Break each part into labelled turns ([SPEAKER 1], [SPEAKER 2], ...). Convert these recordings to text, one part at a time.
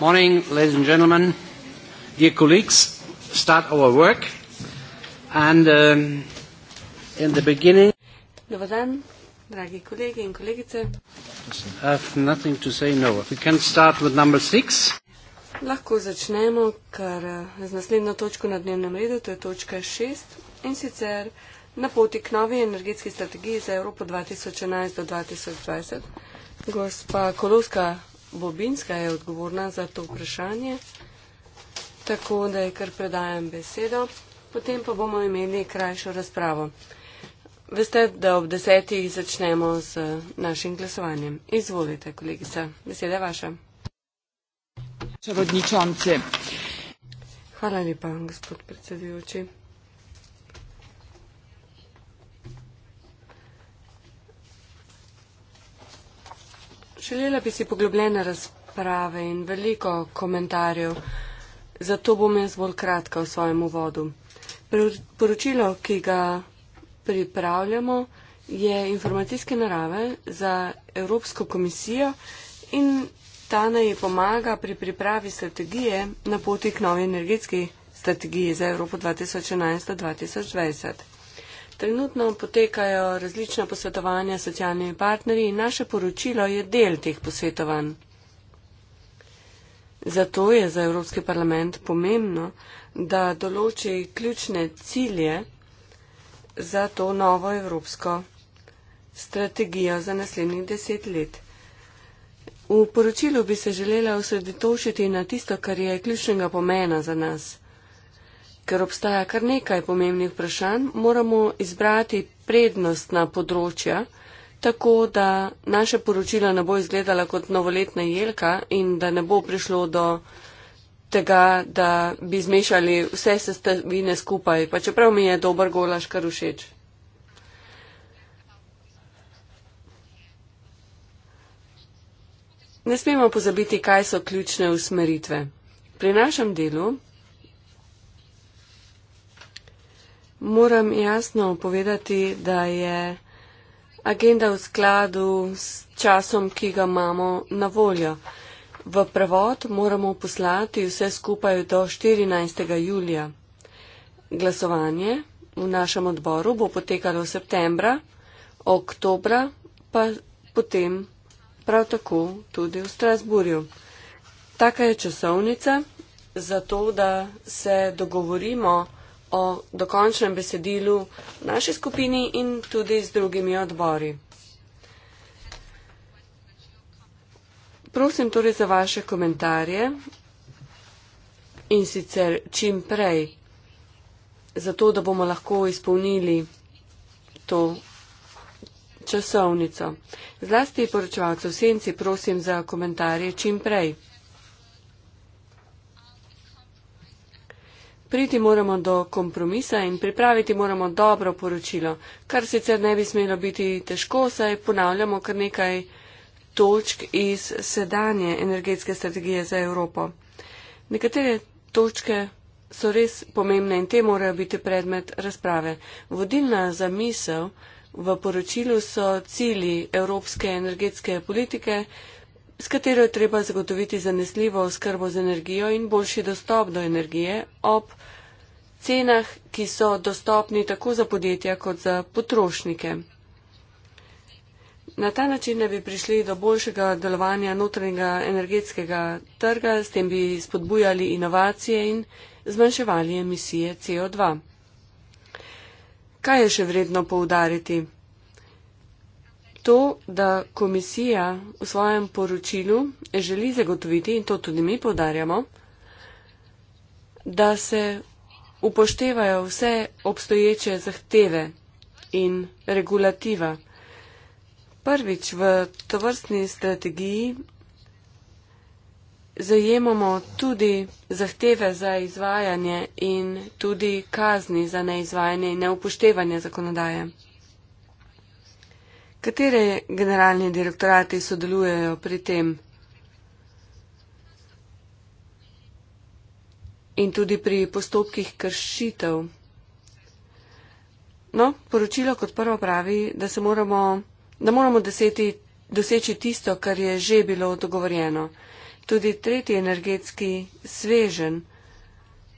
[SPEAKER 1] Morning, ladies and gentlemen, dear colleagues, start our work. And um, in the beginning.
[SPEAKER 2] Dobar dan, dragi kolegi in kolegice.
[SPEAKER 1] I have nothing to say, no. We can start with number six.
[SPEAKER 2] Lahko začnemo kar eh, z naslednjo točko na dnevnem redu, to je točka šest. In sicer na poti k novi energetski strategiji za Evropo 2011 do 2020. Gospa Kolovska, Bobinska je odgovorna za to vprašanje, tako da je kar predajam besedo, potem pa bomo imeli krajšo razpravo. Veste, da ob desetih začnemo z našim glasovanjem. Izvolite, kolegica, beseda je vaša. Hvala lepa, gospod predsedujoči. Želela bi si poglobljene razprave in veliko komentarjev, zato bom jaz bolj kratka v svojem uvodu. Poročilo, ki ga pripravljamo, je informacijske narave za Evropsko komisijo in ta naj pomaga pri pripravi strategije na poti k novi energetski strategiji za Evropo 2011-2020. Trenutno potekajo različna posvetovanja s socialnimi partnerji in naše poročilo je del teh posvetovanj. Zato je za Evropski parlament pomembno, da določi ključne cilje za to novo evropsko strategijo za naslednjih deset let. V poročilu bi se želela osredotočiti na tisto, kar je ključnega pomena za nas ker obstaja kar nekaj pomembnih vprašanj, moramo izbrati prednostna področja, tako da naše poročilo ne bo izgledala kot novoletna jelka in da ne bo prišlo do tega, da bi zmešali vse sestavine skupaj, pa čeprav mi je dober golaš kar všeč. Ne smemo pozabiti, kaj so ključne usmeritve. Pri našem delu Moram jasno povedati, da je agenda v skladu s časom, ki ga imamo na voljo. V prevod moramo poslati vse skupaj do 14. julija. Glasovanje v našem odboru bo potekalo v septembra, oktobra pa potem prav tako tudi v Strasburju. Taka je časovnica, zato da se dogovorimo, o dokončnem besedilu v naši skupini in tudi z drugimi odbori. Prosim torej za vaše komentarje in sicer čim prej, zato da bomo lahko izpolnili to časovnico. Zlasti poročevalcev senci prosim za komentarje čim prej. Priti moramo do kompromisa in pripraviti moramo dobro poročilo, kar sicer ne bi smelo biti težko, saj ponavljamo kar nekaj točk iz sedanje energetske strategije za Evropo. Nekatere točke so res pomembne in te morajo biti predmet razprave. Vodilna zamisel v poročilu so cili evropske energetske politike, s katero je treba zagotoviti zanesljivo oskrbo z energijo in boljši dostop do energije ob cenah, ki so dostopni tako za podjetja kot za potrošnike. Na ta način ne bi prišli do boljšega delovanja notranjega energetskega trga, s tem bi spodbujali inovacije in zmanjševali emisije CO2. Kaj je še vredno poudariti? to, da komisija v svojem poročilu želi zagotoviti, in to tudi mi podarjamo, da se upoštevajo vse obstoječe zahteve in regulativa. Prvič v tovrstni strategiji zajemamo tudi zahteve za izvajanje in tudi kazni za neizvajanje in neupoštevanje zakonodaje. Kateri generalni direktorati sodelujejo pri tem? In tudi pri postopkih kršitev. No, poročilo kot prvo pravi, da, moramo, da moramo deseti, doseči tisto, kar je že bilo dogovorjeno. Tudi tretji energetski svežen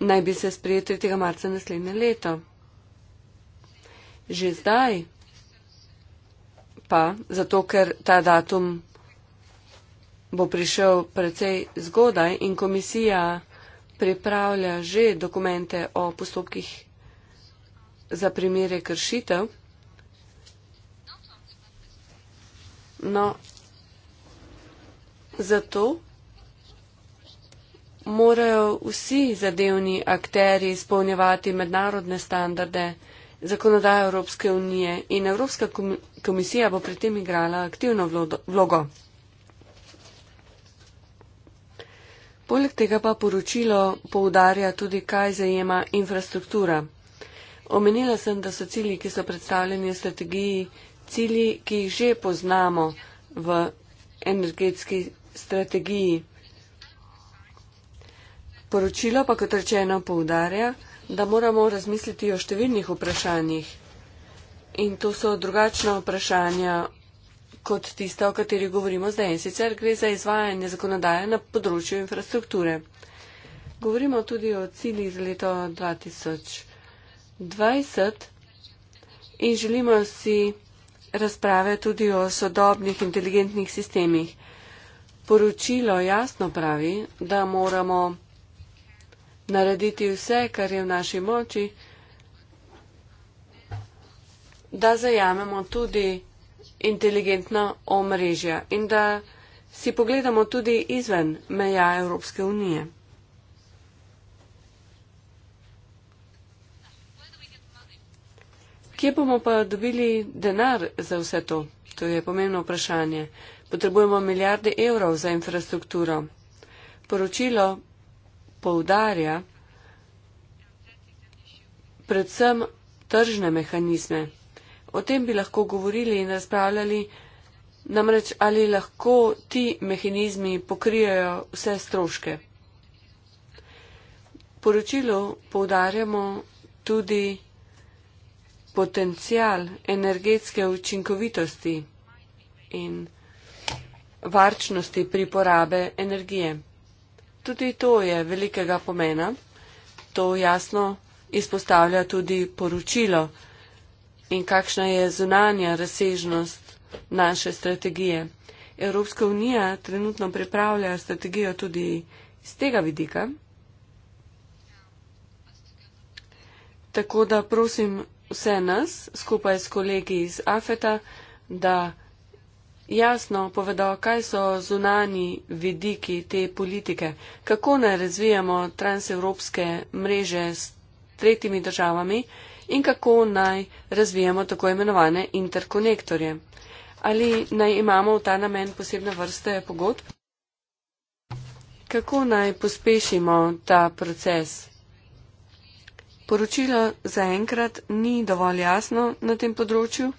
[SPEAKER 2] naj bi se sprijel 3. marca naslednje leto. Že zdaj pa, zato ker ta datum bo prišel precej zgodaj in komisija pripravlja že dokumente o postopkih za primere kršitev. No, zato morajo vsi zadevni akteri izpolnjevati mednarodne standarde zakonodajo Evropske unije in Evropska komisija bo pri tem igrala aktivno vlogo. Poleg tega pa poročilo poudarja tudi, kaj zajema infrastruktura. Omenila sem, da so cilji, ki so predstavljeni v strategiji, cilji, ki jih že poznamo v energetski strategiji. Poročilo pa, kot rečeno, poudarja, da moramo razmisliti o številnih vprašanjih. In to so drugačna vprašanja kot tista, o kateri govorimo zdaj. In sicer gre za izvajanje zakonodaje na področju infrastrukture. Govorimo tudi o ciljih za leto 2020 in želimo si razprave tudi o sodobnih inteligentnih sistemih. Poročilo jasno pravi, da moramo narediti vse, kar je v naši moči, da zajamemo tudi inteligentna omrežja in da si pogledamo tudi izven meja Evropske unije. Kje bomo pa dobili denar za vse to? To je pomembno vprašanje. Potrebujemo milijarde evrov za infrastrukturo. Poročilo poudarja predvsem tržne mehanizme. O tem bi lahko govorili in razpravljali, namreč ali lahko ti mehanizmi pokrijajo vse stroške. Poročilo poudarjamo tudi potencial energetske učinkovitosti in varčnosti pri porabe energije. Tudi to je velikega pomena. To jasno izpostavlja tudi poročilo in kakšna je zunanja razsežnost naše strategije. Evropska unija trenutno pripravlja strategijo tudi z tega vidika. Tako da prosim vse nas skupaj s kolegi iz AFETA, da jasno povedo, kaj so zunani vidiki te politike, kako naj razvijamo transevropske mreže s tretjimi državami in kako naj razvijamo tako imenovane interkonektorje. Ali naj imamo v ta namen posebne vrste pogodb? Kako naj pospešimo ta proces? Poročilo zaenkrat ni dovolj jasno na tem področju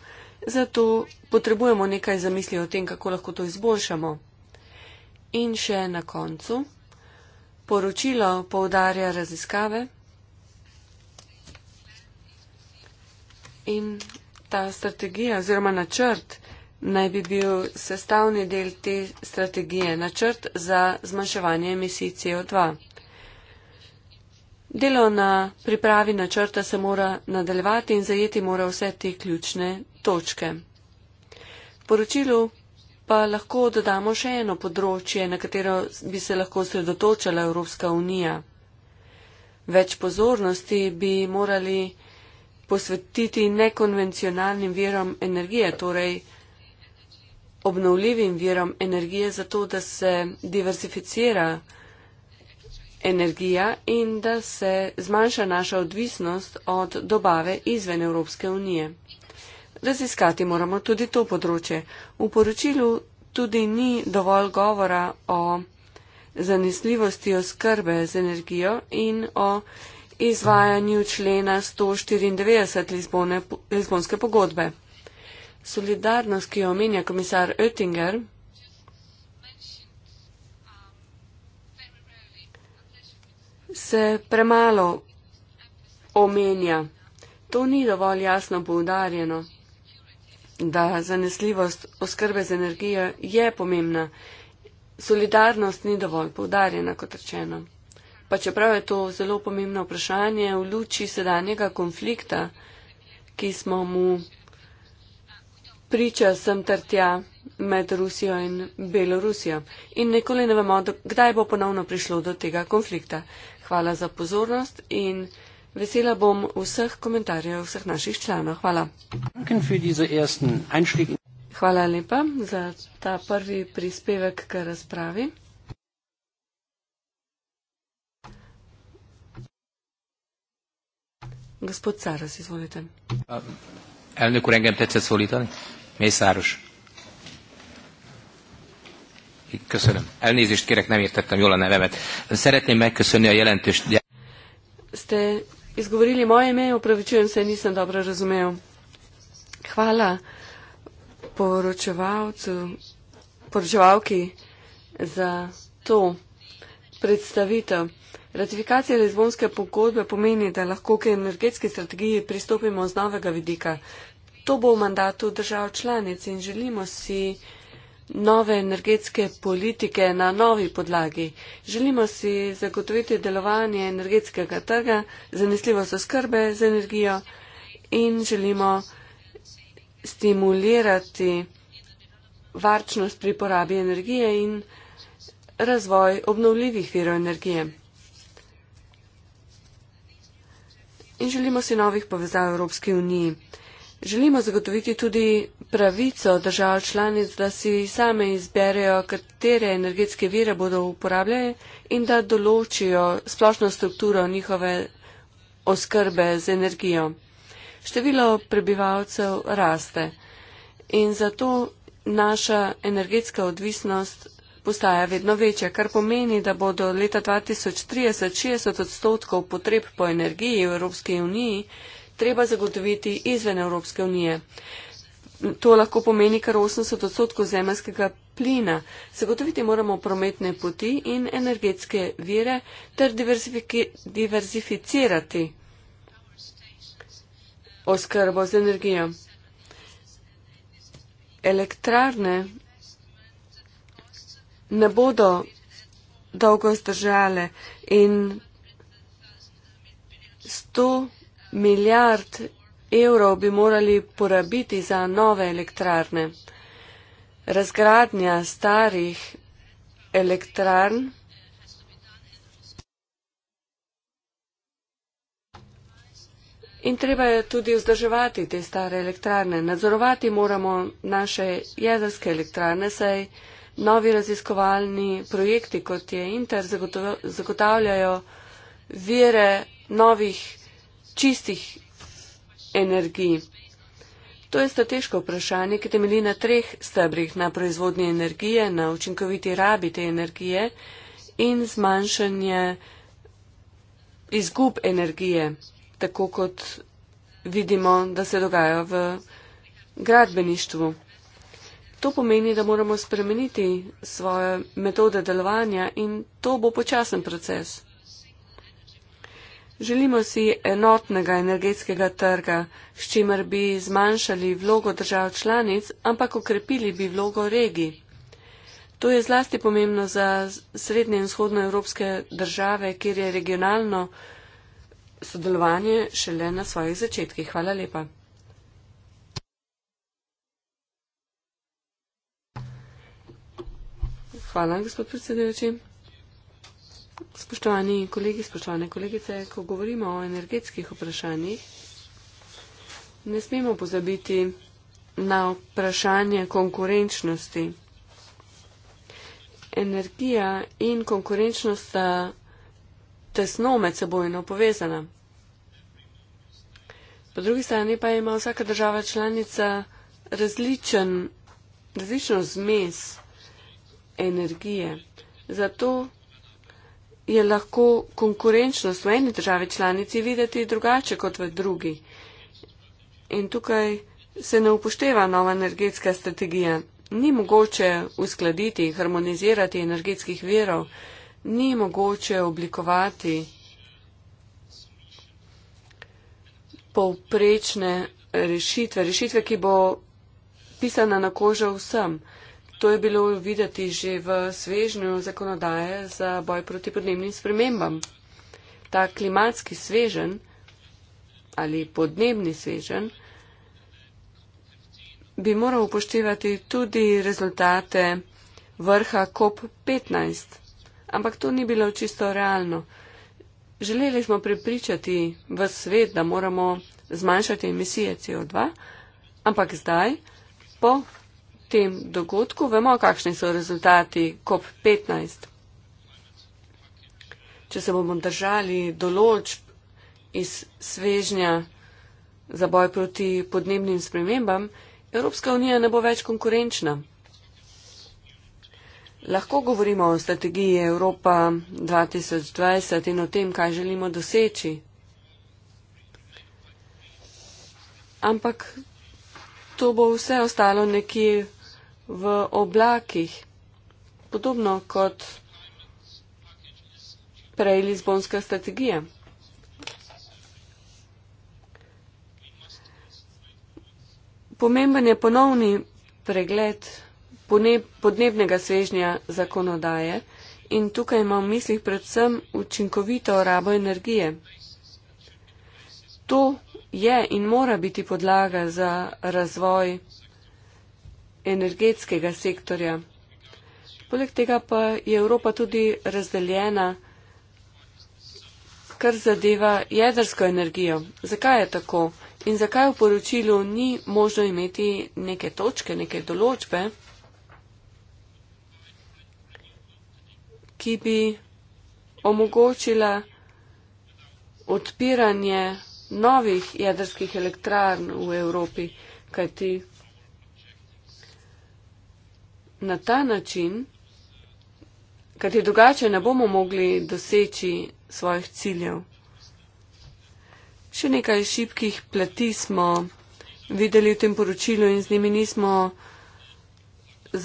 [SPEAKER 2] zato potrebujemo nekaj zamisli o tem, kako lahko to izboljšamo. In še na koncu, poročilo poudarja raziskave in ta strategija oziroma načrt naj bi bil sestavni del te strategije, načrt za zmanjševanje emisij CO2. Delo na pripravi načrta se mora nadaljevati in zajeti mora vse te ključne točke. V poročilu pa lahko dodamo še eno področje, na katero bi se lahko sredotočala Evropska unija. Več pozornosti bi morali posvetiti nekonvencionalnim verom energije, torej obnovljivim verom energije, zato da se diversificira energija in da se zmanjša naša odvisnost od dobave izven Evropske unije raziskati moramo tudi to področje. V poročilu tudi ni dovolj govora o zanesljivosti oskrbe z energijo in o izvajanju člena 194 Lizbone, Lizbonske pogodbe. Solidarnost, ki jo omenja komisar Oettinger, se premalo omenja. To ni dovolj jasno poudarjeno da zanesljivost oskrbe z energijo je pomembna. Solidarnost ni dovolj poudarjena, kot rečeno. Pa čeprav je to zelo pomembno vprašanje v luči sedanjega konflikta, ki smo mu priča sem trtja med Rusijo in Belorusijo. In nikoli ne vemo, kdaj bo ponovno prišlo do tega konflikta. Hvala za pozornost in. Vesela bom vseh komentarjev vseh naših članov. Hvala. Hvala lepa za ta prvi prispevek k razpravi. Gospod Saras, izvolite.
[SPEAKER 1] Elnök úr, engem tetszett szólítani? Mészáros. Köszönöm. Elnézést kérek, nem értettem jól a nevemet. Szeretném megköszönni a jelentős...
[SPEAKER 2] Ste izgovorili moje ime, upravičujem se, nisem dobro razumel. Hvala poročevalcu, poročevalki za to predstavitev. Ratifikacija Lizbonske pogodbe pomeni, da lahko k energetski strategiji pristopimo z novega vidika. To bo v mandatu držav članic in želimo si nove energetske politike na novi podlagi. Želimo si zagotoviti delovanje energetskega trga, zanesljivost oskrbe z energijo in želimo stimulirati varčnost pri porabi energije in razvoj obnovljivih virov energije. In želimo si novih povezav Evropske unije. Želimo zagotoviti tudi pravico držav članic, da si same izberejo, katere energetske vire bodo uporabljali in da določijo splošno strukturo njihove oskrbe z energijo. Število prebivalcev raste in zato naša energetska odvisnost postaja vedno večja, kar pomeni, da bodo leta 2030 60 odstotkov potreb po energiji v Evropski uniji treba zagotoviti izven Evropske unije. To lahko pomeni kar 80 odstotkov zemljskega plina. Zagotoviti moramo prometne poti in energetske vire ter diverzificirati oskrbo z energijo. Elektrarne ne bodo dolgo zdržale in 100 milijard evrov bi morali porabiti za nove elektrarne. Razgradnja starih elektrarn in treba je tudi vzdrževati te stare elektrarne. Nadzorovati moramo naše jedrske elektrarne, saj novi raziskovalni projekti, kot je Inter, zagotavljajo vire novih elektrarn čistih energij. To je strateško vprašanje, ki temelji na treh stebrih, na proizvodnji energije, na učinkoviti rabi te energije in zmanjšanje izgub energije, tako kot vidimo, da se dogaja v gradbeništvu. To pomeni, da moramo spremeniti svoje metode delovanja in to bo počasen proces. Želimo si enotnega energetskega trga, s čimer bi zmanjšali vlogo držav članic, ampak okrepili bi vlogo regij. To je zlasti pomembno za srednje in vzhodno evropske države, kjer je regionalno sodelovanje šele na svojih začetkih. Hvala lepa. Hvala, gospod predsedujoči. Spoštovani kolegi, spoštovane kolegice, ko govorimo o energetskih vprašanjih, ne smemo pozabiti na vprašanje konkurenčnosti. Energija in konkurenčnost sta tesno med sebojno povezana. Po drugi strani pa ima vsaka država članica različen, različno zmes energije. Zato je lahko konkurenčnost v eni državi članici videti drugače kot v drugi. In tukaj se ne upošteva nova energetska strategija. Ni mogoče uskladiti, harmonizirati energetskih verov, ni mogoče oblikovati povprečne rešitve, rešitve, ki bo pisana na kožo vsem. To je bilo videti že v svežnju zakonodaje za boj proti podnebnim spremembam. Ta klimatski svežen ali podnebni svežen bi moral upoštevati tudi rezultate vrha COP15, ampak to ni bilo čisto realno. Želeli smo prepričati v svet, da moramo zmanjšati emisije CO2, ampak zdaj, po tem dogodku, vemo, kakšni so rezultati COP15. Če se bomo držali določb iz svežnja za boj proti podnebnim spremembam, Evropska unija ne bo več konkurenčna. Lahko govorimo o strategiji Evropa 2020 in o tem, kaj želimo doseči. Ampak to bo vse ostalo nekje v oblakih, podobno kot prej Lizbonska strategija. Pomemben je ponovni pregled podnebnega svežnja zakonodaje in tukaj imam v mislih predvsem učinkovito rabo energije. To je in mora biti podlaga za razvoj energetskega sektorja. Poleg tega pa je Evropa tudi razdeljena, kar zadeva jedrsko energijo. Zakaj je tako in zakaj v poročilu ni možno imeti neke točke, neke določbe, ki bi omogočila odpiranje novih jedrskih elektrarn v Evropi, kajti na ta način, kajti drugače ne bomo mogli doseči svojih ciljev. Še nekaj šibkih plati smo videli v tem poročilu in z njimi nismo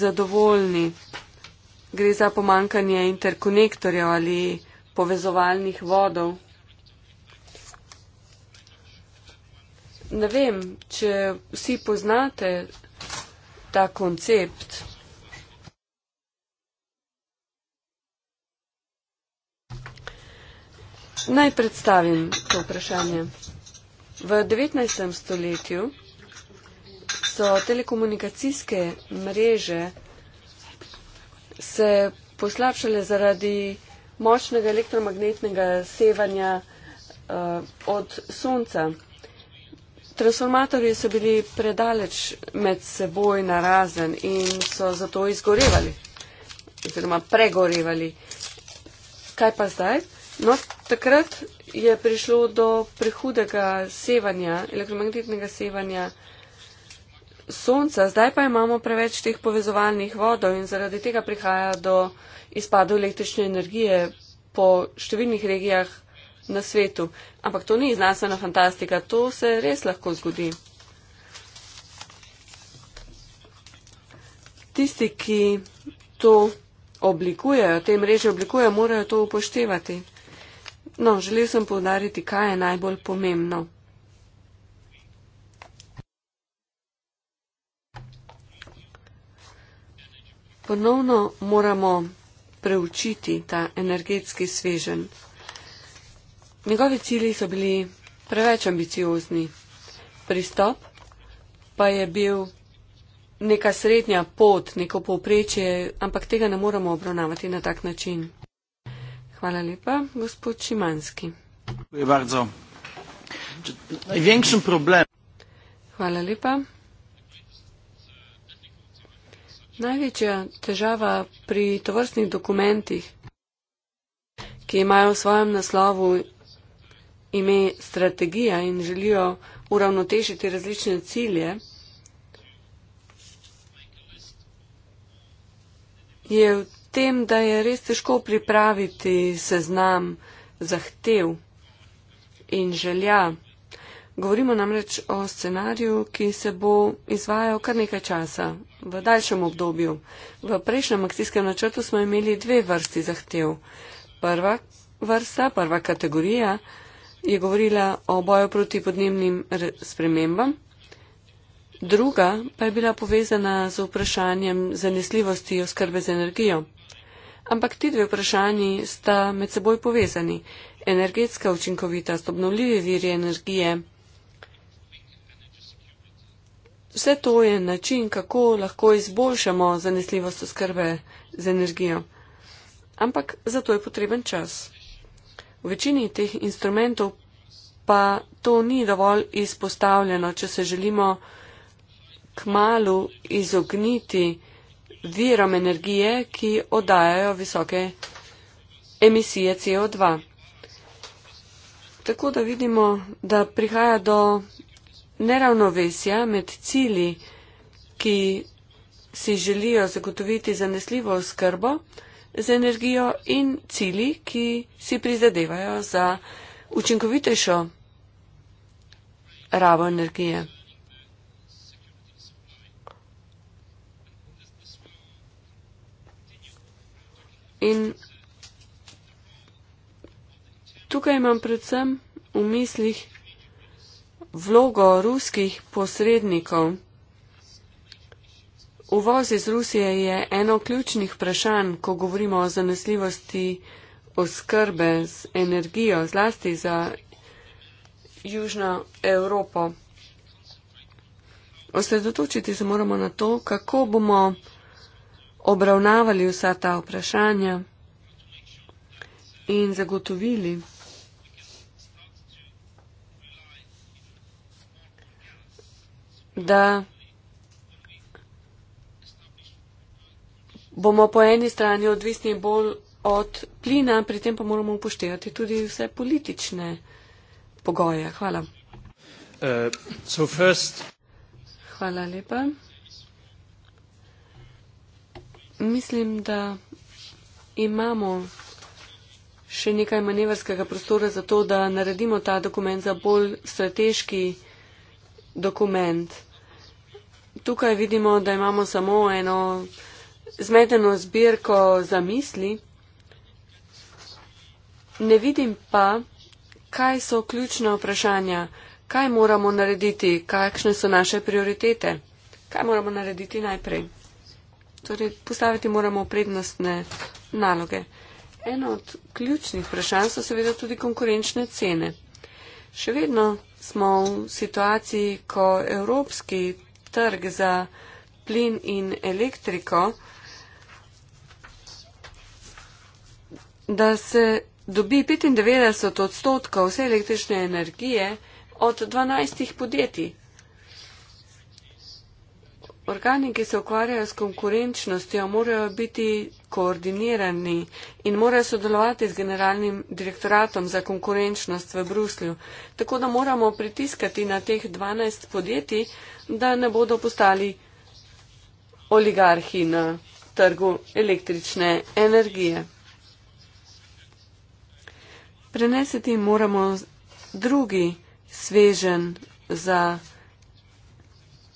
[SPEAKER 2] zadovoljni. Gre za pomankanje interkonektorjev ali povezovalnih vodov. Ne vem, če vsi poznate ta koncept. Naj predstavim to vprašanje. V 19. stoletju so telekomunikacijske mreže se poslabšale zaradi močnega elektromagnetnega sevanja uh, od sonca. Transformatorji so bili predaleč med seboj na razen in so zato izgorevali oziroma pregorevali. Kaj pa zdaj? No, takrat je prišlo do prehudega sevanja, elektromagnetnega sevanja sonca, zdaj pa imamo preveč teh povezovalnih vodov in zaradi tega prihaja do izpadu električne energije po številnih regijah na svetu. Ampak to ni znanstvena fantastika, to se res lahko zgodi. Tisti, ki to oblikujejo, te mreže oblikujejo, morajo to upoštevati. No, želel sem povdariti, kaj je najbolj pomembno. Ponovno moramo preučiti ta energetski svežen. Njegovi cilji so bili preveč ambiciozni. Pristop pa je bil neka srednja pot, neko povprečje, ampak tega ne moramo obravnavati na tak način. Hvala lepa. Gospod Šimanski.
[SPEAKER 1] Dziękuję bardzo. Największym problemem.
[SPEAKER 2] Hvala lepa. Največja težava pri tovrstnih dokumentih, ki imajo v svojem naslovu ime strategija in želijo uravnotežiti različne cilje, je v tem, da je res težko pripraviti seznam zahtev in želja. Govorimo namreč o scenariju, ki se bo izvajal kar nekaj časa, v daljšem obdobju. V prejšnjem akcijskem načrtu smo imeli dve vrsti zahtev. Prva vrsta, prva kategorija je govorila o boju proti podnebnim spremembam, druga pa je bila povezana z vprašanjem zanesljivosti oskrbe z energijo. Ampak ti dve vprašanji sta med seboj povezani. Energetska učinkovitost, obnovljivi viri energije. Vse to je način, kako lahko izboljšamo zanesljivost oskrbe z energijo. Ampak za to je potreben čas. V večini teh instrumentov pa to ni dovolj izpostavljeno, če se želimo k malu izogniti virom energije, ki oddajajo visoke emisije CO2. Tako da vidimo, da prihaja do neravnovesja med cili, ki si želijo zagotoviti zanesljivo skrbo z energijo in cili, ki si prizadevajo za učinkovitejšo ravo energije. In tukaj imam predvsem v mislih vlogo ruskih posrednikov. Uvoz iz Rusije je eno ključnih vprašanj, ko govorimo o zanesljivosti oskrbe z energijo, zlasti za Južno Evropo. Osredotočiti se moramo na to, kako bomo obravnavali vsa ta vprašanja in zagotovili, da bomo po eni strani odvisni bolj od plina, pri tem pa moramo upoštevati tudi vse politične pogoje. Hvala.
[SPEAKER 1] Uh, so first...
[SPEAKER 2] Hvala lepa mislim, da imamo še nekaj manevrskega prostora za to, da naredimo ta dokument za bolj strateški dokument. Tukaj vidimo, da imamo samo eno zmedeno zbirko za misli. Ne vidim pa, kaj so ključna vprašanja, kaj moramo narediti, kakšne so naše prioritete, kaj moramo narediti najprej. Torej, postaviti moramo prednostne naloge. Eno od ključnih vprašanj so seveda tudi konkurenčne cene. Še vedno smo v situaciji, ko evropski trg za plin in elektriko, da se dobi 95 odstotkov vse električne energije od 12 podjetij. Organi, ki se ukvarjajo s konkurenčnostjo, morajo biti koordinirani in morajo sodelovati z generalnim direktoratom za konkurenčnost v Bruslju. Tako da moramo pritiskati na teh 12 podjetij, da ne bodo postali oligarhi na trgu električne energije. Prenesiti moramo drugi svežen za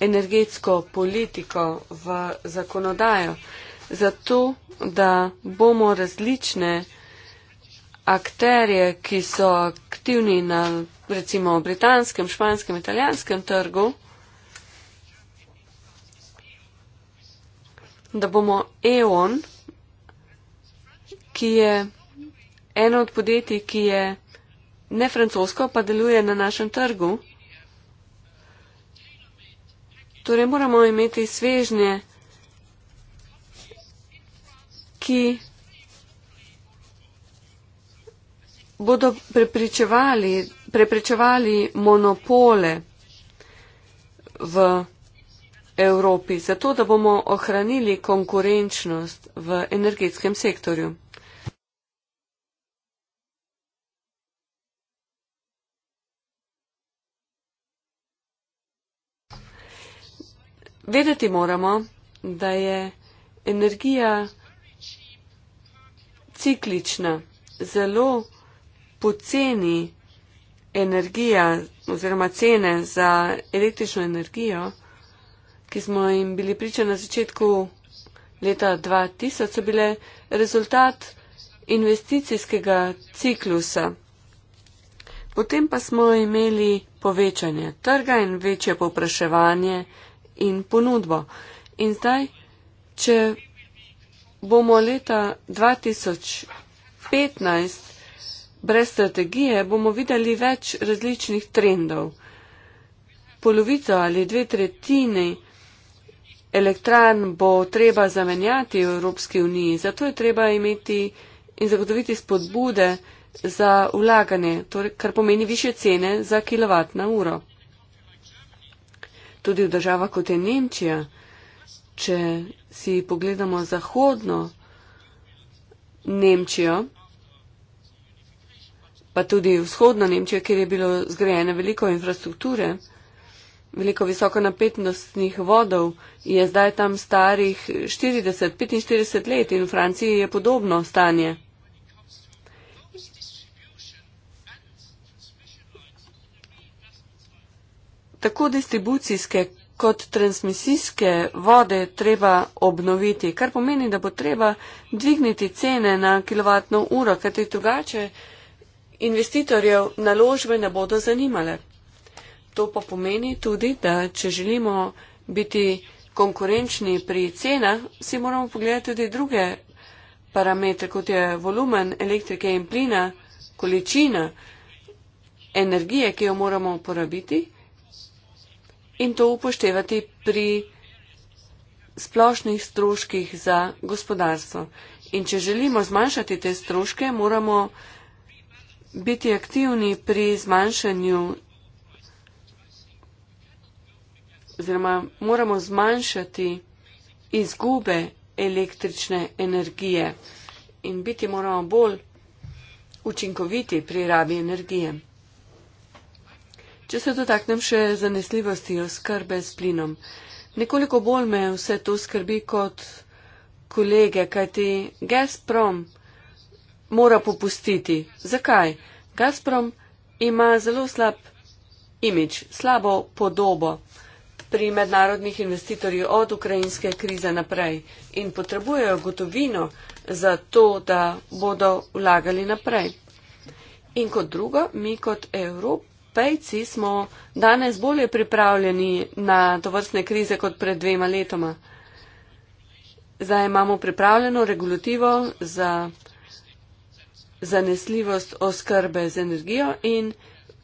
[SPEAKER 2] energetsko politiko v zakonodajo, zato da bomo različne akterje, ki so aktivni na recimo britanskem, španskem, italijanskem trgu, da bomo EON, ki je eno od podjetij, ki je ne francosko, pa deluje na našem trgu, Torej moramo imeti svežnje, ki bodo prepričevali, prepričevali monopole v Evropi, zato da bomo ohranili konkurenčnost v energetskem sektorju. Vedeti moramo, da je energija ciklična, zelo poceni energija oziroma cene za električno energijo, ki smo jim bili priča na začetku leta 2000, so bile rezultat investicijskega ciklusa. Potem pa smo imeli povečanje trga in večje povpraševanje in ponudbo. In zdaj, če bomo leta 2015 brez strategije, bomo videli več različnih trendov. Polovico ali dve tretjini elektran bo treba zamenjati v Evropski uniji, zato je treba imeti in zagotoviti spodbude za vlaganje, torej, kar pomeni više cene za kilovat na uro tudi v država kot je Nemčija, če si pogledamo zahodno Nemčijo, pa tudi vzhodno Nemčijo, kjer je bilo zgrajene veliko infrastrukture, veliko visoko napetnostnih vodov, je zdaj tam starih 40-45 let in v Franciji je podobno stanje. tako distribucijske kot transmisijske vode treba obnoviti, kar pomeni, da bo treba dvigniti cene na kilovatno uro, ker te drugače investitorjev naložbe ne bodo zanimale. To pa pomeni tudi, da če želimo biti konkurenčni pri cenah, si moramo pogledati tudi druge parametre, kot je volumen elektrike in plina, količina energije, ki jo moramo uporabiti in to upoštevati pri splošnih stroških za gospodarstvo. In če želimo zmanjšati te stroške, moramo biti aktivni pri zmanjšanju oziroma moramo zmanjšati izgube električne energije in biti moramo bolj učinkoviti pri rabi energije. Če se dotaknem še zanesljivosti oskrbe s plinom. Nekoliko bolj me vse to skrbi kot kolege, kajti Gazprom mora popustiti. Zakaj? Gazprom ima zelo slab imič, slabo podobo pri mednarodnih investitorjih od ukrajinske krize naprej in potrebujejo gotovino za to, da bodo vlagali naprej. In kot drugo, mi kot Evropa evropejci smo danes bolje pripravljeni na tovrstne krize kot pred dvema letoma. Zdaj imamo pripravljeno regulativo za zanesljivost oskrbe z energijo in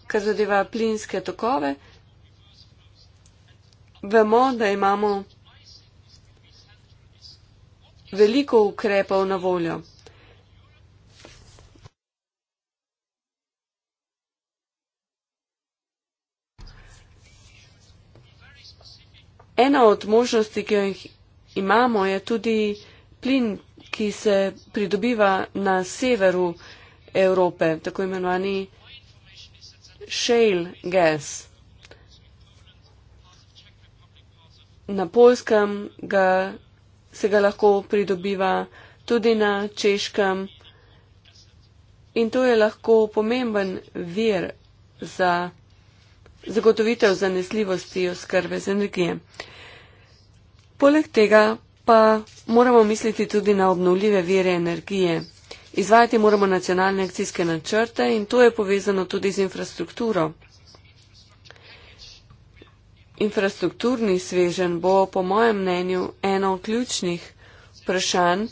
[SPEAKER 2] kar zadeva plinske tokove, vemo, da imamo veliko ukrepov na voljo. ena od možnosti, ki jo imamo, je tudi plin, ki se pridobiva na severu Evrope, tako imenovani shale gas. Na polskem ga, se ga lahko pridobiva, tudi na češkem. In to je lahko pomemben vir za zagotovitev zanesljivosti oskrbe z energije. Poleg tega pa moramo misliti tudi na obnovljive vire energije. Izvajati moramo nacionalne akcijske načrte in to je povezano tudi z infrastrukturo. Infrastrukturni svežen bo po mojem mnenju eno od ključnih vprašanj,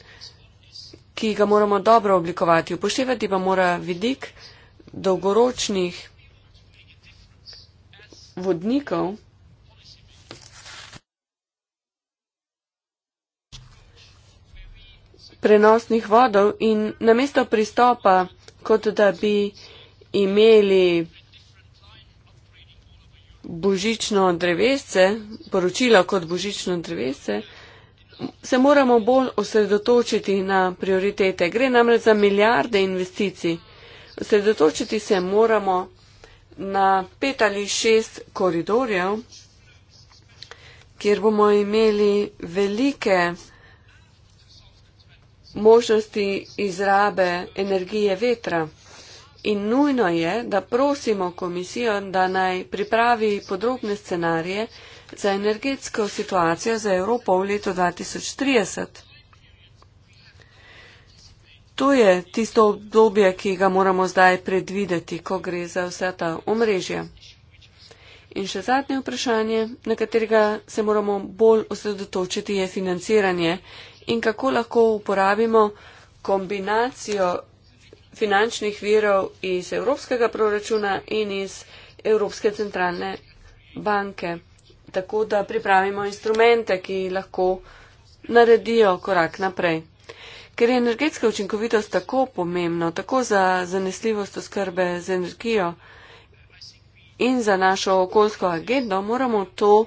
[SPEAKER 2] ki ga moramo dobro oblikovati. Upoštevati pa mora vidik dolgoročnih vodnikov. prenosnih vodov in namesto pristopa, kot da bi imeli božično drevesce, poročila kot božično drevesce, se moramo bolj osredotočiti na prioritete. Gre namreč za milijarde investicij. Osredotočiti se moramo na pet ali šest koridorjev, kjer bomo imeli velike možnosti izrabe energije vetra. In nujno je, da prosimo komisijo, da naj pripravi podrobne scenarije za energetsko situacijo za Evropo v letu 2030. To je tisto obdobje, ki ga moramo zdaj predvideti, ko gre za vse ta omrežja. In še zadnje vprašanje, na katerega se moramo bolj osredotočiti, je financiranje in kako lahko uporabimo kombinacijo finančnih virov iz Evropskega proračuna in iz Evropske centralne banke, tako da pripravimo instrumente, ki lahko naredijo korak naprej. Ker je energetska učinkovitost tako pomembna, tako za zanesljivost oskrbe z energijo in za našo okoljsko agendo, moramo to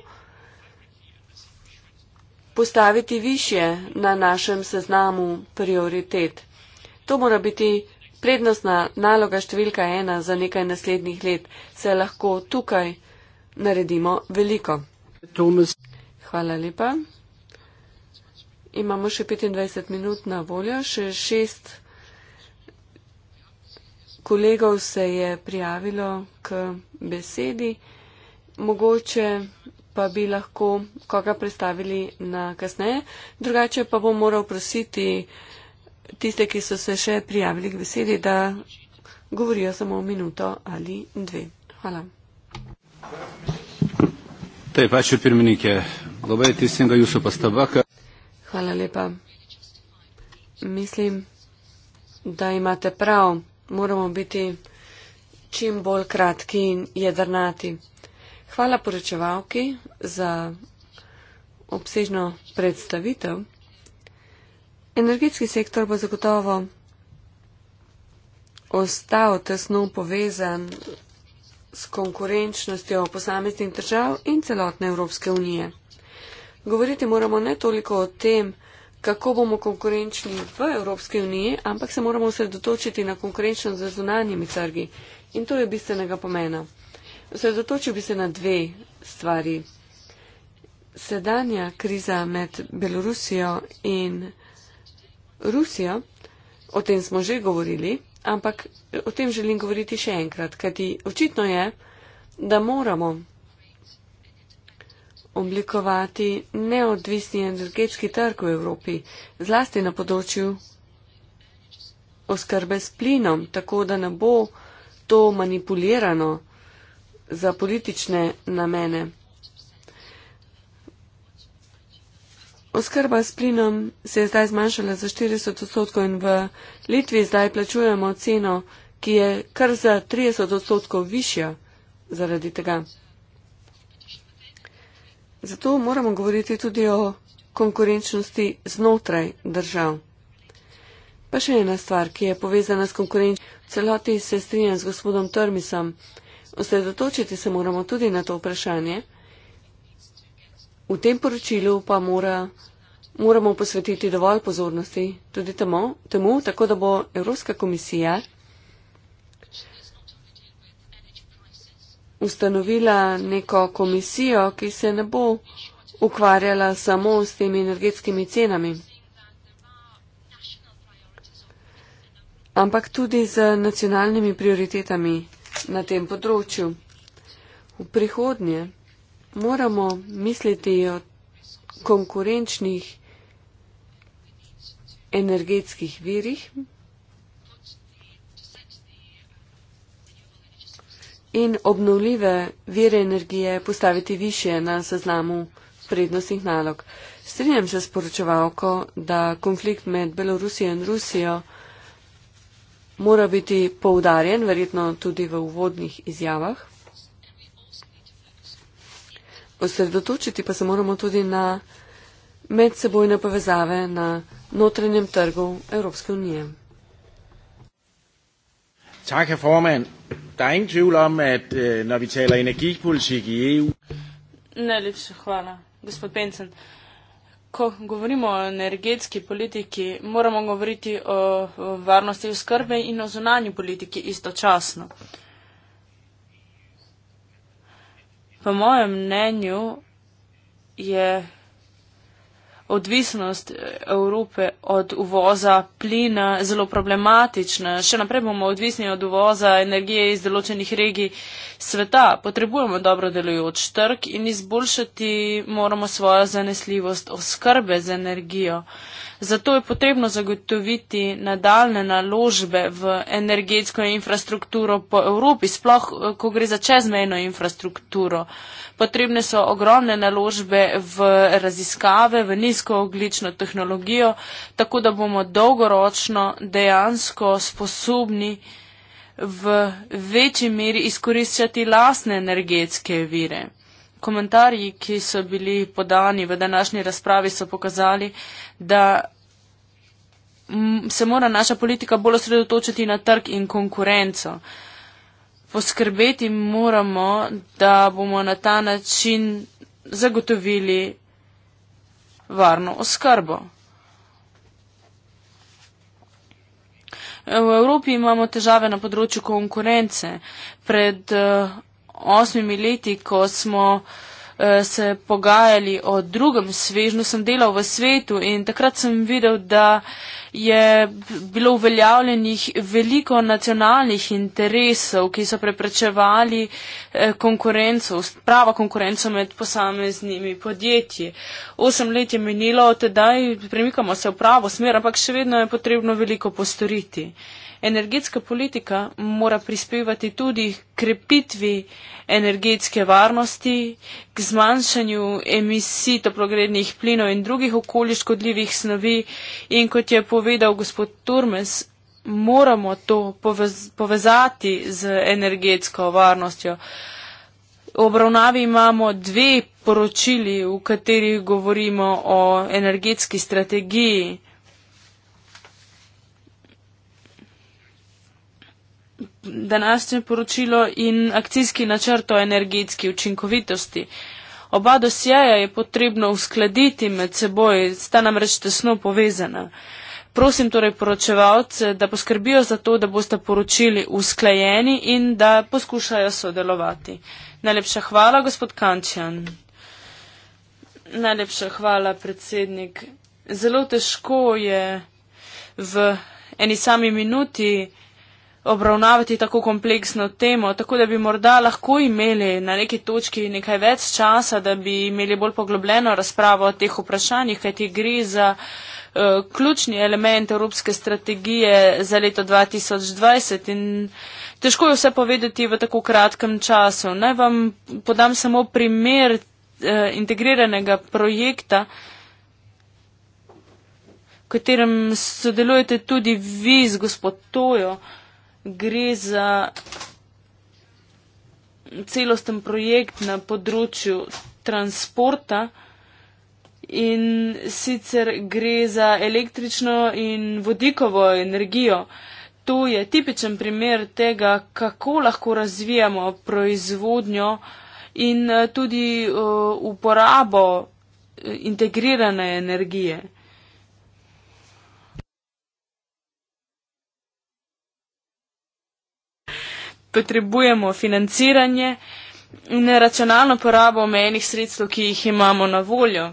[SPEAKER 2] postaviti više na našem seznamu prioritet. To mora biti prednostna naloga številka ena za nekaj naslednjih let. Se lahko tukaj naredimo veliko. Thomas. Hvala lepa imamo še 25 minut na voljo. Še šest kolegov se je prijavilo k besedi. Mogoče pa bi lahko koga predstavili na kasneje. Drugače pa bom moral prositi tiste, ki so se še prijavili k besedi, da govorijo samo o minuto ali dve. Hvala.
[SPEAKER 1] Taip, ačiū pirmininkė. Labai teisinga jūsų pastaba. Kad...
[SPEAKER 2] Hvala lepa. Mislim, da imate prav, moramo biti čim bolj kratki in jedrnati. Hvala poročevalki za obsežno predstavitev. Energetski sektor bo zagotovo ostal tesno povezan s konkurenčnostjo posameznih držav in celotne Evropske unije. Govoriti moramo ne toliko o tem, kako bomo konkurenčni v Evropski uniji, ampak se moramo osredotočiti na konkurenčnost z zunanjimi trgi. In to je bistvenega pomena. Osredotočil bi se na dve stvari. Sedanja kriza med Belorusijo in Rusijo, o tem smo že govorili, ampak o tem želim govoriti še enkrat, kajti očitno je, da moramo oblikovati neodvisni energetski trg v Evropi, zlasti na področju oskrbe s plinom, tako da ne bo to manipulirano za politične namene. Oskrba s plinom se je zdaj zmanjšala za 40 odstotkov in v Litvi zdaj plačujemo ceno, ki je kar za 30 odstotkov višja zaradi tega. Zato moramo govoriti tudi o konkurenčnosti znotraj držav. Pa še ena stvar, ki je povezana s konkurenčnostjo, celoti se strinjam z gospodom Trmisom. Osredotočiti se moramo tudi na to vprašanje. V tem poročilu pa mora, moramo posvetiti dovolj pozornosti tudi temu, temu tako da bo Evropska komisija ustanovila neko komisijo, ki se ne bo ukvarjala samo s temi energetskimi cenami, ampak tudi z nacionalnimi prioritetami na tem področju. V prihodnje moramo misliti o konkurenčnih energetskih virih, in obnovljive vire energije postaviti više na seznamu prednostnih nalog. Strinjam se s poročevalko, da konflikt med Belorusijo in Rusijo mora biti poudarjen, verjetno tudi v uvodnih izjavah. Osredotočiti pa se moramo tudi na medsebojne povezave na notranjem trgu Evropske unije.
[SPEAKER 1] Tak, herr formand. Der er ingen tvivl om, at øh, når vi taler energipolitik i EU...
[SPEAKER 3] Najlepša hvala, gospod Benson. Ko govorimo o energetski politiki, moramo govoriti o varnosti v skrbi in o zunanji politiki istočasno. Po mojem mnenju je odvisnost eh, Evrope od uvoza plina zelo problematična. Še naprej bomo odvisni od uvoza energije iz določenih regij sveta. Potrebujemo dobro delujoč trg in izboljšati moramo svojo zanesljivost oskrbe z energijo. Uh, Zato je potrebno zagotoviti nadaljne naložbe v energetsko infrastrukturo po Evropi, sploh eh, ko gre za čezmejno infrastrukturo. Potrebne so ogromne naložbe v raziskave, v nizkooglično tehnologijo, tako da bomo dolgoročno dejansko sposobni v večji meri izkoriščati lasne energetske vire. Komentarji, ki so bili podani v današnji razpravi, so pokazali, da se mora naša politika bolj osredotočiti na trg in konkurenco. Poskrbeti moramo, da bomo na ta način zagotovili varno oskrbo. V Evropi imamo težave na področju konkurence. Pred uh, osmimi leti, ko smo uh, se pogajali o drugem svežnju, sem delal v svetu in takrat sem videl, da je bilo uveljavljenih veliko nacionalnih interesov, ki so preprečevali eh, konkurenco, pravo konkurenco med posameznimi podjetji. Osem let je minilo, tedaj premikamo se v pravo smer, ampak še vedno je potrebno veliko postoriti. Uh, energetska politika mora prispevati tudi krepitvi energetske varnosti, k zmanjšanju emisij toplogrednih plinov in drugih okolje škodljivih snovi in kot je povedal gospod Turmes, moramo to povezati z energetsko varnostjo. V obravnavi imamo dve poročili, v katerih govorimo o energetski strategiji. današnje poročilo in akcijski načrt o energetski učinkovitosti. Oba dosjeja je potrebno uskladiti med seboj, sta namreč tesno povezana. Prosim torej poročevalce, da poskrbijo za to, da boste poročili usklajeni in da poskušajo sodelovati. Najlepša hvala, gospod Kančjan. Najlepša hvala, predsednik. Zelo težko je v eni sami minuti obravnavati tako kompleksno temo, tako da bi morda lahko imeli na neki točki nekaj več časa, da bi imeli bolj poglobljeno razpravo o teh vprašanjih, kajti gre za uh, ključni element Evropske strategije za leto 2020 in težko je vse povedati v tako kratkem času. Naj vam podam samo primer uh, integriranega projekta v katerem sodelujete tudi vi z gospod Tojo. Uh, gre za celosten projekt na področju transporta in sicer gre za električno in vodikovo energijo. To je tipičen primer tega, kako lahko razvijamo proizvodnjo in tudi uh, uporabo uh, integrirane energije. potrebujemo financiranje in racionalno porabo omejenih sredstev, ki jih imamo na voljo.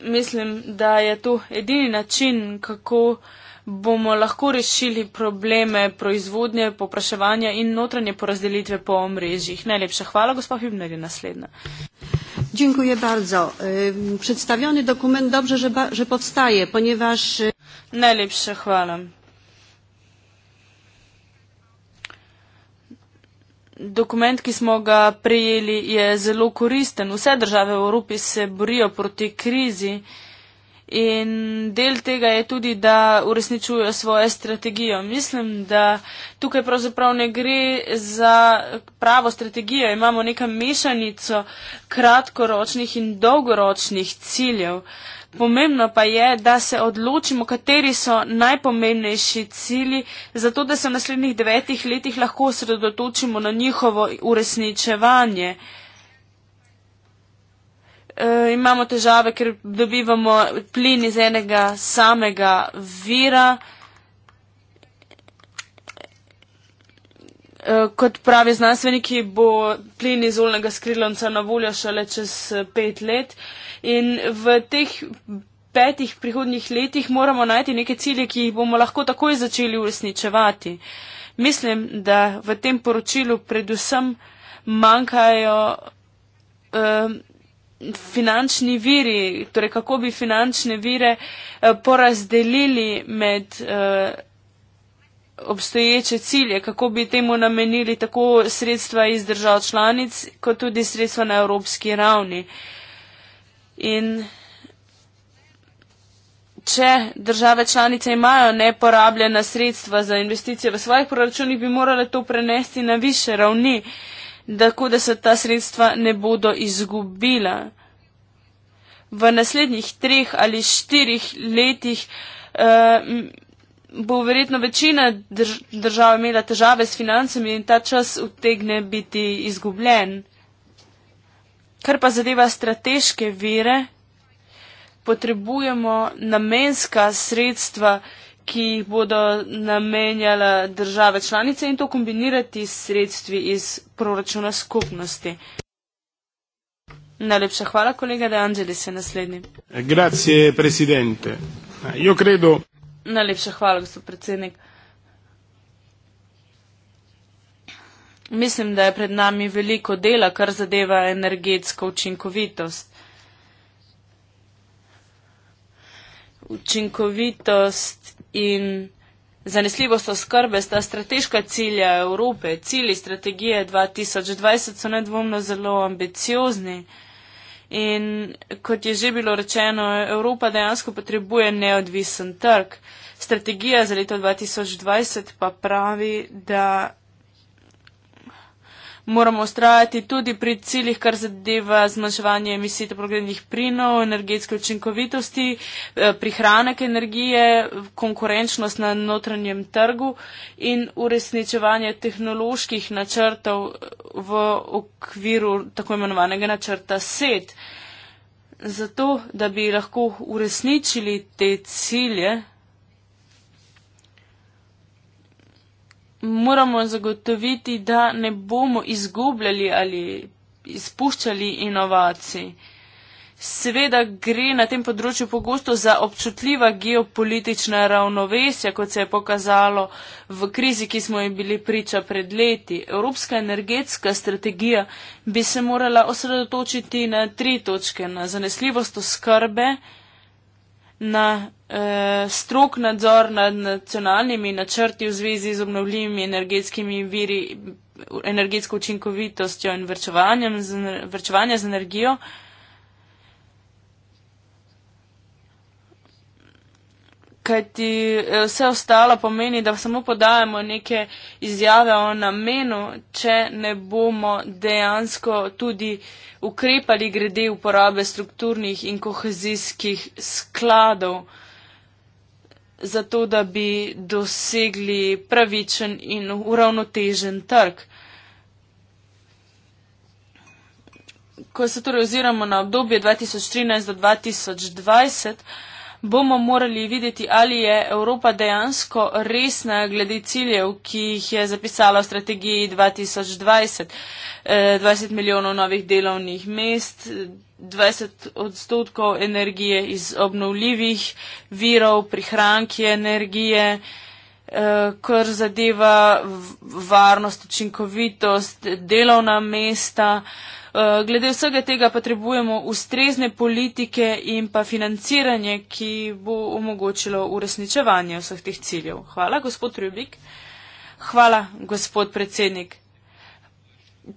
[SPEAKER 3] Mislim, da je to edini način, kako bomo lahko rešili probleme proizvodnje, popraševanja in notranje porazdelitve po omrežjih. Najlepša hvala, gospod Hübner, je naslednja. Dziękuję bardzo. Przedstawiony dokument dobrze, że, że powstaje, ponieważ. E, Najlepsze chwalam. dokument, ki smo ga prejeli, je zelo koristen. Vse države v Evropi se borijo proti krizi in del tega je tudi, da uresničujo svojo strategijo. Mislim, da tukaj pravzaprav ne gre za pravo strategijo. Imamo neka mešanico kratkoročnih in dolgoročnih ciljev. Pomembno pa je, da se odločimo, kateri so najpomembnejši cilji, zato da se v naslednjih devetih letih lahko osredotočimo na njihovo uresničevanje. E, imamo težave, ker dobivamo plin iz enega samega vira. E, kot pravi znanstveniki, bo plin iz oljnega skrilonca na voljo šele čez pet let. In v teh petih prihodnjih letih moramo najti neke cilje, ki jih bomo lahko takoj začeli uresničevati. Mislim, da v tem poročilu predvsem manjkajo eh, finančni viri, torej kako bi finančne vire eh, porazdelili med eh, obstoječe cilje, kako bi temu namenili tako sredstva iz držav članic, kot tudi sredstva na evropski ravni. Eh, In če države članice imajo neporabljena sredstva za investicije v svojih proračunih, bi morale to prenesti na više ravni, tako da se ta sredstva ne bodo izgubila. V naslednjih treh ali štirih letih eh, bo verjetno večina držav imela težave s financami in ta čas utegne biti izgubljen. Kar pa zadeva strateške vire, potrebujemo namenska sredstva, ki jih bodo namenjala države članice in to kombinirati s sredstvi iz proračuna skupnosti. Najlepša hvala, kolega De Angelis, je naslednji.
[SPEAKER 1] Grazie, predsednik.
[SPEAKER 3] Najlepša hvala, gospod predsednik. Mislim, da je pred nami veliko dela, kar zadeva energetsko učinkovitost. Učinkovitost in zanesljivost oskrbe sta strateška cilja Evrope. Cili strategije 2020 so nedvomno zelo ambiciozni. In kot je že bilo rečeno, Evropa dejansko potrebuje neodvisen trg. Strategija za leto 2020 pa pravi, da moramo ustrajati tudi pri ciljih, kar zadeva zmanjševanje emisij toplogrednih plinov, energetske učinkovitosti, eh, prihranek energije, konkurenčnost na notranjem trgu in uresničevanje tehnoloških načrtov eh, v okviru tako imenovanega načrta SET. Zato, da bi lahko uresničili te cilje, moramo zagotoviti, da ne bomo izgubljali ali izpuščali inovacij. Seveda gre na tem področju pogosto za občutljiva geopolitična ravnovesja, kot se je pokazalo v krizi, ki smo jim bili priča pred leti. Evropska energetska strategija bi se morala osredotočiti na tri točke: na zanesljivost oskrbe, na eh, strok nadzor nad nacionalnimi načrti v zvezi z obnovljivimi energetskimi viri, energetsko učinkovitostjo in vrčevanjem z, z energijo. Kaj ti eh, vse ostalo pomeni, da samo podajamo neke izjave o namenu, če ne bomo dejansko tudi ukrepali glede uporabe strukturnih in kohezijskih skladov zato, da bi dosegli pravičen in uravnotežen trg. Ko se torej oziramo na obdobje 2013 do 2020, bomo morali videti, ali je Evropa dejansko resna glede ciljev, ki jih je zapisala v strategiji 2020. 20 eh, milijonov novih delovnih mest, 20 odstotkov energije iz obnovljivih virov, prihranki energije, eh, kar zadeva varnost, učinkovitost, delovna mesta. Eh, glede vsega tega potrebujemo ustrezne politike in pa financiranje, ki bo omogočilo uresničevanje vseh teh ciljev. Hvala, gospod Rubik. Hvala, gospod predsednik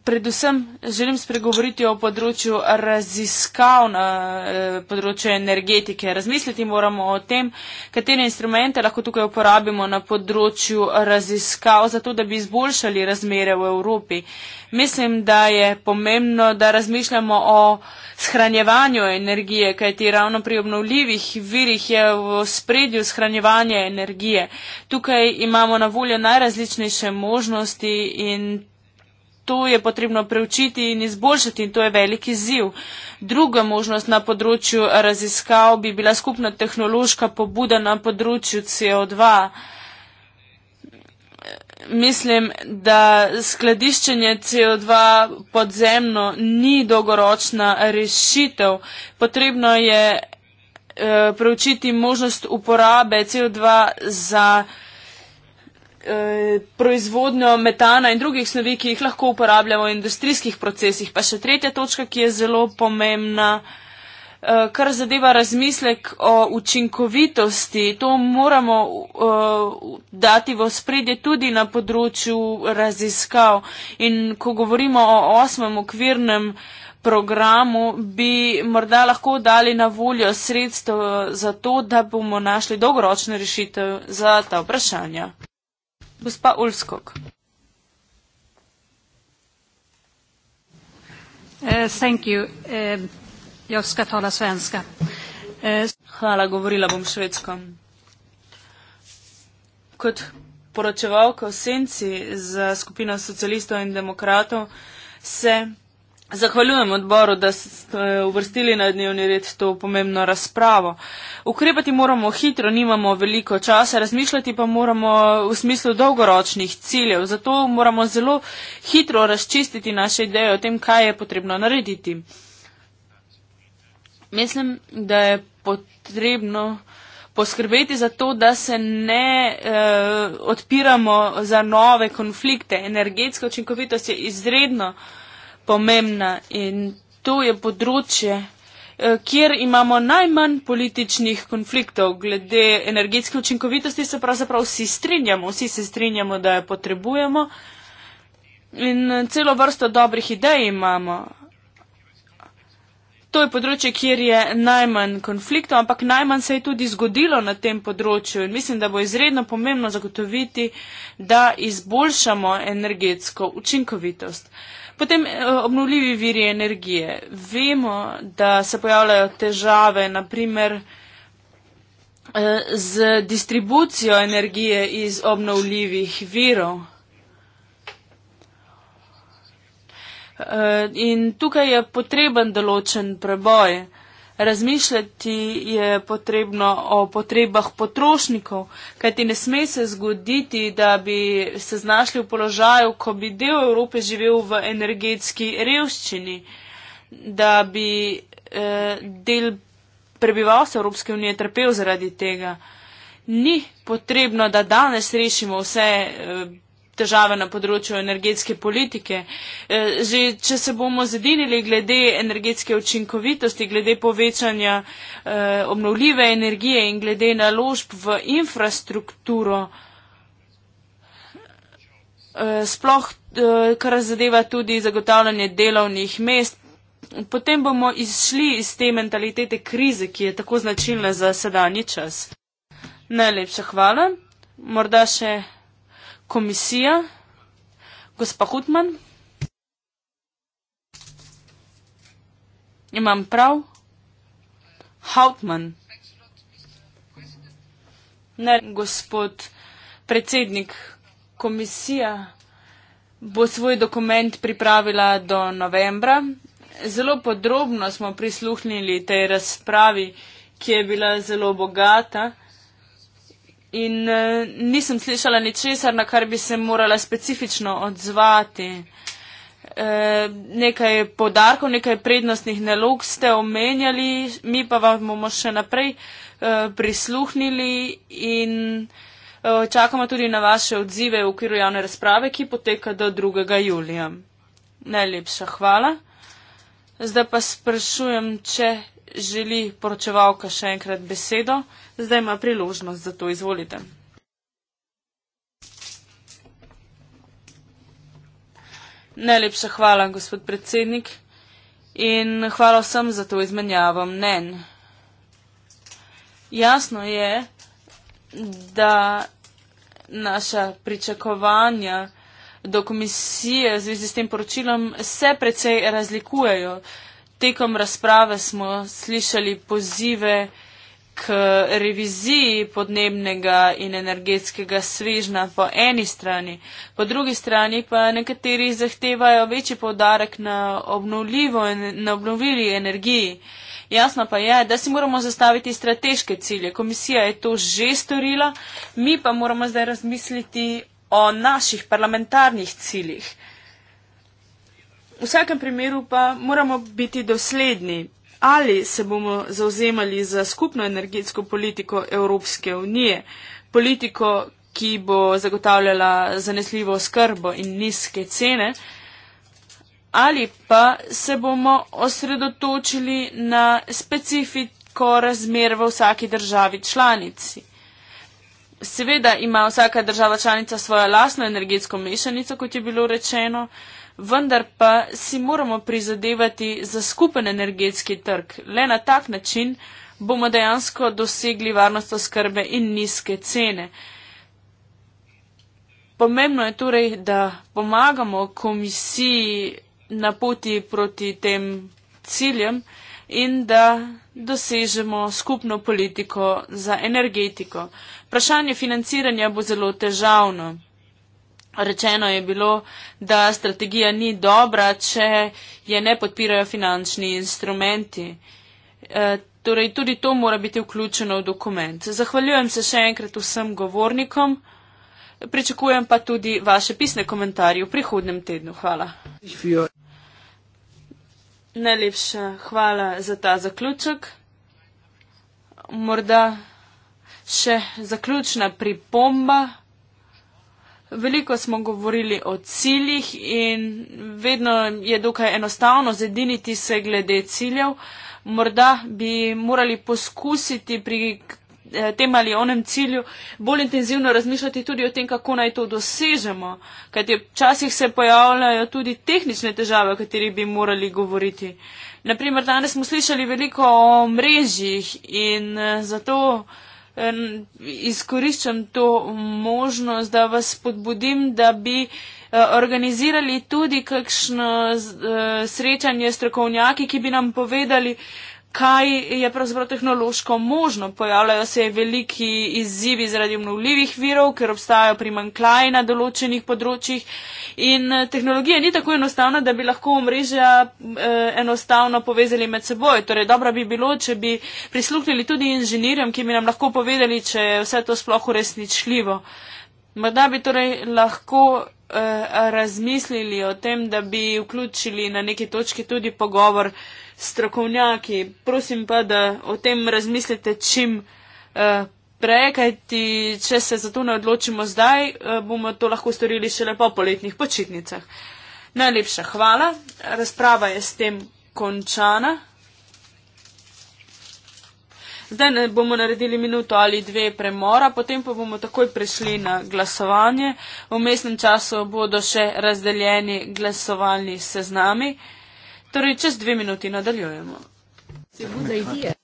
[SPEAKER 3] predvsem želim spregovoriti o področju raziskav na eh, področju energetike. Razmisliti moramo o tem, katere instrumente lahko tukaj uporabimo na področju raziskav, zato da bi izboljšali razmere v Evropi. Mislim, da je pomembno, da razmišljamo o shranjevanju energije, kajti ravno pri obnovljivih virih je v spredju shranjevanje energije. Tukaj imamo na voljo najrazličnejše možnosti in tu je potrebno preučiti in izboljšati in to je veliki ziv. Druga možnost na področju raziskav bi bila skupna tehnološka pobuda na področju CO2. Mislim, da skladiščenje CO2 podzemno ni dolgoročna rešitev. Potrebno je eh, preučiti možnost uporabe CO2 za Eh, proizvodnjo metana in drugih snovi, ki jih lahko uporabljamo v industrijskih procesih. Pa še tretja točka, ki je zelo pomembna, eh, kar zadeva razmislek o učinkovitosti. To moramo eh, dati v spredje tudi na področju raziskav. In ko govorimo o osmem okvirnem programu, bi morda lahko dali na voljo sredstvo za to, da bomo našli dolgoročno rešitev za ta vprašanja. Gospa Ulskog. Eh, thank you. Eh, jag ska tala svenska. Eh, Hvala, govorila bom švedsko. Kot poročevalka v senci za skupino socialistov in demokratov se Zahvaljujem odboru, da ste uvrstili na dnevni red to pomembno razpravo. Ukrepati moramo hitro, nimamo veliko časa, razmišljati pa moramo v smislu dolgoročnih ciljev. Zato moramo zelo hitro razčistiti naše ideje o tem, kaj je potrebno narediti. Mislim, da je potrebno poskrbeti za to, da se ne eh, odpiramo za nove konflikte. Energetska učinkovitost je izredno pomembna in to je področje, eh, kjer imamo najmanj političnih konfliktov glede energetske učinkovitosti, se pravzaprav vsi strinjamo, vsi se strinjamo, da jo potrebujemo in eh, celo vrsto dobrih idej imamo. To je področje, kjer je najmanj konfliktov, ampak najmanj se je tudi zgodilo na tem področju in mislim, da bo izredno pomembno zagotoviti, da izboljšamo energetsko učinkovitost. Uh, Potem eh, obnovljivi viri energije. Vemo, da se pojavljajo težave, naprimer eh, z distribucijo energije iz obnovljivih virov. Eh, in tukaj je potreben določen preboj razmišljati je potrebno o potrebah potrošnikov, kajti ne sme se zgoditi, da bi se znašli v položaju, ko bi del Evrope živel v energetski revščini, da bi eh, del prebivalstva Evropske unije trpel zaradi tega. Ni potrebno, da danes rešimo vse. Eh, težave na področju energetske politike. E, že če se bomo zedinili glede energetske učinkovitosti, glede povečanja e, obnovljive energije in glede naložb v infrastrukturo, e, sploh kar zadeva tudi zagotavljanje delovnih mest, potem bomo izšli iz te mentalitete krize, ki je tako značilna za sedanji čas. Najlepša hvala. Morda še komisija, gospa Hutman. Imam prav? Hautman. Ne, gospod predsednik, komisija bo svoj dokument pripravila do novembra. Zelo podrobno smo prisluhnili tej razpravi, ki je bila zelo bogata in uh, nisem slišala ničesar, na kar bi se morala specifično odzvati. Uh, nekaj podarkov, nekaj prednostnih nalog ste omenjali, mi pa vam bomo še naprej uh, prisluhnili in uh, čakamo tudi na vaše odzive v okviru javne razprave, ki poteka do 2. julija. Najlepša hvala. Zdaj pa sprašujem, če želi poročevalka še enkrat besedo, zdaj ima priložnost za to. Izvolite. Najlepša hvala, gospod predsednik, in hvala vsem za to izmenjavo mnen. Jasno je, da naša pričakovanja do komisije v zvezi s tem poročilom se precej razlikujejo tekom razprave smo slišali pozive k reviziji podnebnega in energetskega svežna po eni strani, po drugi strani pa nekateri zahtevajo večji povdarek na, na obnovljivi energiji. Jasno pa je, da si moramo zastaviti strateške cilje. Komisija je to že storila, mi pa moramo zdaj razmisliti o naših parlamentarnih ciljih. V vsakem primeru pa moramo biti dosledni. Ali se bomo zauzemali za skupno energetsko politiko Evropske unije, politiko, ki bo zagotavljala zanesljivo skrbo in nizke cene, ali pa se bomo osredotočili na specifiko razmer v vsaki državi članici. Seveda ima vsaka država članica svojo lasno energetsko mešanico, kot je bilo rečeno, vendar pa si moramo prizadevati za skupen energetski trg. Le na tak način bomo dejansko dosegli varnost oskrbe in nizke cene. Pomembno je torej, da pomagamo komisiji na poti proti tem ciljem in da dosežemo skupno politiko za energetiko. Vprašanje financiranja bo zelo težavno. Rečeno je bilo, da strategija ni dobra, če je ne podpirajo finančni instrumenti. E, torej, tudi to mora biti vključeno v dokument. Zahvaljujem se še enkrat vsem govornikom, pričakujem pa tudi vaše pisne komentarje v prihodnem tednu. Hvala. Najlepša hvala za ta zaključek. Morda še zaključna pripomba. Veliko smo govorili o ciljih in vedno je dokaj enostavno zediniti se glede ciljev. Morda bi morali poskusiti pri eh, tem ali onem cilju bolj intenzivno razmišljati tudi o tem, kako naj to dosežemo, kajti včasih se pojavljajo tudi tehnične težave, o katerih bi morali govoriti. Naprimer, danes smo slišali veliko o mrežjih in eh, zato en, izkoriščam to možnost, da vas spodbudim, da bi eh, organizirali tudi kakšno eh, srečanje strokovnjaki, ki bi nam povedali, kaj je pravzaprav tehnološko možno. Pojavljajo se veliki izzivi zaradi mnogljivih virov, ker obstajajo primankljaj na določenih področjih in eh, tehnologija ni tako enostavna, da bi lahko omrežja eh, enostavno povezali med seboj. Torej, dobro bi bilo, če bi prisluhnili tudi inženirjem, ki bi nam lahko povedali, če je vse to sploh uresničljivo. Morda bi torej lahko eh, razmislili o tem, da bi vključili na neki točki tudi pogovor strokovnjaki. Prosim pa, da o tem razmislite čim uh, prej, kajti če se za to ne odločimo zdaj, uh, bomo to lahko storili šele po poletnih počitnicah. Najlepša hvala. Razprava je s tem končana. Zdaj bomo naredili minuto ali dve premora, potem pa bomo takoj prišli na glasovanje. V mestnem času bodo še razdeljeni glasovalni seznami. Torej, čez dve minuti nadaljujemo. Se bo za ideje.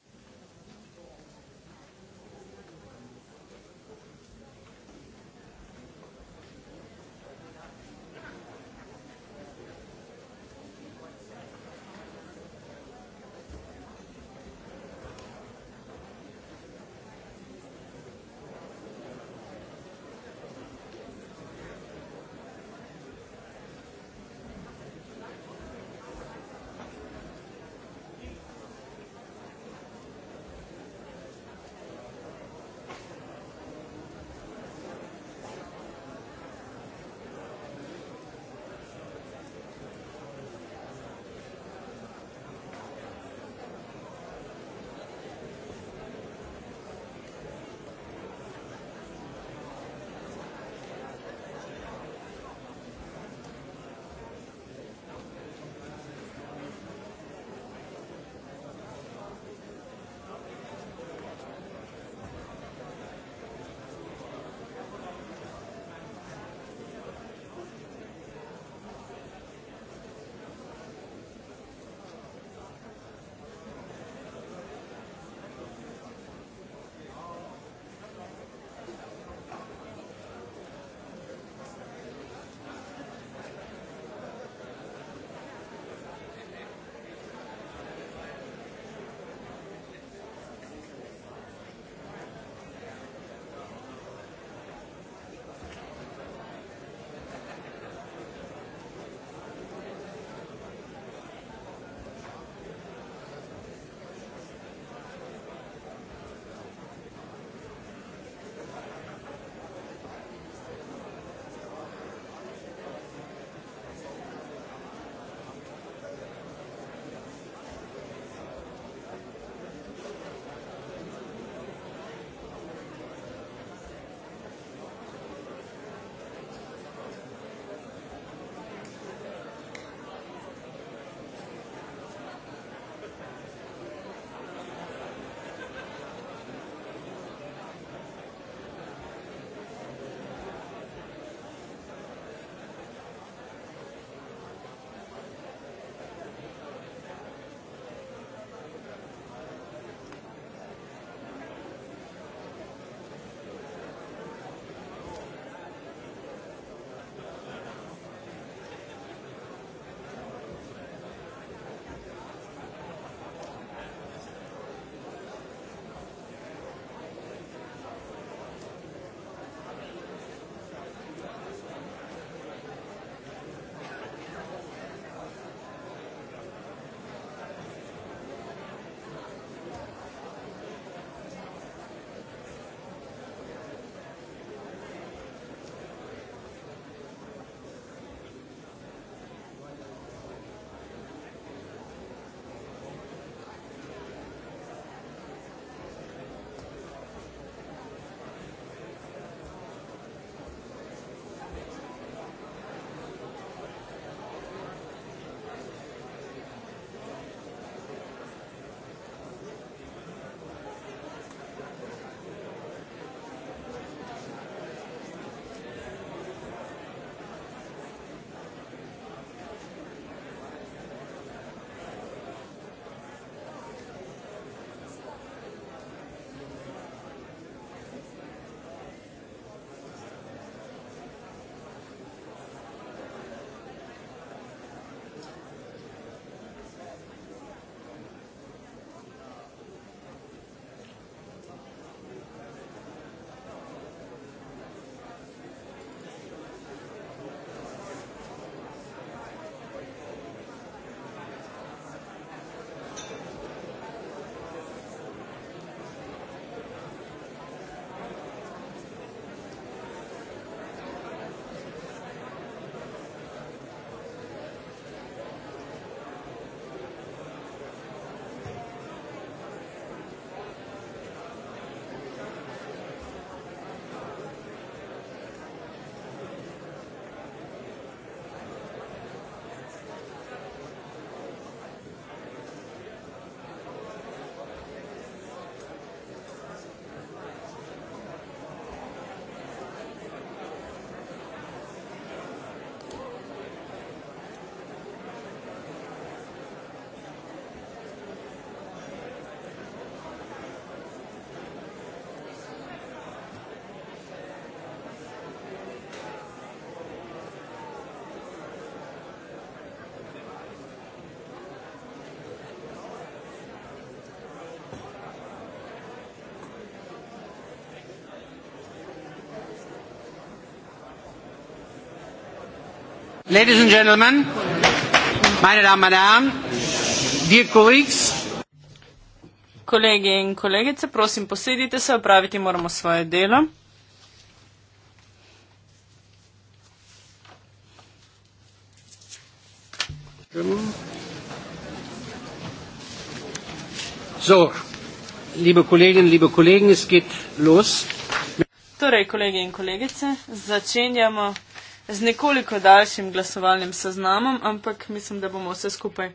[SPEAKER 1] Ladies and gentlemen, meine Damen, meine Herren, dear colleagues.
[SPEAKER 3] Kolegi in kolegice, prosim, posedite se, opraviti moramo svoje delo.
[SPEAKER 1] So, liebe Kolleginnen, liebe Kollegen, es geht los.
[SPEAKER 3] Torej, kolegi in kolegice, začenjamo z nekoliko daljšim glasovalnim seznamom, ampak mislim, da bomo vse skupaj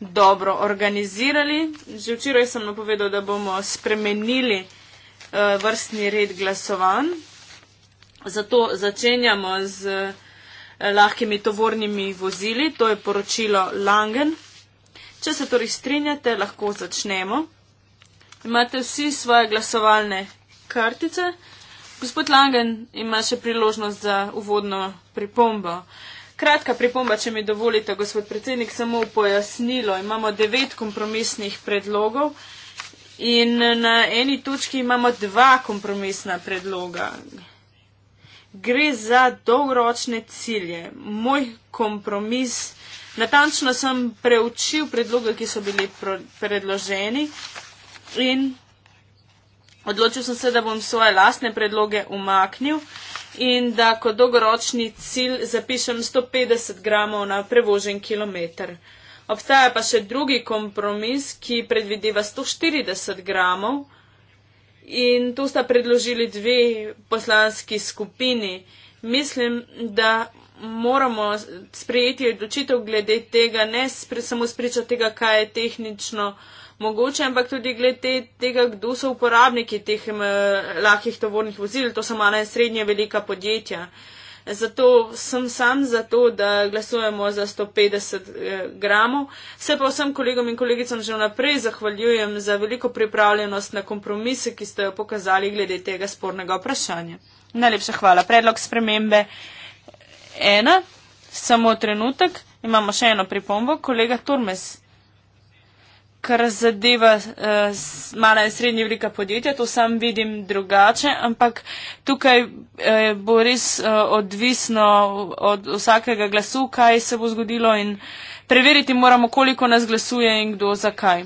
[SPEAKER 3] dobro organizirali. Že včeraj sem napovedal, da bomo spremenili uh, vrstni red glasovanj. Zato začenjamo z uh, lahkimi tovornimi vozili, to je poročilo Langen. Če se torej strinjate, lahko začnemo. Imate vsi svoje glasovalne kartice. Gospod Langen ima še priložnost za uvodno pripombo. Kratka pripomba, če mi dovolite, gospod predsednik, samo pojasnilo. Imamo devet kompromisnih predlogov in na eni točki imamo dva kompromisna predloga. Gre za dolgoročne cilje. Moj kompromis, natančno sem preučil predloge, ki so bili predloženi in Odločil sem se, da bom svoje lastne predloge umaknil in da kot dolgoročni cilj zapišem 150 gramov na prevožen kilometr. Obstaja pa še drugi kompromis, ki predvideva 140 gramov in to sta predložili dve poslanski skupini. Mislim, da moramo sprejeti odločitev glede tega, ne spri, samo spričati tega, kaj je tehnično mogoče, ampak tudi glede tega, kdo so uporabniki teh lahkih tovornih vozil, to so mala in srednje velika podjetja. Zato sem sam za to, da glasujemo za 150 eh, gramov. Se pa vsem kolegom in kolegicam že vnaprej zahvaljujem za veliko pripravljenost na kompromise, ki ste jo pokazali glede tega spornega vprašanja. Najlepša hvala. Predlog spremembe ena, samo trenutek, imamo še eno pripombo, kolega Turmes kar zadeva uh, mala in srednji velika podjetja, to sam vidim drugače, ampak tukaj uh, bo res uh, odvisno od vsakega glasu, kaj se bo zgodilo in preveriti moramo, koliko nas glasuje in kdo zakaj.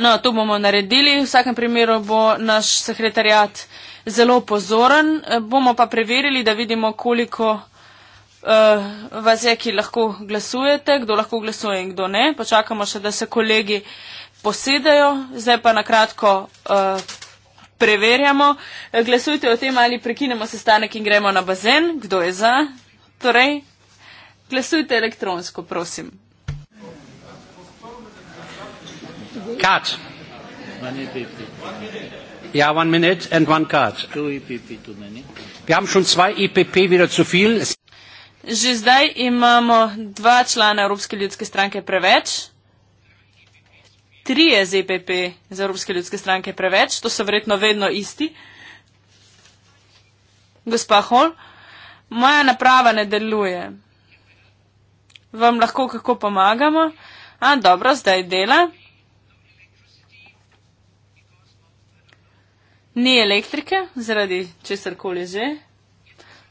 [SPEAKER 3] No, to bomo naredili, v vsakem primeru bo naš sekretarjat zelo pozoren, uh, bomo pa preverili, da vidimo, koliko uh, vas je, ki lahko glasujete, kdo lahko glasuje in kdo ne. Počakamo še, da se kolegi posedajo. Zdaj pa nakratko. Uh, eh, Preverjamo, eh, glasujte o tem ali prekinemo sestanek in gremo na bazen. Kdo je za? Torej, glasujte elektronsko, prosim.
[SPEAKER 1] Kač. Ja, one minute and one card. Two EPP too many. Wir haben schon zwei EPP wieder zu viel.
[SPEAKER 3] Že zdaj imamo dva člana Evropske ljudske stranke preveč, tri je ZPP e iz Evropske ljudske stranke preveč, to so verjetno vedno isti. Gospa Hol, moja naprava ne deluje. Vam lahko kako pomagamo? A, dobro, zdaj dela. Ni elektrike, zaradi česar koli že.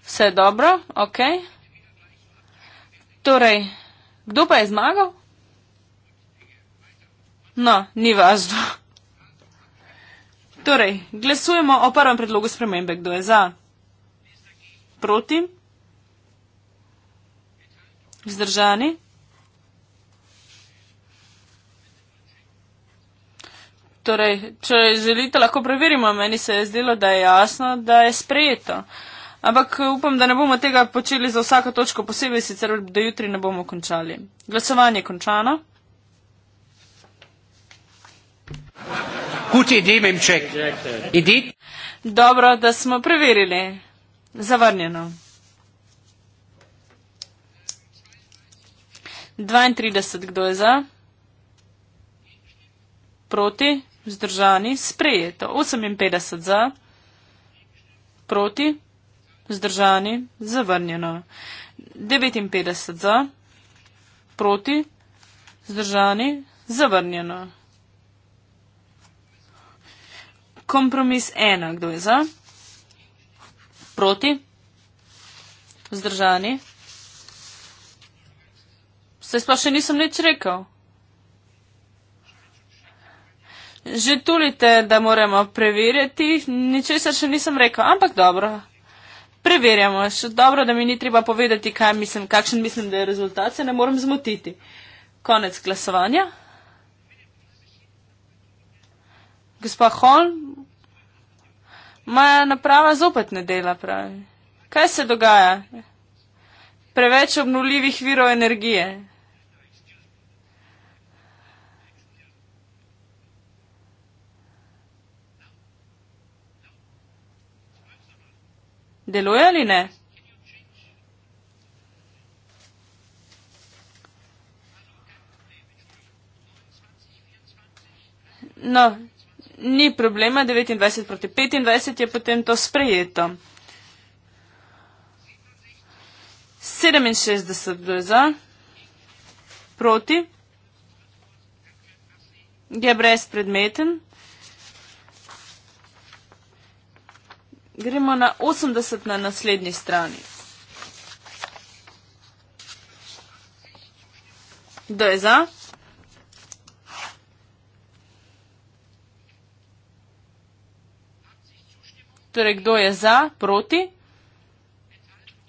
[SPEAKER 3] Vse dobro, okej. Okay. Torej, kdo pa je zmagal? No, ni važno. Torej, glasujemo o prvem predlogu spremembe. Kdo je za? Proti? Vzdržani? Torej, če želite, lahko preverimo. Meni se je zdelo, da je jasno, da je sprejeto. Ampak eh, upam, da ne bomo tega počeli za vsako točko posebej, sicer da jutri ne bomo končali. Glasovanje je končano.
[SPEAKER 1] Kuti, dimim,
[SPEAKER 3] ček. Idi. Dobro, da smo preverili. Zavrnjeno. 32, kdo je za? Proti, vzdržani, sprejeto. 58 za? Proti, vzdržani, zavrnjeno. 59 za, proti, vzdržani, zavrnjeno. Kompromis ena, kdo je za, proti, vzdržani. Se pa še nisem nič rekel. Že tulite, da moramo preverjati, ničesar še nisem rekel, ampak dobro. Preverjamo, še dobro, da mi ni treba povedati, mislim, kakšen mislim, da je rezultat, se ne morem zmotiti. Konec glasovanja. Gospa Holm, moja naprava zopet ne dela, pravi. Kaj se dogaja? Preveč obnuljivih virov energije. Deluje ali ne? No, ni problema, 29 proti 25 je potem to sprejeto. 67 za, proti, je brezpredmeten. Gremo na 80 na naslednji strani. Kdo je za? Torej, kdo je za, proti?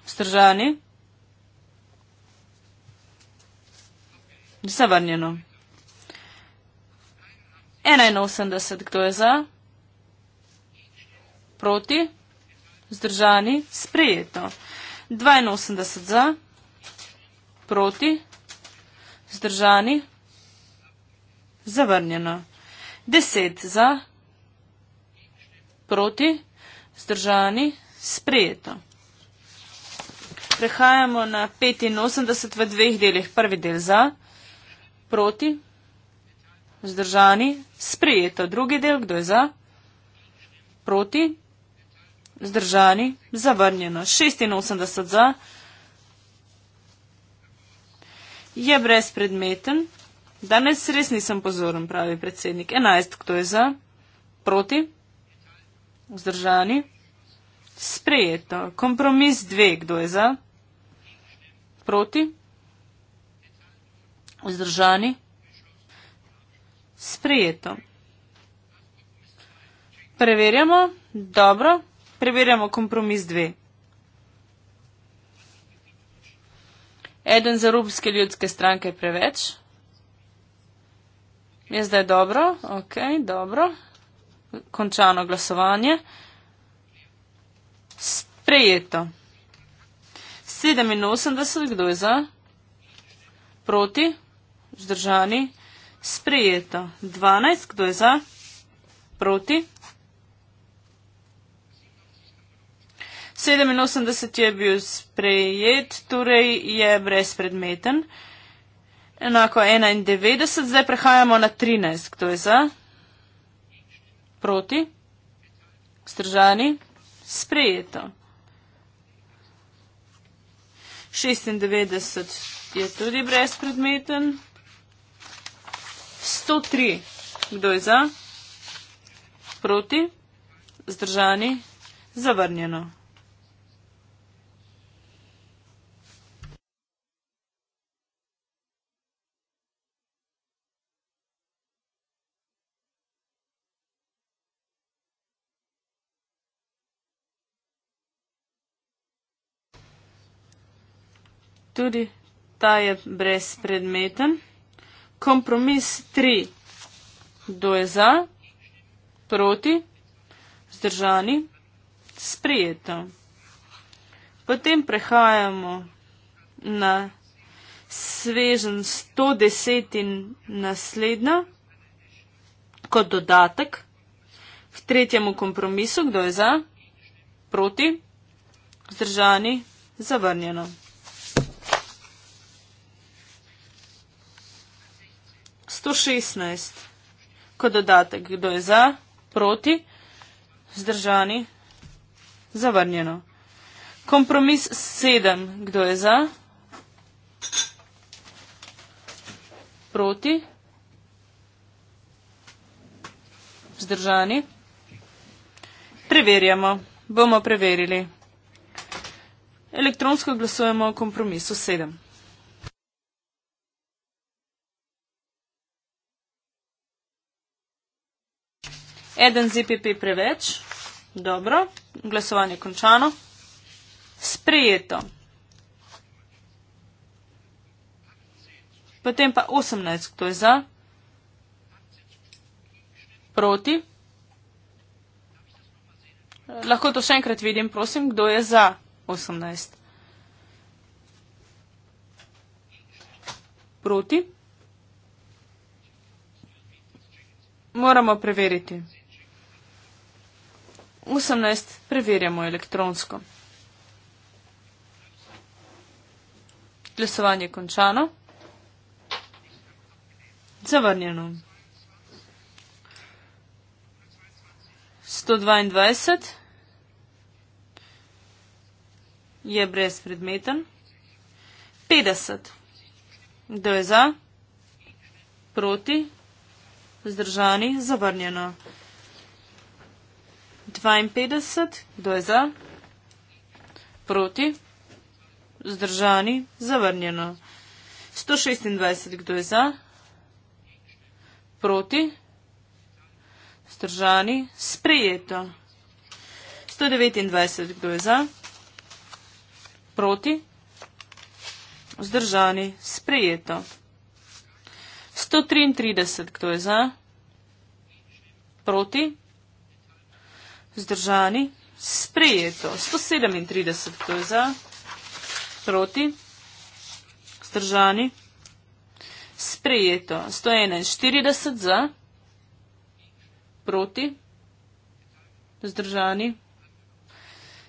[SPEAKER 3] Vstržani? Vse vrnjeno. 81, kdo je za? Proti? vzdržani, sprejeto. 82 za, proti, vzdržani, zavrnjeno. 10 za, proti, vzdržani, sprejeto. Prehajamo na 85 v dveh delih. Prvi del za, proti, vzdržani, sprejeto. Drugi del, kdo je za, proti, vzdržani. Zdržani, zavrnjeno. 86 za. Je brezpredmeten. Danes res nisem pozoren, pravi predsednik. 11, kdo je za? Proti? Zdržani? Sprejeto. Kompromis 2, kdo je za? Proti? Zdržani? Sprejeto. Preverjamo. Dobro. Preverjamo kompromis dve. Eden za Rubske ljudske stranke je preveč. Je zdaj dobro? Ok, dobro. Končano glasovanje. Sprejeto. 87, kdo je za? Proti? Zdržani? Sprejeto. 12, kdo je za? Proti? 87 je bil sprejet, torej je brezpredmeten. Enako 91, zdaj prehajamo na 13. Kdo je za? Proti? Stržani? Sprejeto. 96 je tudi brezpredmeten. 103. Kdo je za? Proti? Zdržani? Zavrnjeno. tudi, ta je brezpredmeten. Kompromis 3. Kdo je za, proti, zdržani, sprijeto. Potem prehajamo na svežen 110 in naslednja, kot dodatek k tretjemu kompromisu, kdo je za, proti, zdržani, zavrnjeno. 116. Kot dodatek, kdo je za, proti, zdržani, zavrnjeno. Kompromis 7. Kdo je za, proti, zdržani. Preverjamo. Bomo preverili. Elektronsko glasujemo o kompromisu 7. eden ZPP preveč. Dobro, glasovanje končano. Sprejeto. Potem pa 18, kdo je za? Proti? Lahko to še enkrat vidim, prosim, kdo je za 18? Proti? Moramo preveriti. 18 preverjamo elektronsko. Glasovanje končano. Zavrnjeno. 122 je brezpredmeten. 50. Kdo je za? Proti? Zdržani? Zavrnjeno. 52, kdo je za? Proti, zdržani, zavrnjeno. 126, kdo je za? Proti, zdržani, sprejeto. 129, kdo je za? Proti, zdržani, sprejeto. 133, kdo je za? Proti, zdržani vzdržani, sprejeto 137, to je za, proti, vzdržani, sprejeto 141 za, proti, vzdržani,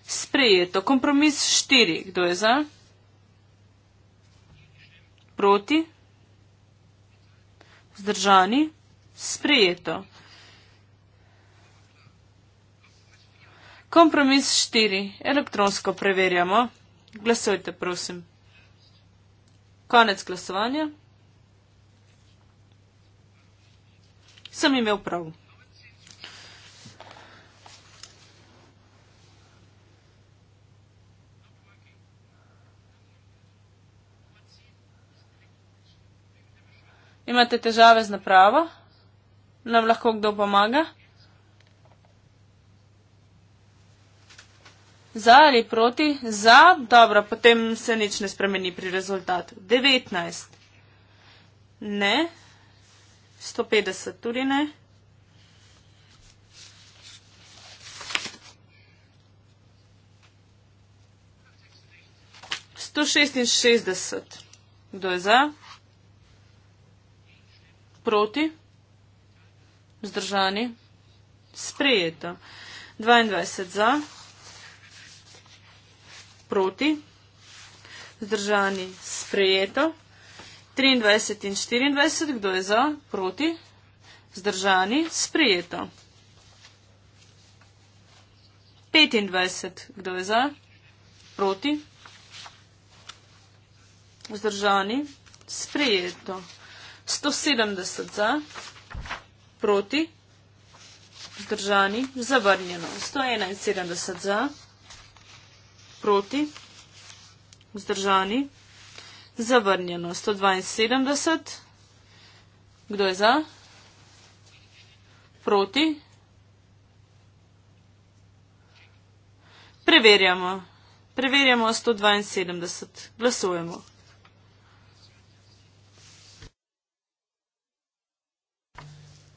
[SPEAKER 3] sprejeto kompromis 4, kdo je za, proti, vzdržani, sprejeto. Kompromis 4. Elektronsko preverjamo. Glasujte, prosim. Konec glasovanja. Sem imel prav. Imate težave z napravo? Nam lahko kdo pomaga? Za ali proti? Za, dobro, potem se nič ne spremeni pri rezultatu. 19. Ne. 150 tudi ne. Sto šestinšestdeset. Kdo je za? Proti? Zdržani? Sprejeto. Dvaindvajset za proti, zdržani sprejeto, 23 in 24, kdo je za, proti, zdržani sprejeto, 25, kdo je za, proti, zdržani sprejeto, 170 za, proti, zdržani zavrnjeno, 171 za, proti, proti, vzdržani, zavrnjeno 172, kdo je za, proti, preverjamo, preverjamo 172, glasujemo.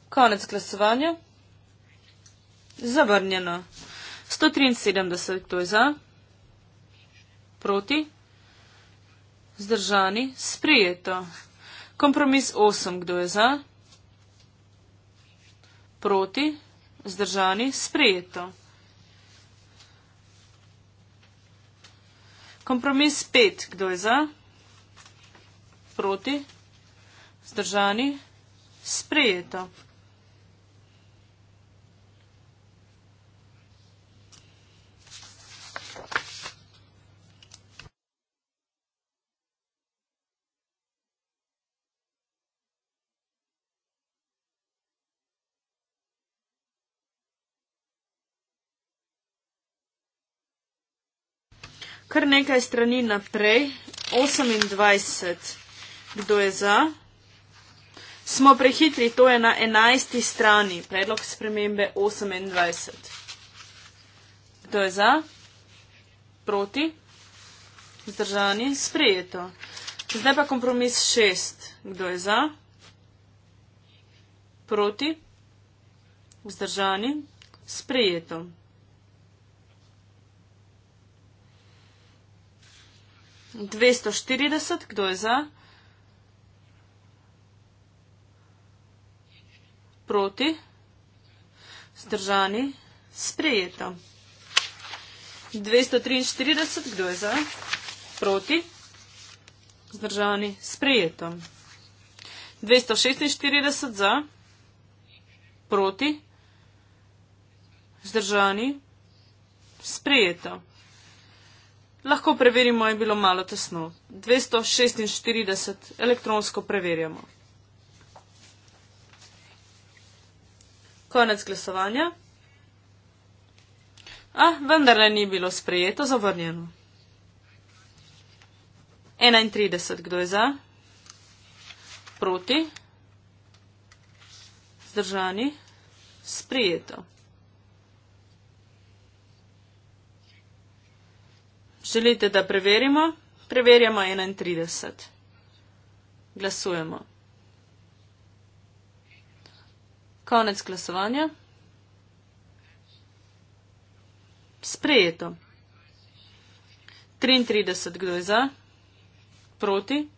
[SPEAKER 3] Konec glasovanja, zavrnjeno. 173, kdo je za? proti, zdržani, sprijeto. Kompromis 8, kdo je za, proti, zdržani, sprijeto. Kompromis 5, kdo je za, proti, zdržani, sprijeto. kar nekaj strani naprej, 28, kdo je za. Smo prehitri, to je na 11. strani, predlog spremembe 28. Kdo je za? Proti? Zdržani? Sprejeto. Zdaj pa kompromis 6. Kdo je za? Proti? Vzdržani? Sprejeto. 240, kdo je za? Proti? Zdržani? Sprejeto. 243, kdo je za? Proti? Zdržani? Sprejeto. 246 za? Proti? Zdržani? Sprejeto. Lahko preverimo, je bilo malo tesno. 246 elektronsko preverjamo. Konec glasovanja. A, ah, vendar ne ni bilo sprejeto, zavrnjeno. 31, kdo je za? Proti? Zdržani? Sprijeto. Želite, da preverimo? Preverjamo 31. Glasujemo. Konec glasovanja. Sprejeto. 33, kdo je za? Proti?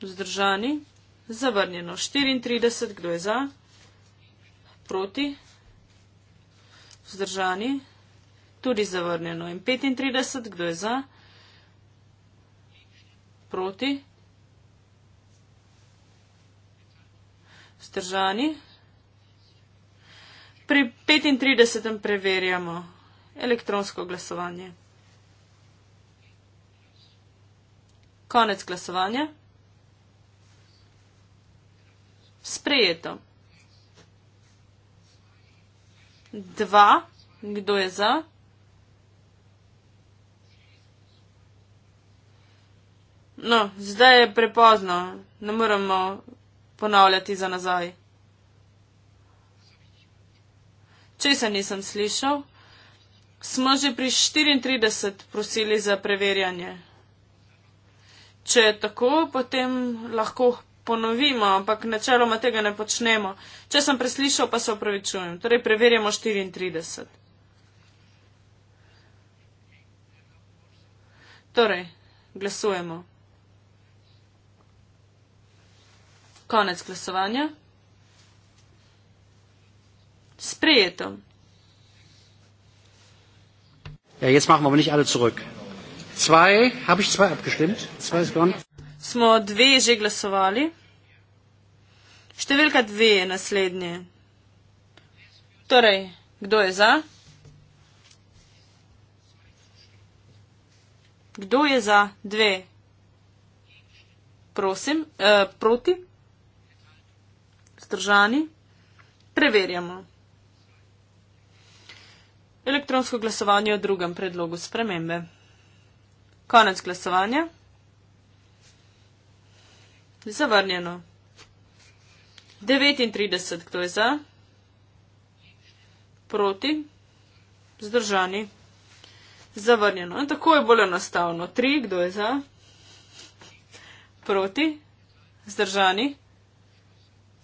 [SPEAKER 3] Zdržani? Zavrnjeno. 34, kdo je za? Proti? Zdržani? Tudi zavrnjeno. In 35, kdo je za? Proti? Vzdržani? Pri 35. preverjamo elektronsko glasovanje. Konec glasovanja. Sprejeto. Dva, kdo je za? No, zdaj je prepozno, ne moremo ponavljati za nazaj. Če se nisem slišal, smo že pri 34 prosili za preverjanje. Če je tako, potem lahko ponovimo, ampak načeloma tega ne počnemo. Če sem preslišal, pa se opravičujem. Torej, preverjamo 34. Torej, glasujemo. Konec glasovanja. Sprejeto.
[SPEAKER 1] Ja, jetzt machen wir aber nicht alle zurück. Zwei, habe ich zwei abgestimmt? Zwei ist gone.
[SPEAKER 3] Smo dve že glasovali. Številka dve je naslednje. Torej, kdo je za? Kdo je za dve? Prosim, uh, proti? vzdržani? Preverjamo. Elektronsko glasovanje o drugem predlogu spremembe. Konec glasovanja. Zavrnjeno. 39, kdo je za? Proti? Zdržani? Zavrnjeno. In tako je bolj enostavno. 3, kdo je za? Proti? Zdržani?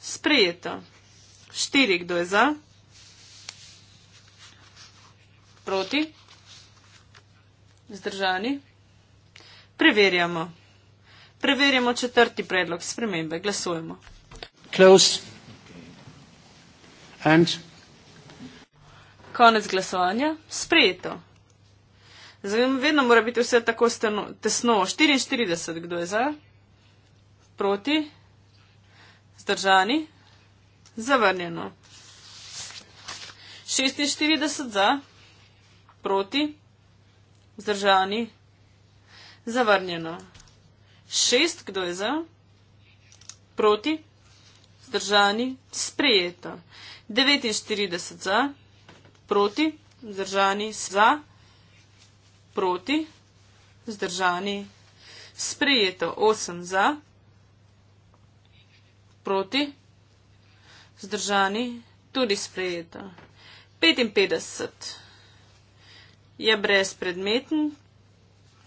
[SPEAKER 3] Sprejeto. Štiri, kdo je za? Proti? Zdržani? Preverjamo. Preverjamo četrti predlog spremembe. Glasujemo. Konec glasovanja. Sprejeto. Zavim, vedno mora biti vse tako steno, tesno. 44, kdo je za? Proti? Zdržani? Zavrnjeno. 46 za, proti, vzdržani, zavrnjeno. 6, kdo je za, proti, vzdržani, sprejeto. 49 za, proti, vzdržani, za, proti, vzdržani, sprejeto. 8 za, proti proti, zdržani, tudi sprejeta. 55 je brezpredmeten,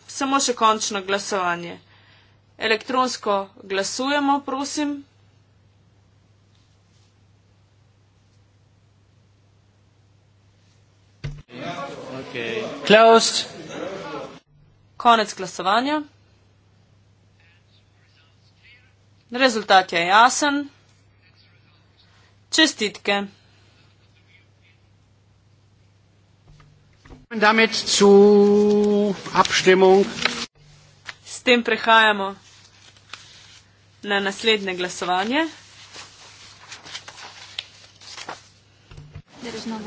[SPEAKER 3] samo še končno glasovanje. Elektronsko glasujemo, prosim.
[SPEAKER 1] Okay. Closed.
[SPEAKER 3] Konec glasovanja. Rezultat je jasen. Čestitke. S tem prehajamo na naslednje glasovanje.
[SPEAKER 4] No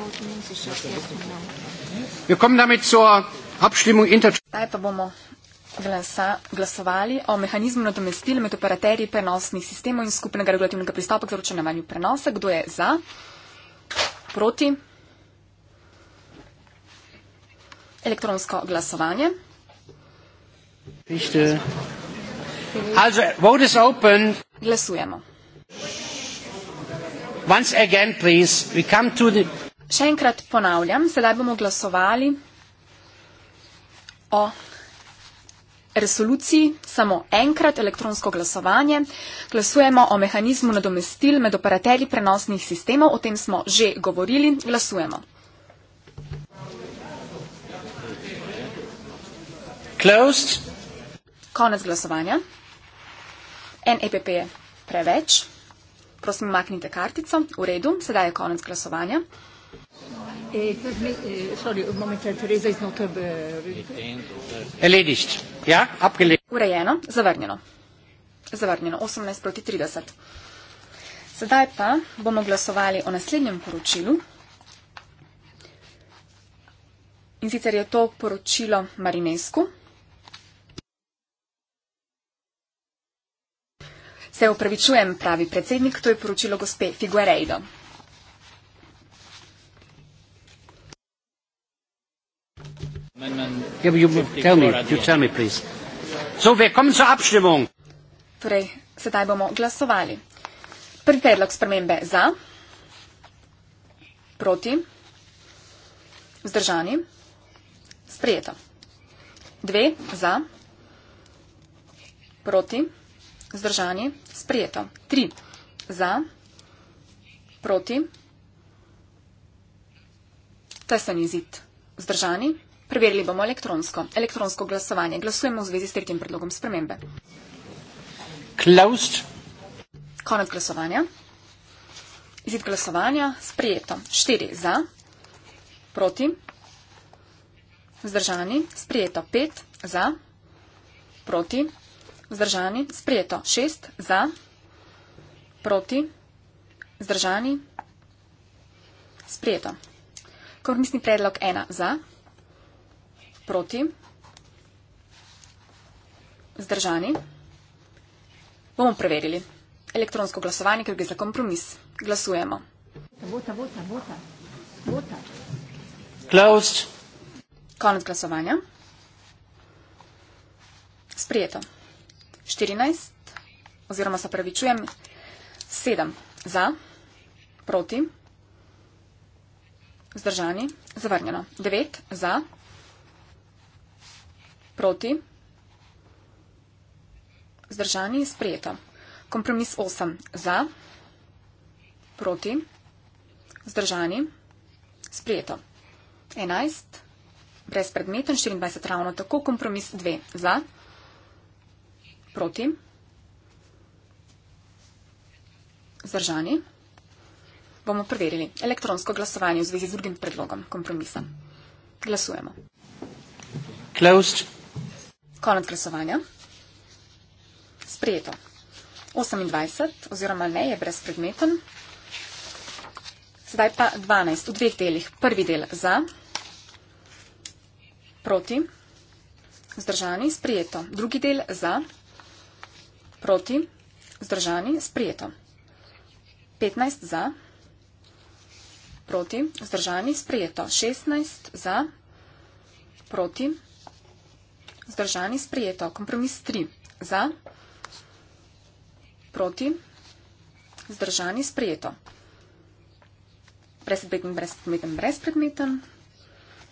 [SPEAKER 4] Zdaj pa bomo glasa, glasovali o mehanizmu nadomestil med operaterji prenosnih sistemov in skupnega regulativnega pristopa k zaročanovanju prenosa. Kdo je za? Proti? Elektronsko glasovanje.
[SPEAKER 1] Also, Glasujemo. Again, the... Še enkrat
[SPEAKER 4] ponavljam, sedaj bomo glasovali o resoluciji samo enkrat elektronsko glasovanje. Glasujemo o mehanizmu nadomestil med operateri prenosnih sistemov. O tem smo že govorili. Glasujemo. Closed. Konec glasovanja. En EPP je preveč. Prosim, maknite kartico. V redu, sedaj je konec glasovanja.
[SPEAKER 1] Erledigt. Ja, abgelehnt.
[SPEAKER 4] Urejeno, zavrnjeno. Zavrnjeno, 18 proti 30. Sedaj pa bomo glasovali o naslednjem poročilu. In sicer je to poročilo Marinesku. Se upravičujem, pravi predsednik, to je poročilo gospe Figuerejdo.
[SPEAKER 1] Yeah, you, tell me, you tell me, so, welcome to abstimmung.
[SPEAKER 4] Torej, sedaj bomo glasovali. Prvi predlog spremembe za, proti, vzdržani, sprijeto. Dve za, proti, vzdržani, sprijeto. Tri za, proti, tesen izid, vzdržani, sprijeto. Preverili bomo elektronsko. Elektronsko glasovanje. Glasujemo v zvezi s tretjim predlogom spremembe. Closed. Konec glasovanja. Izid glasovanja. Sprijeto. Štiri za. Proti. Vzdržani. Sprijeto. Pet za. Proti. Vzdržani. Sprijeto. Šest za. Proti. Vzdržani. Sprijeto. Kornisni predlog ena za proti, zdržani. Bomo preverili. Elektronsko glasovanje, ker gre za kompromis. Glasujemo. Bota, bota, bota. Bota.
[SPEAKER 1] Klaus. Konec
[SPEAKER 4] glasovanja. Sprijeto. 14, oziroma se pravičujem, 7 za, proti, zdržani, zavrnjeno. 9 za, Proti? Zdržani je sprejeto. Kompromis 8. Za? Proti? Zdržani? Sprejeto. 11. Brez predmeten, 24 ravno tako. Kompromis 2. Za? Proti? Zdržani? Bomo preverili elektronsko glasovanje v zvezi z drugim predlogom kompromisa. Glasujemo. Closed. Konec glasovanja. Sprejeto. 28 oziroma ne je brezpredmeten. Sedaj pa 12 v dveh delih. Prvi del za, proti, zdržani, sprijeto. Drugi del za, proti, zdržani, sprijeto. 15 za, proti, zdržani, sprijeto. 16 za, proti, zdržani. Zdržani sprejeto. Kompromis 3. Za. Proti. Zdržani sprejeto. Brezpredmeten, brezpredmeten, brezpredmeten.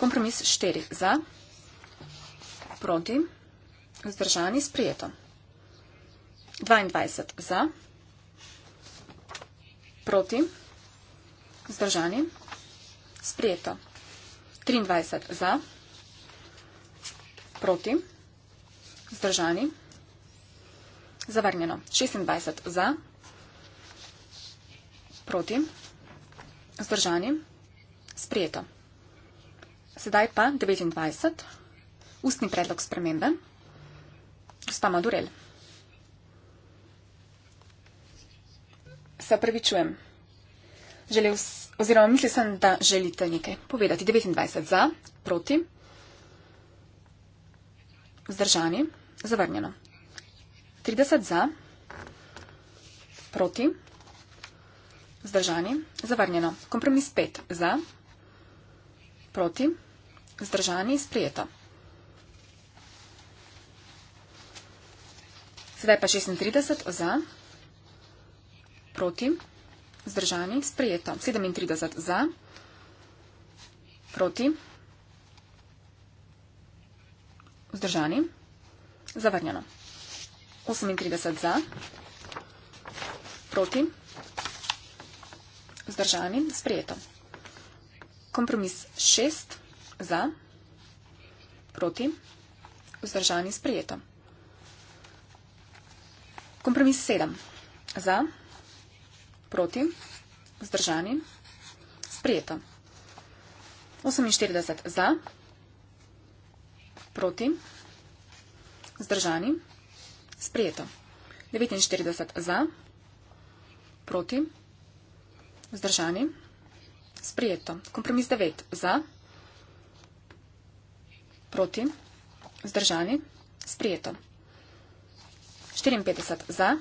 [SPEAKER 4] Kompromis 4. Za. Proti. Zdržani sprejeto. 22. Za. Proti. Zdržani sprejeto. 23. Za. Proti. Proti. Zdržani. Zavrnjeno. 26 za. Proti. Zdržani. Sprijeto. Sedaj pa 29. Ustni predlog spremembe. Gospa Madurel. Se prvi čujem. Želel, oziroma mislil sem, da želite nekaj povedati. 29 za, proti, Vzdržani. Zavrnjeno. 30 za. Proti. Vzdržani. Zavrnjeno. Kompromis 5 za. Proti. Vzdržani. Sprijeto. Sedaj pa 36 za. Proti. Vzdržani. Sprijeto. 37 za. Proti. Proti. Vzdržani. Zavrnjeno. 38 za. Proti. Vzdržani. Sprijeto. Kompromis 6 za. Proti. Vzdržani. Sprijeto. Kompromis 7 za. Proti. Vzdržani. Sprijeto. 48 za. Proti. Proti. Zdržani. Sprijeto. 49 za. Proti. Zdržani. Sprijeto. Kompromis 9 za. Proti. Zdržani. Sprijeto. 54 za.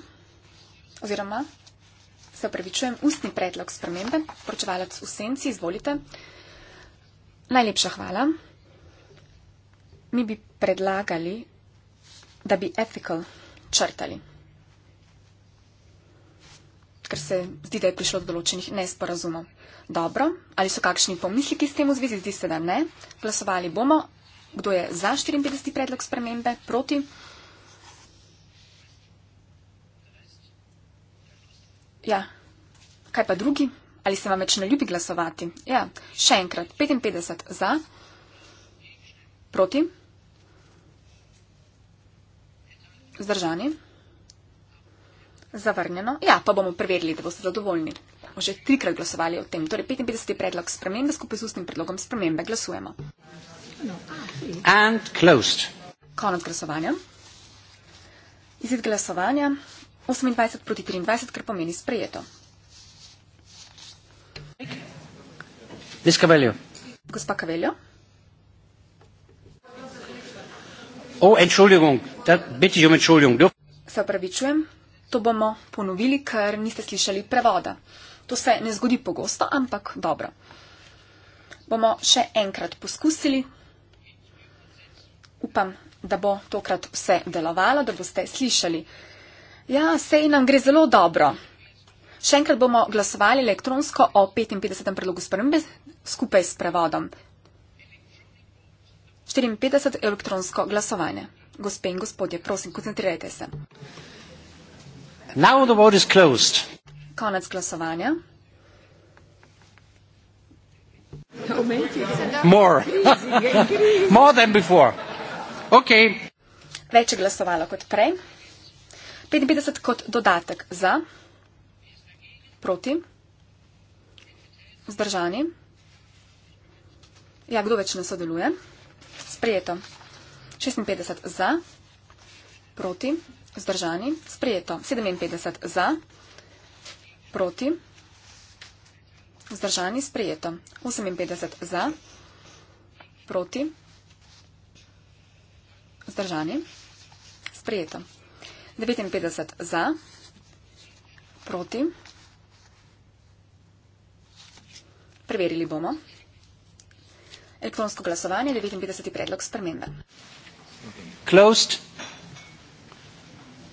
[SPEAKER 4] Oziroma, se upravičujem, ustni predlog spremembe. Pročevalec v senci, izvolite. Najlepša hvala mi bi predlagali, da bi ethical črtali. Ker se zdi, da je prišlo do določenih nesporazumov. Dobro, ali so kakšni pomisliki s tem v zvezi? Zdi se, da ne. Glasovali bomo, kdo je za 54. predlog spremembe, proti. Ja, kaj pa drugi? Ali se vam več ne ljubi glasovati? Ja, še enkrat, 55 za, proti. Zdržani. Zavrnjeno. Ja, pa bomo preverili, da boste zadovoljni. Bomo že trikrat glasovali o tem. Torej, 55. predlog spremembe skupaj s ustnim predlogom spremembe glasujemo. Konec glasovanja. Izid glasovanja 28 proti 23, kar pomeni sprejeto. Gospa Kaveljo.
[SPEAKER 1] O, oh, Entschuldigung, da bitte ich um Entschuldigung.
[SPEAKER 4] Se opravičujem, to bomo ponovili, ker niste slišali prevoda. To se ne zgodi pogosto, ampak dobro. Bomo še enkrat poskusili. Upam, da bo tokrat vse delovalo, da boste slišali. Ja, sej nam gre zelo dobro. Še enkrat bomo glasovali elektronsko o 55. predlogu spremembe skupaj s prevodom. 54 elektronsko glasovanje. Gospe in gospodje, prosim, koncentrirajte se.
[SPEAKER 1] Now the vote is closed.
[SPEAKER 4] Konec glasovanja.
[SPEAKER 1] More. More than before. Okay.
[SPEAKER 4] Več je glasovalo kot prej. 55 kot dodatek za, proti, vzdržani. Ja, kdo več ne sodeluje? Sprejeto. 56 za, proti, vzdržani. Sprejeto. 57 za, proti, vzdržani. Sprejeto. 58 za, proti, vzdržani. Sprejeto. 59 za, proti. Preverili bomo. Elektronsko glasovanje, 59. predlog spremembe.
[SPEAKER 1] Closed.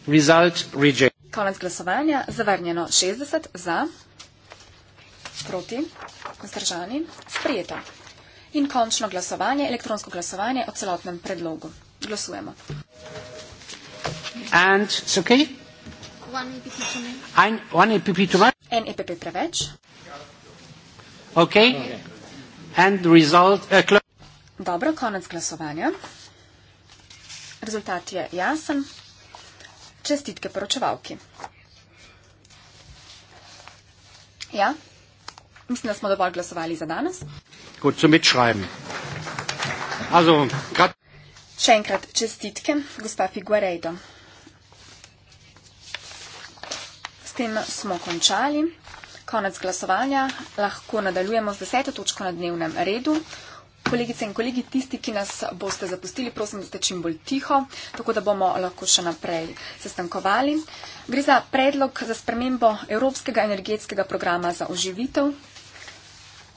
[SPEAKER 1] Result reject.
[SPEAKER 4] Konec glasovanja, zavrnjeno 60 za, proti, zdržani, sprijeto. In končno glasovanje, elektronsko glasovanje o celotnem predlogu. Glasujemo.
[SPEAKER 1] And it's okay. One EPP too much.
[SPEAKER 4] En EPP preveč.
[SPEAKER 1] Okay. okay. Uh,
[SPEAKER 4] Dobro, konec glasovanja. Rezultat je jasen. Čestitke poročevalki. Ja, mislim, da smo dovolj glasovali za danes.
[SPEAKER 1] Gut zu mitschreiben. Also,
[SPEAKER 4] Še enkrat čestitke, gospa Figuarejdo. S tem smo končali konec glasovanja. Lahko nadaljujemo z deseto točko na dnevnem redu. Kolegice in kolegi, tisti, ki nas boste zapustili, prosim, da ste čim bolj tiho, tako da bomo lahko še naprej sestankovali. Gre za predlog za spremembo Evropskega energetskega programa za oživitev.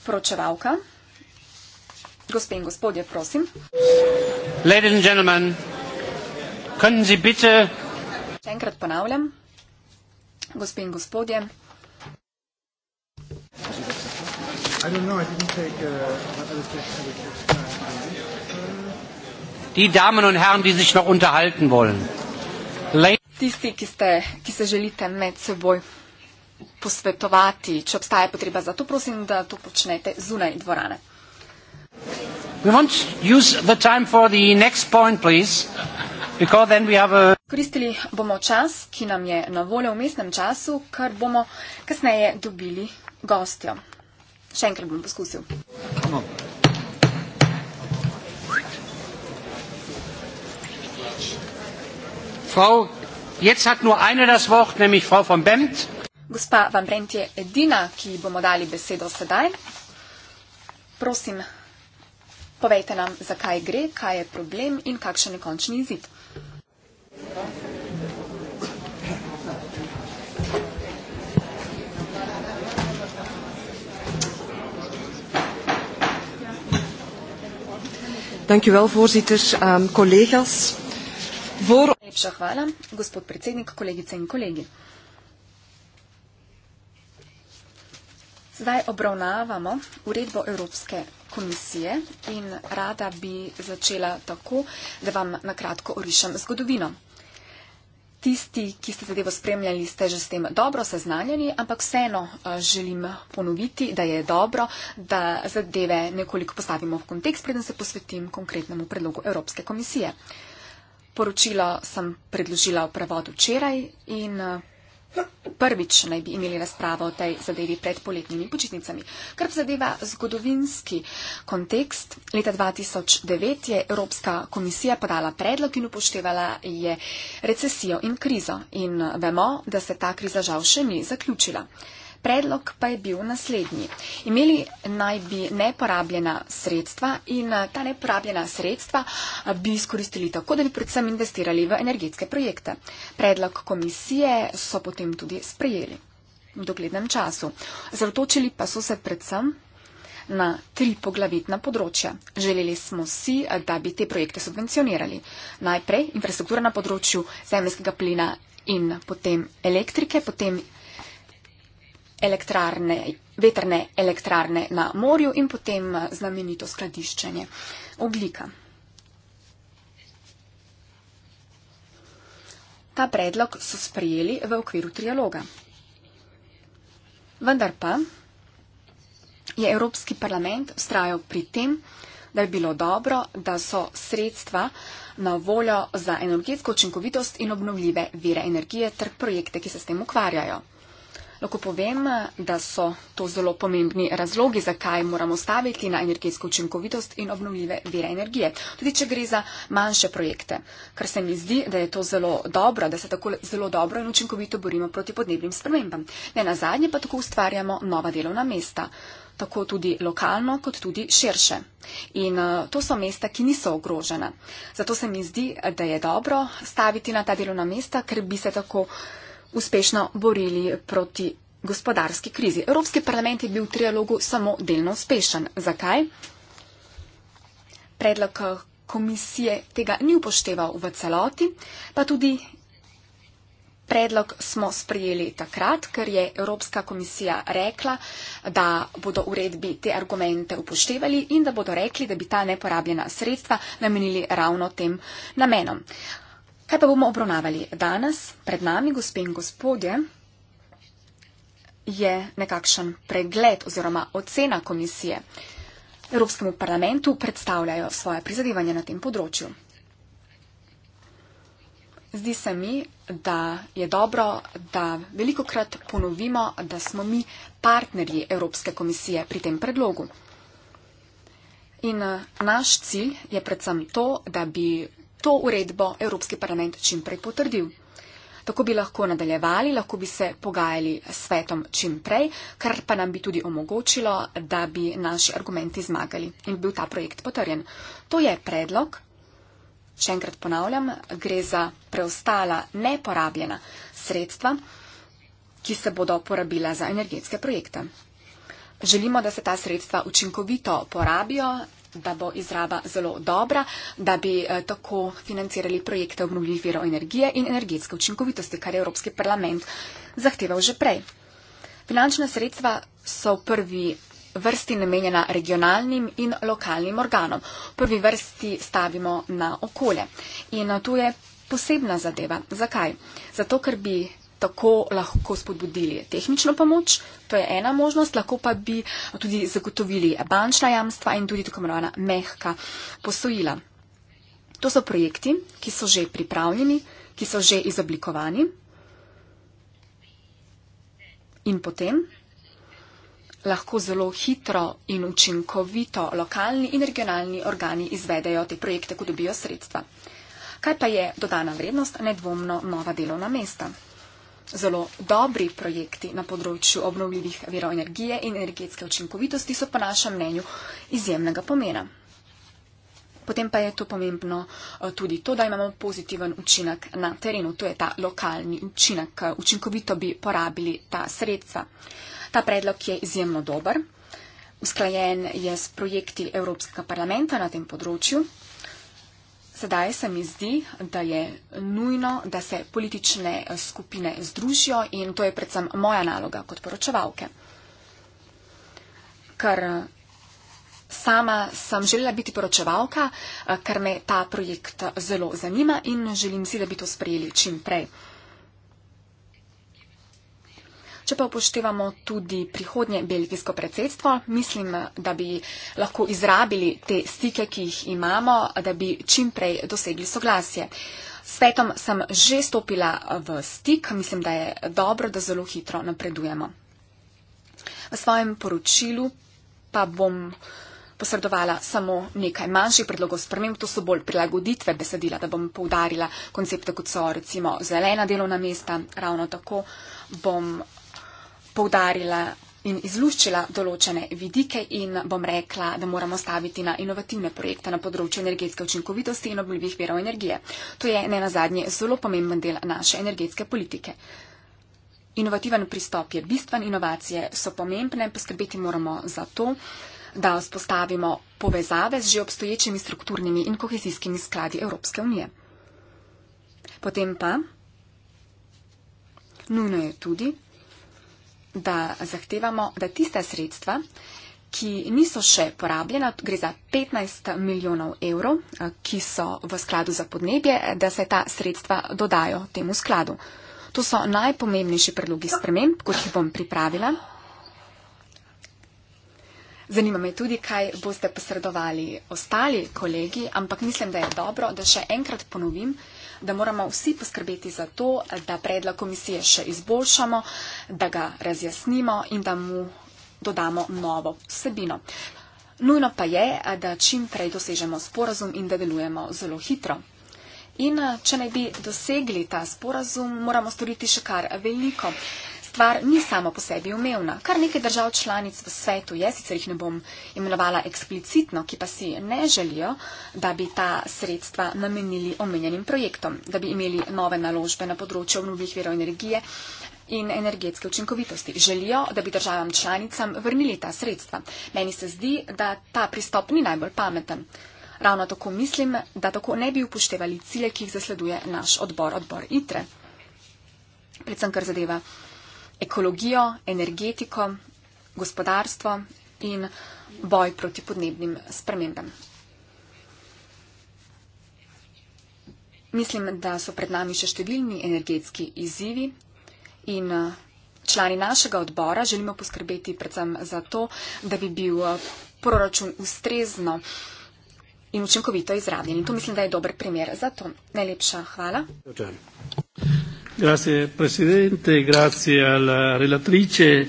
[SPEAKER 4] Pročevalka. Gospe in gospodje, prosim.
[SPEAKER 1] Še
[SPEAKER 4] enkrat ponavljam. Gospe in gospodje.
[SPEAKER 1] I don't know. I didn't take uh, other uh, text. Die Damen und Herren, die sich noch unterhalten wollen.
[SPEAKER 4] Tisti, ki, ste, ki se želite med seboj posvetovati, če obstaja potreba za to, prosim, da to počnete zunaj dvorane.
[SPEAKER 1] Point, please, a...
[SPEAKER 4] Koristili bomo čas, ki nam je na voljo v mestnem času, ker bomo kasneje dobili gostjo. Še enkrat bom poskusil.
[SPEAKER 1] No. Frau, jetzt hat nur eine das Wort, nämlich Frau von Bemt.
[SPEAKER 4] Gospa Van Brent je edina, ki ji bomo dali besedo sedaj. Prosim, povejte nam, zakaj gre, kaj je problem in kakšen je končni izid. Uh.
[SPEAKER 2] Dank u wel, voorzitter. Um, collega's.
[SPEAKER 4] Voor... Najlepša hvala, gospod predsednik, kolegice in kolegi. Zdaj obravnavamo uredbo Evropske komisije in rada bi začela tako, da vam nakratko orišem zgodovino tisti, ki ste zadevo spremljali, ste že s tem dobro seznanjeni, ampak vseeno eh, želim ponoviti, da je dobro, da zadeve nekoliko postavimo v kontekst, preden se posvetim konkretnemu predlogu Evropske komisije. Poročilo sem predložila v prevodu včeraj in eh, No, prvič naj bi imeli razpravo o tej zadevi pred poletnimi počitnicami. Kar zadeva zgodovinski kontekst, leta 2009 je Evropska komisija podala predlog in upoštevala je recesijo in krizo. In vemo, da se ta kriza žal še ni zaključila. Predlog pa je bil naslednji. Imeli naj bi neporabljena sredstva in eh, ta neporabljena sredstva eh, bi izkoristili tako, da bi predvsem investirali v energetske projekte. Predlog komisije so potem tudi sprejeli v doglednem času. Zavtočili pa so se predvsem na tri poglavitna področja. Želeli smo si, eh, da bi te projekte subvencionirali. Najprej infrastruktura na področju zemljskega plina in potem elektrike, potem elektrarne, vetrne elektrarne na morju in potem znamenito skladiščenje oglika. Ta predlog so sprejeli v okviru trialoga. Vendar pa je Evropski parlament vztrajal pri tem, da je bilo dobro, da so sredstva na voljo za energetsko učinkovitost in obnovljive vire energije ter projekte, ki se s tem ukvarjajo. Lahko povem, da so to zelo pomembni razlogi, zakaj moramo staviti na energetsko učinkovitost in obnovljive vire energije, tudi če gre za manjše projekte, ker se mi zdi, da je to zelo dobro, da se tako zelo dobro in učinkovito borimo proti podnebnim spremembam. Ne na zadnje pa tako ustvarjamo nova delovna mesta, tako tudi lokalno, kot tudi širše. In eh, to so mesta, ki niso ogrožena. Zato se mi zdi, da je dobro staviti na ta delovna mesta, ker bi se tako uspešno borili proti gospodarski krizi. Evropski parlament je bil v trialogu samo delno uspešen. Zakaj? Predlog eh, komisije tega ni upošteval v celoti, pa tudi predlog smo sprejeli takrat, ker je Evropska komisija rekla, da bodo uredbi te argumente upoštevali in da bodo rekli, da bi ta neporabljena sredstva namenili ravno tem namenom. Kaj pa bomo obravnavali danes? Pred nami, gospe in gospodje, je nekakšen pregled oziroma ocena komisije. Evropskemu parlamentu predstavljajo svoje prizadevanje na tem področju. Zdi se mi, da je dobro, da veliko krat ponovimo, da smo mi partnerji Evropske komisije pri tem predlogu. In naš cilj je predvsem to, da bi to uredbo Evropski parlament čim prej potrdil. Tako bi lahko nadaljevali, lahko bi se pogajali s svetom čim prej, kar pa nam bi tudi omogočilo, da bi naši argumenti zmagali in bil ta projekt potrjen. To je predlog, še enkrat ponavljam, gre za preostala neporabljena sredstva, ki se bodo porabila za energetske projekte. Želimo, da se ta sredstva učinkovito porabijo da bo izraba zelo dobra, da bi eh, tako financirali projekte obnovljivih virov energije in energetske učinkovitosti, kar je Evropski parlament zahteval že prej. Finančna sredstva so v prvi vrsti namenjena regionalnim in lokalnim organom. V prvi vrsti stavimo na okolje. In eh, tu je posebna zadeva. Zakaj? Zato, ker bi tako lahko spodbudili tehnično pomoč, to je ena možnost, lahko pa bi tudi zagotovili bančna jamstva in tudi tako imenovana mehka posojila. To so projekti, ki so že pripravljeni, ki so že izoblikovani in potem lahko zelo hitro in učinkovito lokalni in regionalni organi izvedejo te projekte, ko dobijo sredstva. Kaj pa je dodana vrednost? Nedvomno nova delovna mesta zelo dobri projekti na področju obnovljivih virov energije in energetske učinkovitosti so po našem mnenju izjemnega pomena. Potem pa je to pomembno eh, tudi to, da imamo pozitiven učinek na terenu, to je ta lokalni učinek, eh, učinkovito bi porabili ta sredstva. Ta predlog je izjemno dober, usklajen je s projekti Evropskega parlamenta na tem področju. Sedaj se mi zdi, da je nujno, da se politične skupine združijo in to je predvsem moja naloga kot poročevalke. Ker sama sem želela biti poročevalka, ker me ta projekt zelo zanima in želim si, da bi to sprejeli čim prej. Če pa upoštevamo tudi prihodnje belgijsko predsedstvo, mislim, da bi lahko izrabili te stike, ki jih imamo, da bi čim prej dosegli soglasje. Svetom sem že stopila v stik, mislim, da je dobro, da zelo hitro napredujemo. V svojem poročilu pa bom posredovala samo nekaj manjših predlogov sprememb, to so bolj prilagoditve besedila, da bom poudarila koncepte, kot so recimo zelena delovna mesta, ravno tako bom poudarila in izluščila določene vidike in bom rekla, da moramo staviti na inovativne projekte na področju energetske učinkovitosti in obnovljivih verov energije. To je ne nazadnje zelo pomemben del naše energetske politike. Inovativen pristop je bistven, inovacije so pomembne, poskrbeti moramo za to, da vzpostavimo povezave z že obstoječimi strukturnimi in kohezijskimi skladi Evropske unije. Potem pa nujno je tudi, da zahtevamo, da tiste sredstva, ki niso še porabljena, gre za 15 milijonov evrov, eh, ki so v skladu za podnebje, da se ta sredstva dodajo temu skladu. To so najpomembnejši predlogi sprememb, kot jih bom pripravila. Zanima me tudi, kaj boste posredovali ostali kolegi, ampak mislim, da je dobro, da še enkrat ponovim, da moramo vsi poskrbeti za to, da predlog komisije še izboljšamo, da ga razjasnimo in da mu dodamo novo vsebino. Nujno pa je, da čim prej dosežemo sporazum in da delujemo zelo hitro. In če naj bi dosegli ta sporazum, moramo storiti še kar veliko stvar ni samo po sebi umevna. Kar nekaj držav članic v svetu je, sicer jih ne bom imenovala eksplicitno, ki pa si ne želijo, da bi ta sredstva namenili omenjenim projektom, da bi imeli nove naložbe na področju obnovljivih verov energije in energetske učinkovitosti. Želijo, da bi državam članicam vrnili ta sredstva. Meni se zdi, da ta pristop ni najbolj pameten. Ravno tako mislim, da tako ne bi upoštevali cilje, ki jih zasleduje naš odbor, odbor ITRE. Predvsem, kar zadeva ekologijo, energetiko, gospodarstvo in boj proti podnebnim spremembam. Mislim, da so pred nami še številni energetski izzivi in eh, člani našega odbora želimo poskrbeti predvsem za to, da bi bil eh, proračun ustrezno in učinkovito izrabljen. In to mislim, da je dober primer. Zato najlepša hvala.
[SPEAKER 1] Dobre. Grazie presidente, grazie alla relatrice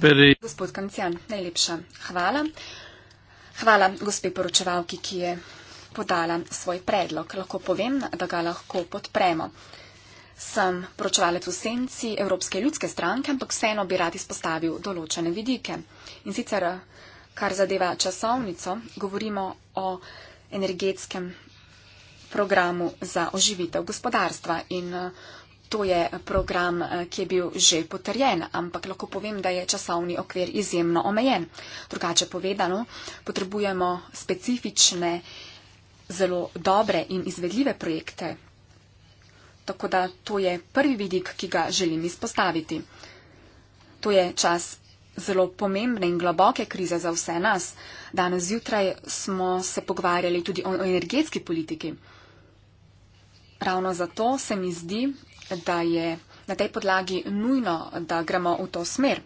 [SPEAKER 1] per il... Gospod
[SPEAKER 4] Kancian, najlepša hvala. Hvala gospe poročevalki, ki je podala svoj predlog. Lahko povem, da ga lahko podpremo. Sem poročevalec v senci Evropske ljudske stranke, ampak vseeno bi rad izpostavil določene vidike. In sicer, kar zadeva časovnico, govorimo o energetskem programu za oživitev gospodarstva in uh, To je program, eh, ki je bil že potrjen, ampak lahko povem, da je časovni okvir izjemno omejen. Drugače povedano, potrebujemo specifične, zelo dobre in izvedljive projekte. Tako da to je prvi vidik, ki ga želim izpostaviti. To je čas zelo pomembne in globoke krize za vse nas. Danes zjutraj smo se pogovarjali tudi o energetski politiki. Ravno zato se mi zdi, da je na tej podlagi nujno, da gremo v to smer.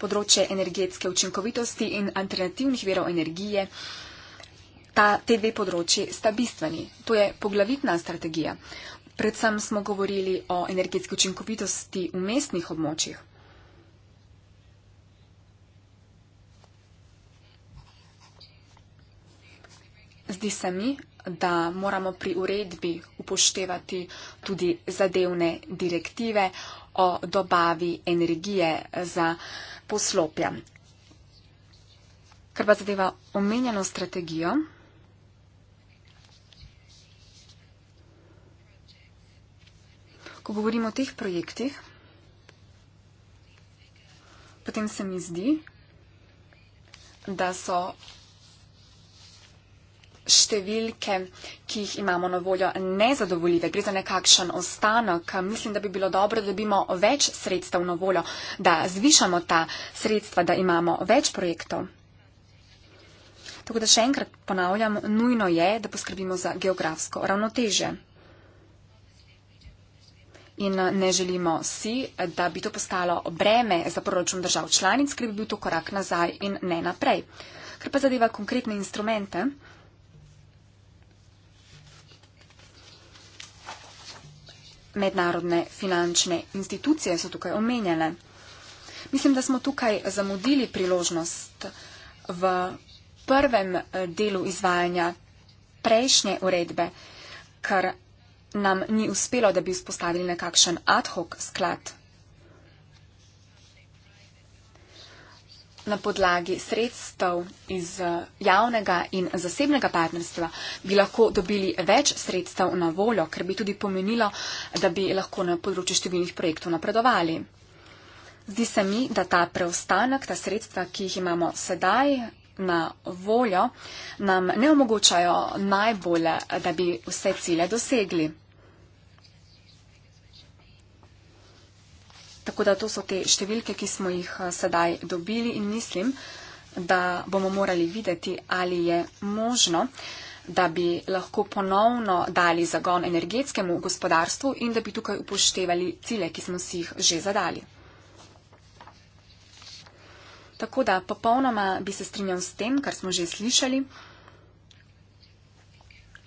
[SPEAKER 4] Področje energetske učinkovitosti in alternativnih verov energije, ta, te dve področji sta bistveni. To je poglavitna strategija. Predvsem smo govorili o energetski učinkovitosti v mestnih območjih. Zdi se mi, da moramo pri uredbi upoštevati tudi zadevne direktive o dobavi energije za poslopja. Ker pa zadeva omenjeno strategijo, ko govorimo o teh projektih, potem se mi zdi, da so številke, ki jih imamo na voljo, nezadovoljive. Gre za nekakšen ostanek. Mislim, da bi bilo dobro, da bimo več sredstev na voljo, da zvišamo ta sredstva, da imamo več projektov. Tako da še enkrat ponavljam, nujno je, da poskrbimo za geografsko ravnoteže. In eh, ne želimo si, da bi to postalo breme za proračun držav članic, ker bi bil to korak nazaj in ne naprej. Ker pa zadeva konkretne instrumente, mednarodne finančne institucije so tukaj omenjene. Mislim, da smo tukaj zamudili priložnost v prvem eh, delu izvajanja prejšnje uredbe, kar nam ni uspelo, da bi vzpostavili nekakšen ad hoc sklad Na podlagi sredstev iz eh, javnega in zasebnega partnerstva bi lahko dobili več sredstev na voljo, ker bi tudi pomenilo, da bi lahko na področju številnih projektov napredovali. Zdi se mi, da ta preostanek, ta sredstva, ki jih imamo sedaj na voljo, nam ne omogočajo najbolje, da bi vse cilje dosegli. Tako da to so te številke, ki smo jih eh, sedaj dobili in mislim, da bomo morali videti, ali je možno, da bi lahko ponovno dali zagon energetskemu gospodarstvu in da bi tukaj upoštevali cilje, ki smo si jih že zadali. Tako da popolnoma bi se strinjal s tem, kar smo že slišali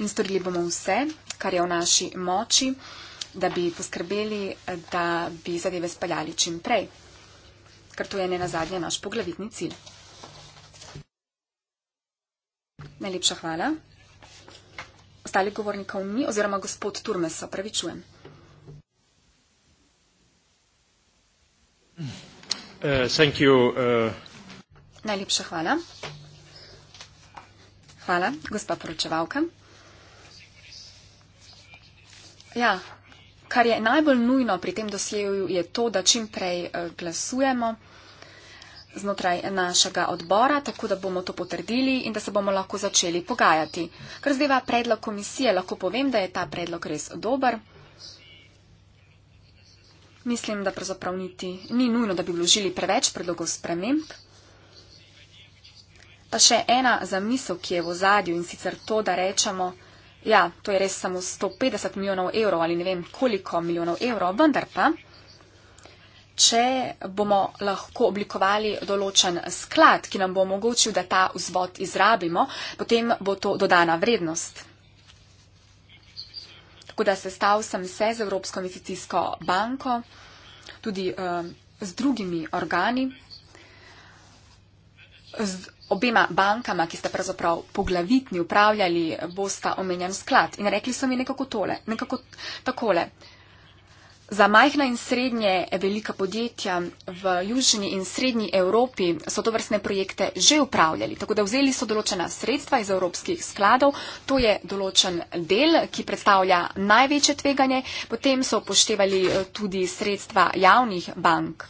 [SPEAKER 4] in storili bomo vse, kar je v naši moči da bi poskrbeli, da bi zadeve speljali čim prej, ker to je ne nazadnje naš poglavitni cilj. Najlepša hvala. Ostali govornikov ni, oziroma gospod Turmes, opravičujem.
[SPEAKER 1] Uh, uh...
[SPEAKER 4] Najlepša hvala. Hvala, gospa poročevalka. Ja, kar je najbolj nujno pri tem dosjeju, je to, da čim prej eh, glasujemo znotraj našega odbora, tako da bomo to potrdili in da se bomo lahko začeli pogajati. Kar zdeva predlog komisije, lahko povem, da je ta predlog res dober. Mislim, da pravzaprav niti ni nujno, da bi vložili preveč predlogov sprememb. Pa še ena zamisel, ki je v zadju in sicer to, da rečemo, Ja, to je res samo 150 milijonov evrov ali ne vem koliko milijonov evrov, vendar pa, če bomo lahko oblikovali določen sklad, ki nam bo omogočil, da ta vzvod izrabimo, potem bo to dodana vrednost. Tako da sestav sem se z Evropsko investicijsko banko, tudi uh, z drugimi organi z obema bankama, ki sta pravzaprav poglavitni upravljali, bosta omenjen sklad. In rekli so mi nekako tole, nekako takole. Za majhna in srednje velika podjetja v južni in srednji Evropi so to vrstne projekte že upravljali. Tako da vzeli so določena sredstva iz evropskih skladov. To je določen del, ki predstavlja največje tveganje. Potem so upoštevali eh, tudi sredstva javnih bank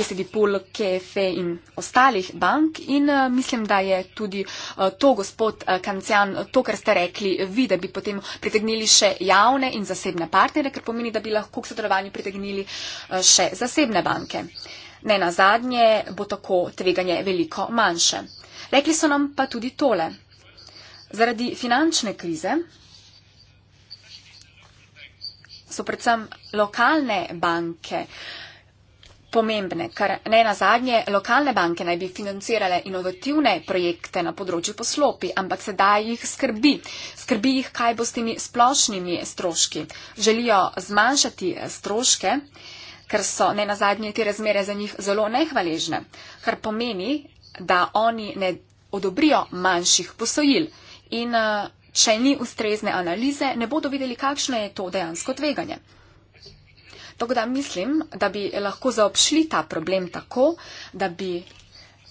[SPEAKER 4] ki sedi poleg KFE in ostalih bank. In eh, mislim, da je tudi eh, to, gospod eh, Kancijan, to, kar ste rekli vi, da bi potem pritegnili še javne in zasebne partnere, kar pomeni, da bi lahko k sodelovanju pritegnili še zasebne banke. Ne na zadnje bo tako tveganje veliko manjše. Rekli so nam pa tudi tole. Zaradi finančne krize so predvsem lokalne banke pomembne, ker ne na zadnje lokalne banke naj bi financirale inovativne projekte na področju poslopi, ampak sedaj jih skrbi. Skrbi jih, kaj bo s temi splošnimi stroški. Želijo zmanjšati stroške, ker so ne na zadnje te razmere za njih zelo nehvaležne, kar pomeni, da oni ne odobrijo manjših posojil. In eh, če ni ustrezne analize, ne bodo videli, kakšno je to dejansko tveganje. Tako da mislim, da bi lahko zaobšli ta problem tako, da bi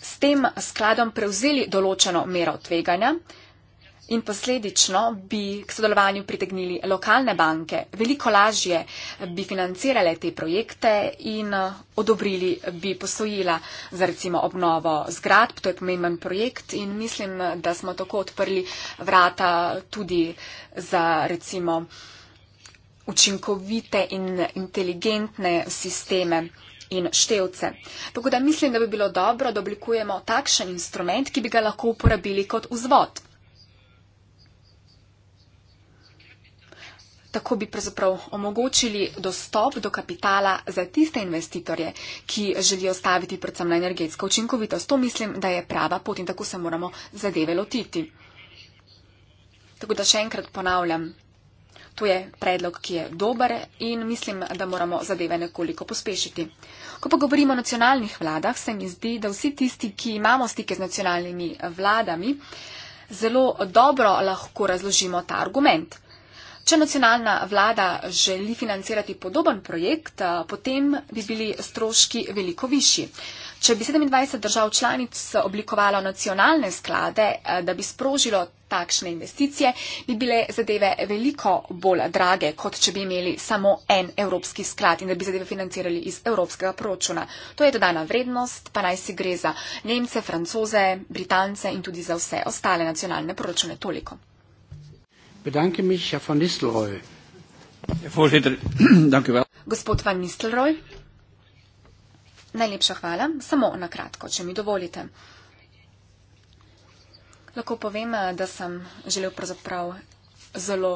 [SPEAKER 4] s tem skladom prevzeli določeno mero tveganja in posledično bi k sodelovanju pritegnili lokalne banke. Veliko lažje bi financirale te projekte in uh, odobrili bi posojila za recimo obnovo zgradb. To je pomemben projekt in mislim, da smo tako odprli vrata tudi za recimo učinkovite in inteligentne sisteme in števce. Tako da mislim, da bi bilo dobro, da oblikujemo takšen instrument, ki bi ga lahko uporabili kot vzvod. Tako bi pravzaprav omogočili dostop do kapitala za tiste investitorje, ki želijo staviti predvsem na energetsko učinkovitost. To mislim, da je prava pot in tako se moramo zadeve lotiti. Tako da še enkrat ponavljam, To je predlog, ki je dober in mislim, da moramo zadeve nekoliko pospešiti. Ko pa govorimo o nacionalnih vladah, se mi zdi, da vsi tisti, ki imamo stike z nacionalnimi vladami, zelo dobro lahko razložimo ta argument. Če nacionalna vlada želi financirati podoben projekt, potem bi bili stroški veliko višji. Če bi 27 držav članic oblikovalo nacionalne sklade, eh, da bi sprožilo takšne investicije, bi bile zadeve veliko bolj drage, kot če bi imeli samo en evropski sklad in da bi zadeve financirali iz evropskega proračuna. To je dodana vrednost, pa naj si gre za Nemce, Francoze, Britance in tudi za vse ostale nacionalne proračune. Toliko.
[SPEAKER 1] Bedanke mich, Herr von Nistelrooy. Herr Vorsitter, danke.
[SPEAKER 4] Gospod von Nistelrooy. Najlepša hvala. Samo na kratko, če mi dovolite. Lahko povem, da sem želel pravzaprav zelo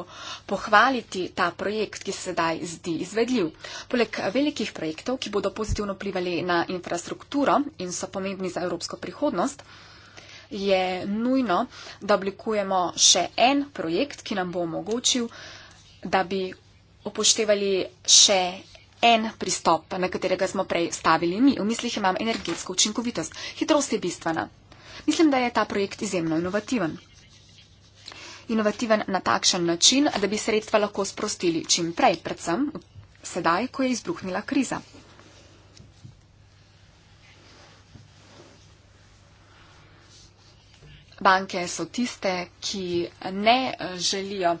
[SPEAKER 4] pohvaliti ta projekt, ki se sedaj zdi izvedljiv. Poleg velikih projektov, ki bodo pozitivno vplivali na infrastrukturo in so pomembni za evropsko prihodnost, je nujno, da oblikujemo še en projekt, ki nam bo omogočil, da bi upoštevali še en pristop, na katerega smo prej stavili mi. V mislih imam energetsko učinkovitost. Hitrost je bistvena. Mislim, da je ta projekt izjemno inovativen. Inovativen na takšen način, da bi sredstva lahko sprostili čim prej, predvsem sedaj, ko je izbruhnila kriza. Banke so tiste, ki ne eh, želijo uh,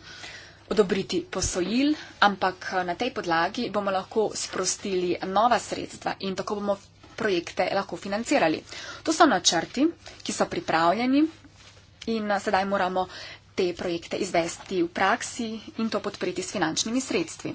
[SPEAKER 4] odobriti posojil, ampak eh, na tej podlagi bomo lahko sprostili nova sredstva in tako bomo projekte lahko financirali. To so načrti, ki so pripravljeni in eh, sedaj moramo te projekte izvesti v praksi in to podpreti s finančnimi sredstvi.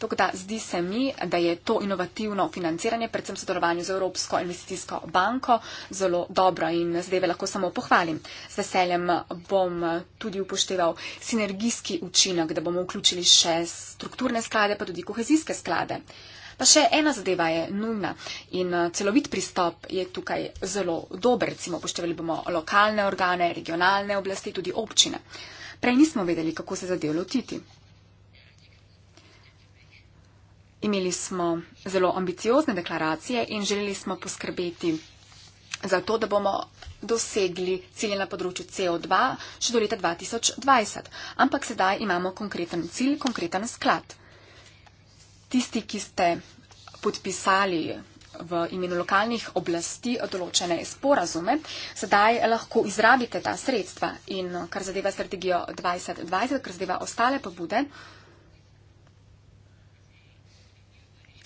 [SPEAKER 4] Tako da zdi se mi, da je to inovativno financiranje, predvsem v sodelovanju z Evropsko investicijsko banko, zelo dobro in zdaj lahko samo pohvalim. Z veseljem bom tudi upošteval sinergijski učinek, da bomo vključili še strukturne sklade, pa tudi kohezijske sklade. Pa še ena zadeva je nujna in celovit pristop je tukaj zelo dober. Recimo upoštevali bomo lokalne organe, regionalne oblasti, tudi občine. Prej nismo vedeli, kako se zadev lotiti. Imeli smo zelo ambiciozne deklaracije in želeli smo poskrbeti za to, da bomo dosegli cilje na področju CO2 še do leta 2020. Ampak sedaj imamo konkreten cilj, konkreten sklad. Tisti, ki ste podpisali v imenu lokalnih oblasti določene sporazume, sedaj lahko izrabite ta sredstva. In kar zadeva strategijo 2020, kar zadeva ostale pobude,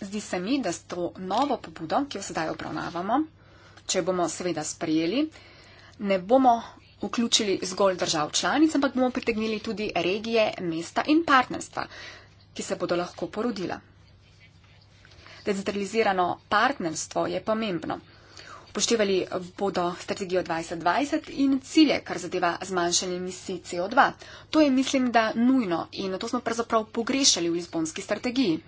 [SPEAKER 4] Zdi se mi, da s to novo pobudo, ki jo sedaj obravnavamo, če bomo seveda sprejeli, ne bomo vključili zgolj držav članic, ampak bomo pritegnili tudi regije, mesta in partnerstva, ki se bodo lahko porodila. Decentralizirano partnerstvo je pomembno. Upoštevali bodo strategijo 2020 in cilje, kar zadeva zmanjšanje emisij CO2. To je, mislim, da nujno in to smo pravzaprav pogrešali v izbonski strategiji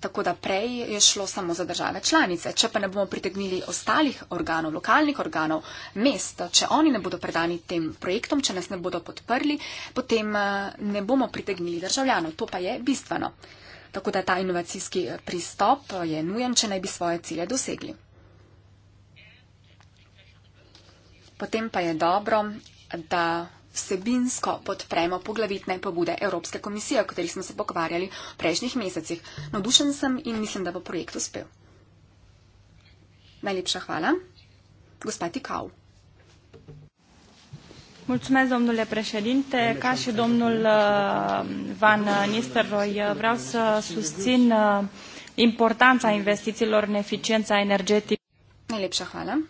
[SPEAKER 4] tako da prej je šlo samo za države članice. Če pa ne bomo pritegnili ostalih organov, lokalnih organov, mest, če oni ne bodo predani tem projektom, če nas ne bodo podprli, potem eh, ne bomo pritegnili državljanov. To pa je bistveno. Tako da ta inovacijski eh, pristop eh, je nujen, če naj bi svoje cilje dosegli. Potem pa je dobro, da vsebinsko podpremo poglavitne pobude Evropske komisije, o katerih smo se pokvarjali v prejšnjih mesecih. Navdušen sem in mislim, da bo projekt uspel. Najlepša hvala. Gospa Tikau.
[SPEAKER 3] Mulțumesc, domnule președinte. Ca și domnul uh, Van Nistelrooy, uh, vreau să susțin uh, importanța investițiilor în eficiența energetică.
[SPEAKER 4] Mulțumesc,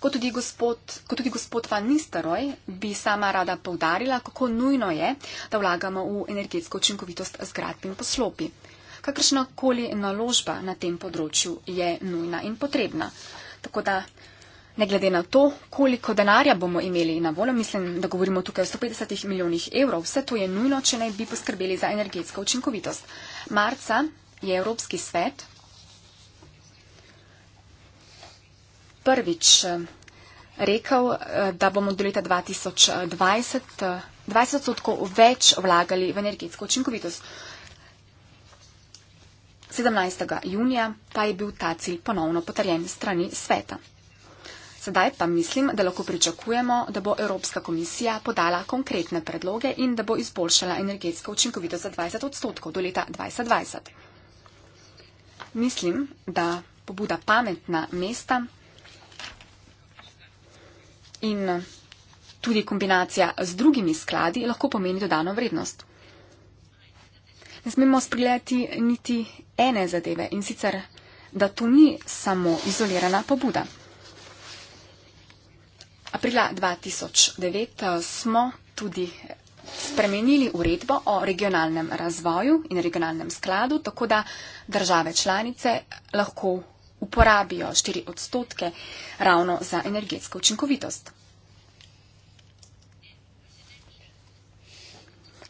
[SPEAKER 4] Kot tudi gospod, kot tudi gospod Van Nistaroj bi sama rada povdarila, kako nujno je, da vlagamo v energetsko učinkovitost zgradb in poslopi. Kakršna koli naložba na tem področju je nujna in potrebna. Tako da ne glede na to, koliko denarja bomo imeli na voljo, mislim, da govorimo tukaj o 150 milijonih evrov, vse to je nujno, če naj bi poskrbeli za energetsko učinkovitost. Marca je Evropski svet prvič eh, rekel, eh, da bomo do leta 2020 20 eh, odstotkov več vlagali v energetsko učinkovitost. 17. junija pa je bil ta cilj ponovno potrjen strani sveta. Sedaj pa mislim, da lahko pričakujemo, da bo Evropska komisija podala konkretne predloge in da bo izboljšala energetsko učinkovitost za 20 odstotkov do leta 2020. Mislim, da pobuda pametna mesta in tudi kombinacija z drugimi skladi lahko pomeni dodano vrednost. Ne smemo spregledati niti ene zadeve in sicer, da to ni samo izolirana pobuda. Aprila 2009 eh, smo tudi spremenili uredbo o regionalnem razvoju in regionalnem skladu, tako da države članice lahko uporabijo 4 odstotke ravno za energetsko učinkovitost.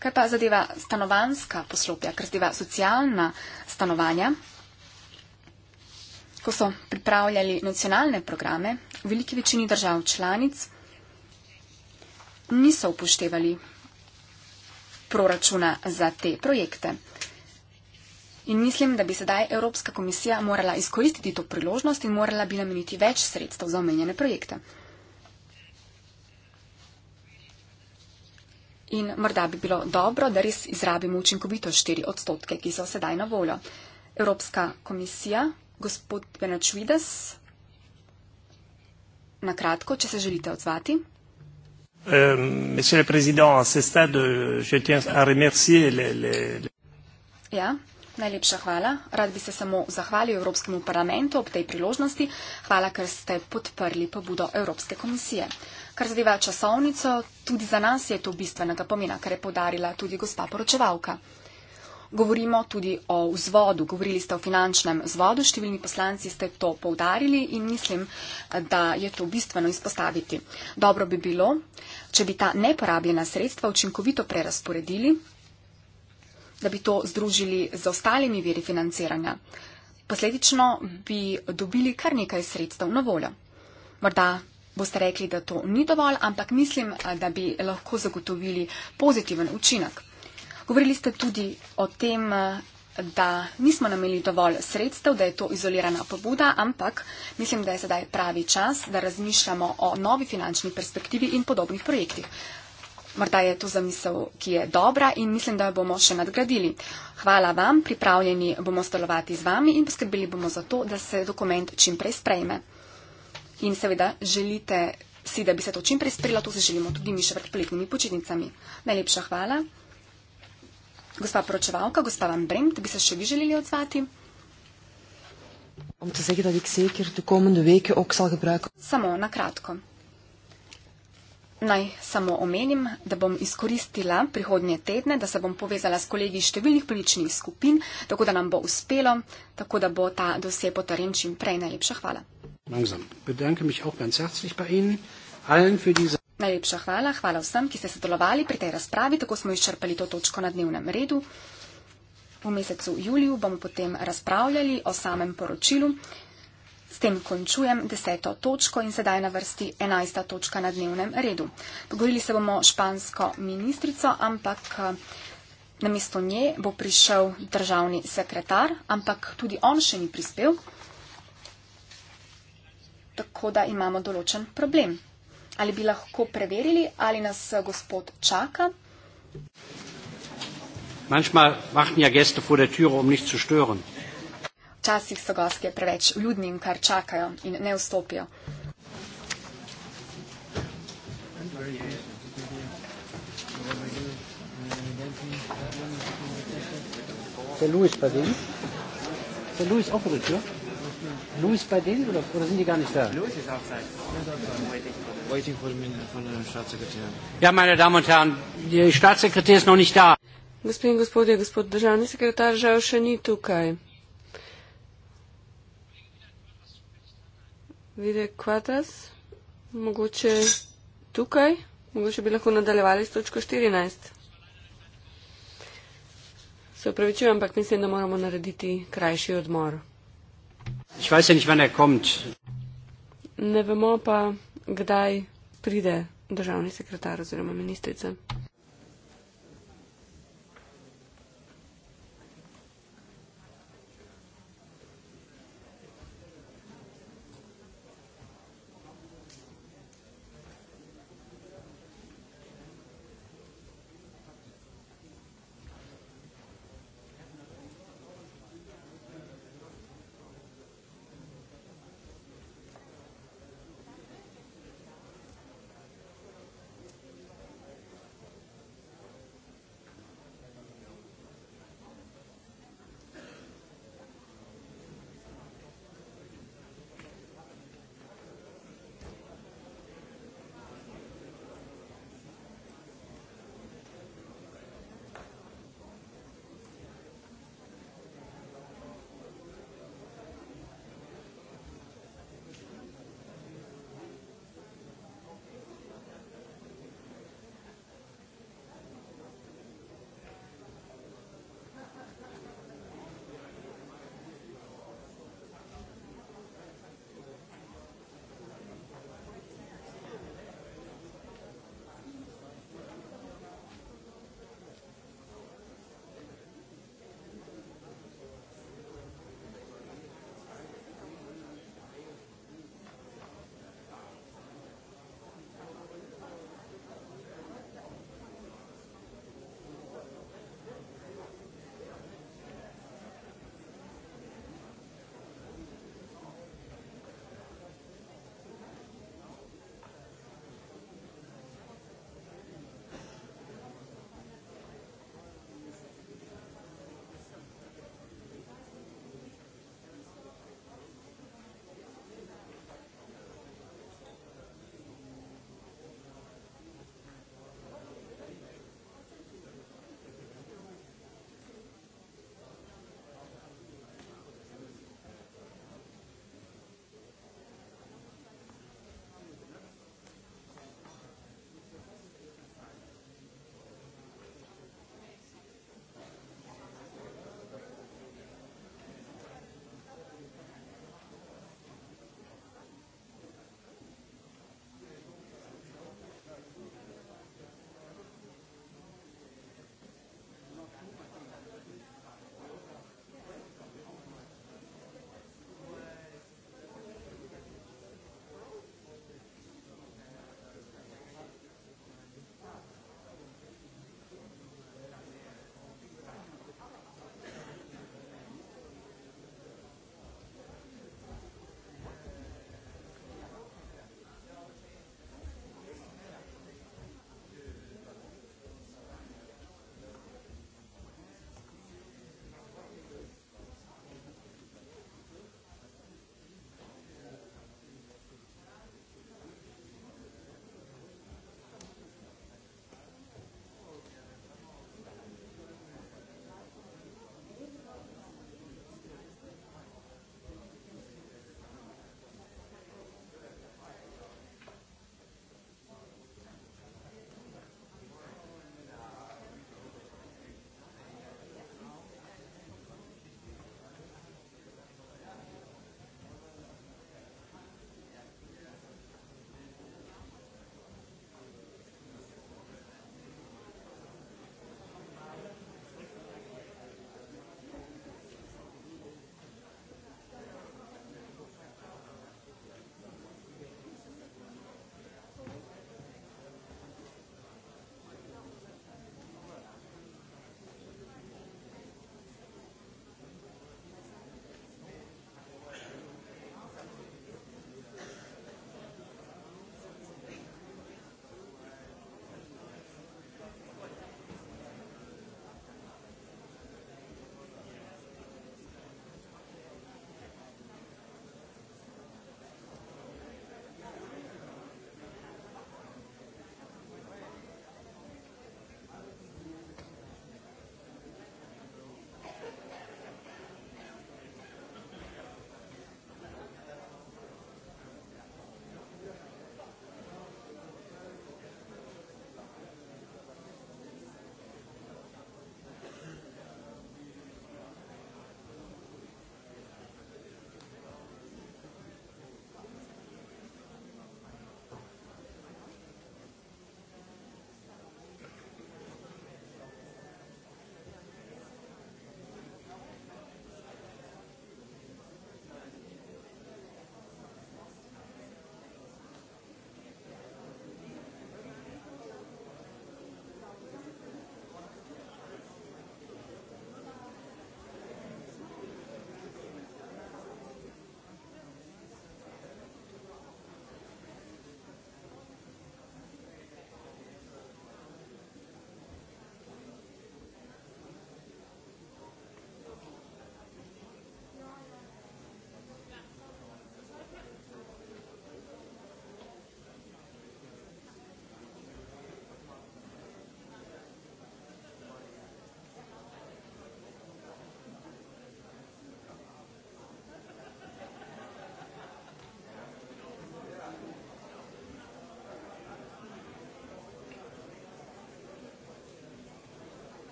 [SPEAKER 4] Kaj pa zadeva stanovanska poslopja, kar zadeva socialna stanovanja? Ko so pripravljali nacionalne programe, v veliki večini držav članic niso upoštevali proračuna za te projekte. In mislim, da bi sedaj Evropska komisija morala izkoristiti to priložnost in morala bi nameniti več sredstev za omenjene projekte. In morda bi bilo dobro, da res izrabimo učinkovito 4 odstotke, ki so sedaj na voljo. Evropska komisija, gospod Benačvides, na kratko, če se želite odzvati.
[SPEAKER 1] Uh, le, le, le.
[SPEAKER 4] Ja. Najlepša hvala. Rad bi se samo zahvalil Evropskemu parlamentu ob tej priložnosti. Hvala, ker ste podprli pobudo Evropske komisije. Kar zadeva časovnico, tudi za nas je to bistvenega pomena, kar je podarila tudi gospa poročevalka. Govorimo tudi o vzvodu. Govorili ste o finančnem vzvodu, številni poslanci ste to poudarili in mislim, da je to bistveno izpostaviti. Dobro bi bilo, če bi ta neporabljena sredstva učinkovito prerasporedili da bi to združili z ostalimi veri financiranja. Posledično bi dobili kar nekaj sredstev na voljo. Morda boste rekli, da to ni dovolj, ampak mislim, da bi lahko zagotovili pozitiven učinek. Govorili ste tudi o tem, da nismo namenili dovolj sredstev, da je to izolirana pobuda, ampak mislim, da je sedaj pravi čas, da razmišljamo o novi finančni perspektivi in podobnih projektih. Morda je to zamisel, ki je dobra in mislim, da jo bomo še nadgradili. Hvala vam, pripravljeni bomo stolovati z vami in poskrbeli bomo za to, da se dokument čim prej sprejme. In seveda želite si, da bi se to čim prej sprejelo, to se želimo tudi mi še pred poletnimi počitnicami. Najlepša hvala. Gospa poročevalka, gospa Van Bremt, bi se še vi želeli odzvati? Samo na kratko. Naj samo omenim, da bom izkoristila prihodnje tedne, da se bom povezala s kolegi številnih političnih skupin, tako da nam bo uspelo, tako da bo ta dosje potrjen čim prej. Najlepša hvala. Najlepša hvala, hvala vsem, ki ste sodelovali pri tej razpravi, tako smo izčrpali to točko na dnevnem redu. V mesecu juliju bomo potem razpravljali o samem poročilu tem končujem deseto točko in sedaj na vrsti enajsta točka na dnevnem redu. Pogovorili se bomo špansko ministrico, ampak eh, na mesto nje bo prišel državni sekretar, ampak tudi on še ni prispel, tako da imamo določen problem. Ali bi lahko preverili, ali nas eh, gospod čaka?
[SPEAKER 1] Manchmal machen ja Gäste vor der Türe, um nicht zu stören.
[SPEAKER 4] Včasih so gostje preveč ljudni in kar čakajo in ne vstopijo.
[SPEAKER 1] Se Luis Padin? Se Luis Opruč, oh, jo? Luis Padin, ali pa razni ga niste? Luis je outside. Waiting for me for the štatsekretar. Ja, meine Damen und Herren, je štatsekretar je še ni tukaj.
[SPEAKER 2] Gospod in gospodje, gospod državni sekretar žal še ni tukaj. vire kvadras, mogoče tukaj, mogoče bi lahko nadaljevali s točko 14. Se upravičujem, ampak mislim, da moramo narediti krajši odmor.
[SPEAKER 1] Ja er
[SPEAKER 2] ne vemo pa, kdaj pride državni sekretar oziroma ministrica.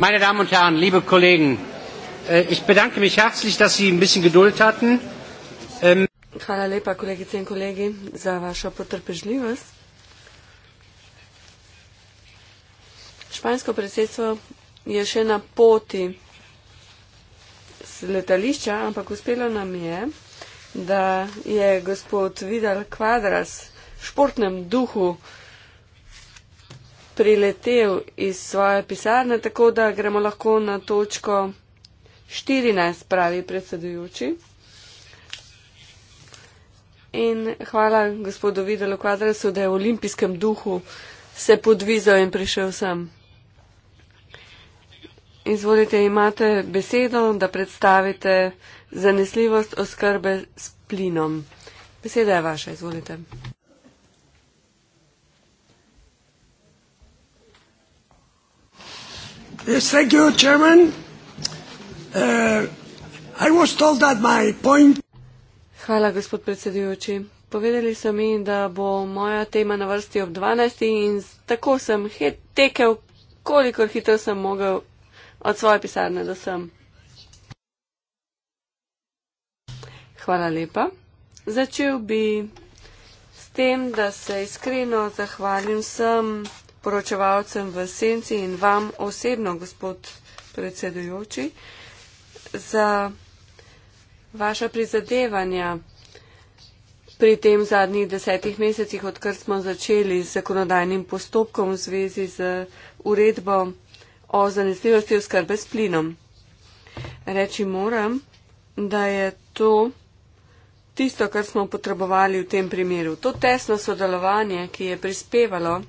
[SPEAKER 1] Meine Damen und Herren, liebe Kollegen, äh, ich bedanke mich herzlich, dass Sie ein bisschen Geduld hatten. Ähm,
[SPEAKER 2] Hvala lepa, kolegice in kolegi, za vašo potrpežljivost. Špansko predsedstvo je še na poti z letališča, ampak uspelo nam je, da je gospod Vidal Kvadras v športnem duhu uh, priletel iz svoje pisarne, tako da gremo lahko na točko 14, pravi predsedujoči. In hvala gospodu Videlu Kvadresu, da je v olimpijskem duhu se podvizal in prišel sem. Izvolite, imate besedo, da predstavite zanesljivost oskrbe s plinom. Beseda je vaša, izvolite.
[SPEAKER 1] Yes, thank you, Chairman.
[SPEAKER 2] Uh, I was told that my point... Hvala, gospod predsedujoči. Povedali so mi, da bo moja tema na vrsti ob 12. in tako sem tekel, kolikor hitro sem mogel od svoje pisarne do sem. Hvala lepa. Začel bi s tem, da se iskreno zahvalim vsem poročevalcem v senci in vam osebno, gospod predsedujoči, za vaša prizadevanja pri tem zadnjih desetih mesecih, odkar smo začeli z zakonodajnim postopkom v zvezi z uredbo o zanesljivosti oskrbe s plinom. Reči moram, da je to tisto, kar smo potrebovali v tem primeru. To tesno sodelovanje, ki je prispevalo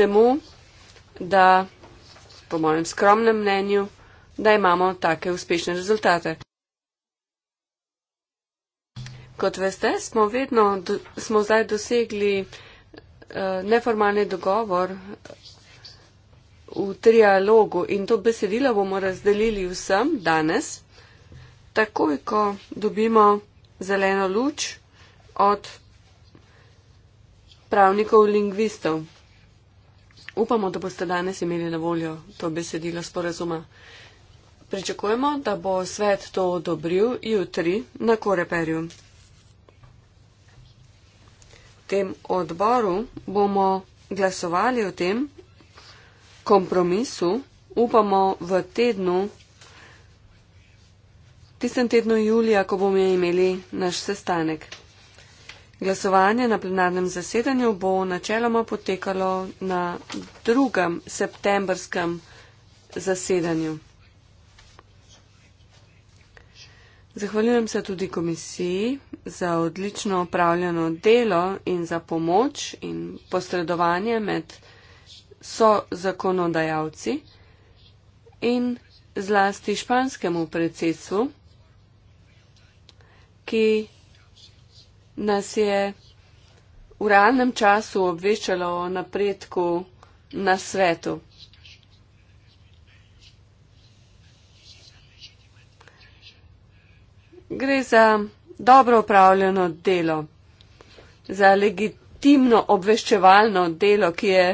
[SPEAKER 2] temu, da, po mojem skromnem mnenju, da imamo take uspešne rezultate. Kot veste, smo, vedno, smo zdaj dosegli eh, neformalni dogovor v trialogu in to besedilo bomo razdelili vsem danes, takoj, ko dobimo zeleno luč od pravnikov lingvistov. Upamo, da boste danes imeli na voljo to besedilo sporazuma. Pričakujemo, da bo svet to odobril jutri na Koreperju. V tem odboru bomo glasovali o tem kompromisu, upamo v tednu, tistem tednu julija, ko bomo imeli naš sestanek. Glasovanje na plenarnem zasedanju bo načeloma potekalo na drugem septembrskem zasedanju. Zahvaljujem se tudi komisiji za odlično opravljeno delo in za pomoč in posredovanje med so zakonodajalci in zlasti španskemu predsedstvu, ki nas je v realnem času obveščalo o napredku na svetu. Gre za dobro upravljeno delo, za legitimno obveščevalno delo, ki je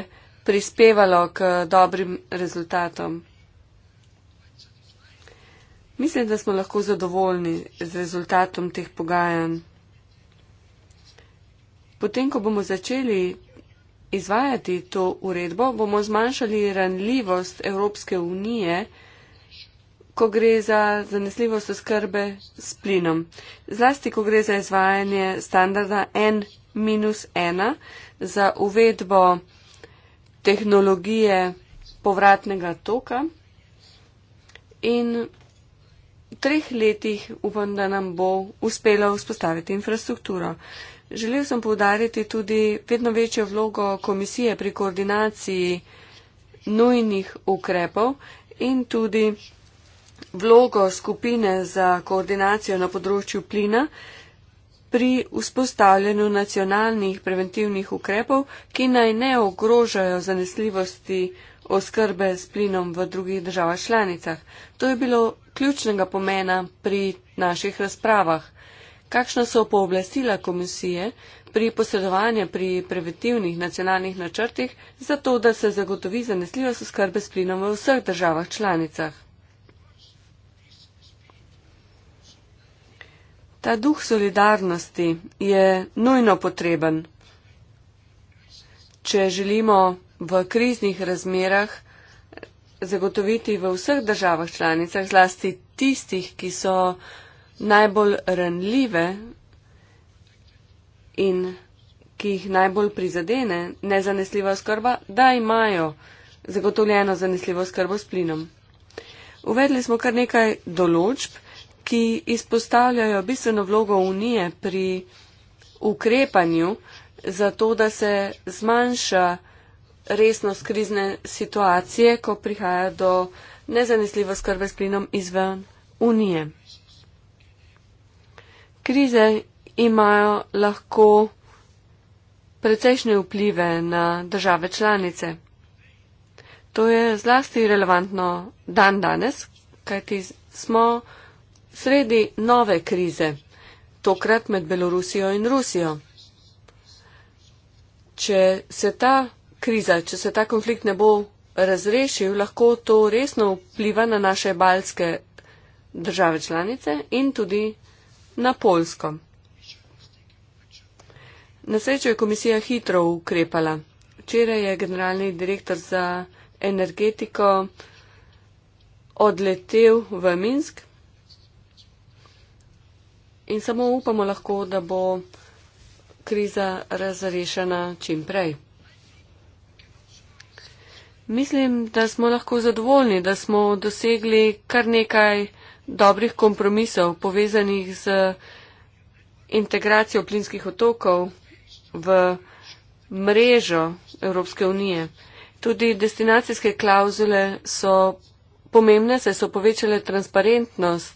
[SPEAKER 2] prispevalo k dobrim rezultatom. Mislim, da smo lahko zadovoljni z rezultatom teh pogajanj. Potem, ko bomo začeli izvajati to uredbo, bomo zmanjšali ranljivost Evropske unije, ko gre za zanesljivost oskrbe s plinom. Zlasti, ko gre za izvajanje standarda N-1 za uvedbo tehnologije povratnega toka. In v treh letih upam, da nam bo uspelo vzpostaviti infrastrukturo. Želel sem povdariti tudi vedno večjo vlogo komisije pri koordinaciji nujnih ukrepov in tudi vlogo skupine za koordinacijo na področju plina pri vzpostavljanju nacionalnih preventivnih ukrepov, ki naj ne ogrožajo zanesljivosti oskrbe s plinom v drugih državah članicah. To je bilo ključnega pomena pri naših razpravah. Kakšna so pooblastila komisije pri posredovanju pri preventivnih nacionalnih načrtih za to, da se zagotovi zanesljivost oskrbe s plinom v vseh državah članicah? Ta duh solidarnosti je nujno potreben, če želimo v kriznih razmerah zagotoviti v vseh državah članicah, zlasti tistih, ki so najbolj ranljive in ki jih najbolj prizadene nezanesljiva oskrba, da imajo zagotovljeno zanesljivo oskrbo s plinom. Uvedli smo kar nekaj določb, ki izpostavljajo bistveno vlogo Unije pri ukrepanju za to, da se zmanjša resnost krizne situacije, ko prihaja do nezanesljive oskrbe s plinom izven Unije krize imajo lahko precejšnje vplive na države članice. To je zlasti relevantno dan danes, kajti smo sredi nove krize, tokrat med Belorusijo in Rusijo. Če se ta kriza, če se ta konflikt ne bo razrešil, lahko to resno vpliva na naše balske države članice in tudi na Polsko. Na srečo je komisija hitro ukrepala. Včeraj je generalni direktor za energetiko odletel v Minsk in samo upamo lahko, da bo kriza razrešena čim prej. Mislim, da smo lahko zadovoljni, da smo dosegli kar nekaj dobrih kompromisov povezanih z integracijo plinskih otokov v mrežo Evropske unije. Tudi destinacijske klauzule so pomembne, saj so povečale transparentnost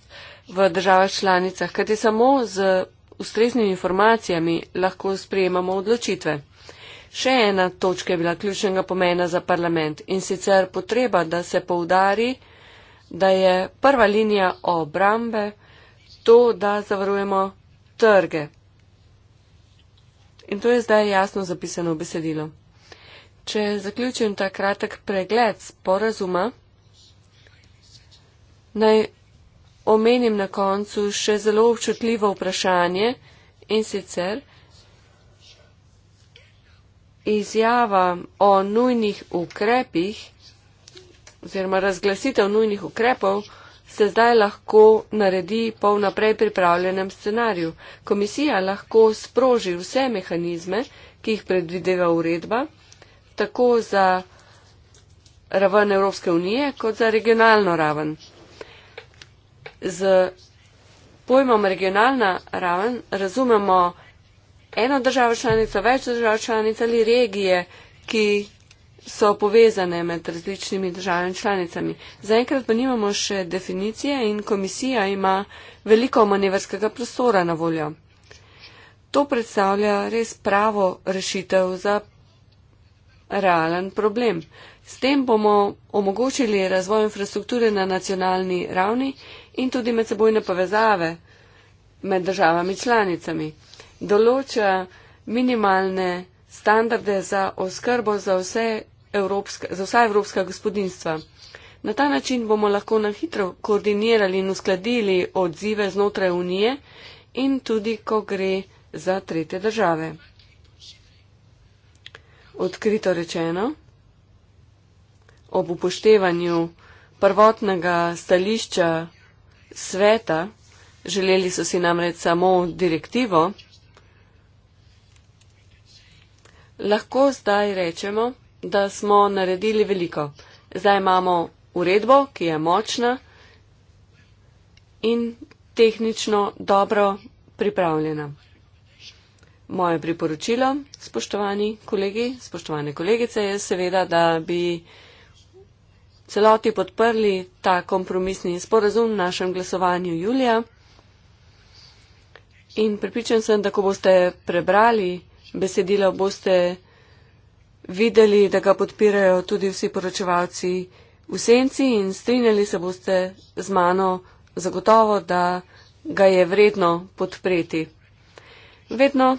[SPEAKER 2] v državah članicah, kajti samo z ustreznimi informacijami lahko sprejemamo odločitve. Še ena točka je bila ključnega pomena za parlament in sicer potreba, da se poudari, da je prva linija obrambe to, da zavarujemo trge. In to je zdaj jasno zapisano v besedilo. Če zaključim ta kratek pregled sporazuma, naj omenim na koncu še zelo občutljivo vprašanje in sicer izjava o nujnih ukrepih, oziroma razglasitev nujnih ukrepov se zdaj lahko naredi po naprej pripravljenem scenariju. Komisija lahko sproži vse mehanizme, ki jih predvideva uredba, tako za raven Evropske unije, kot za regionalno raven. Z pojmom regionalna raven razumemo eno državo članico, več držav članic ali regije, ki so povezane med različnimi državami članicami. Zaenkrat pa nimamo še definicije in komisija ima veliko manevrskega prostora na voljo. To predstavlja res pravo rešitev za realen problem. S tem bomo omogočili razvoj infrastrukture na nacionalni ravni in tudi medsebojne povezave med državami članicami. Določa minimalne standarde za oskrbo za vse evropska, za vsa evropska gospodinstva. Na ta način bomo lahko na hitro koordinirali in uskladili odzive znotraj unije in tudi, ko gre za tretje države. Odkrito rečeno, ob upoštevanju prvotnega stališča sveta, želeli so si namreč samo direktivo, lahko zdaj rečemo, da smo naredili veliko. Zdaj imamo uredbo, ki je močna in tehnično dobro pripravljena. Moje priporočilo, spoštovani kolegi, spoštovane kolegice, je seveda, da bi celoti podprli ta kompromisni sporazum v našem glasovanju julija. In pripričan sem, da ko boste prebrali besedilo, boste videli, da ga podpirajo tudi vsi poročevalci v senci in strinjali se boste z mano zagotovo, da ga je vredno podpreti. Vedno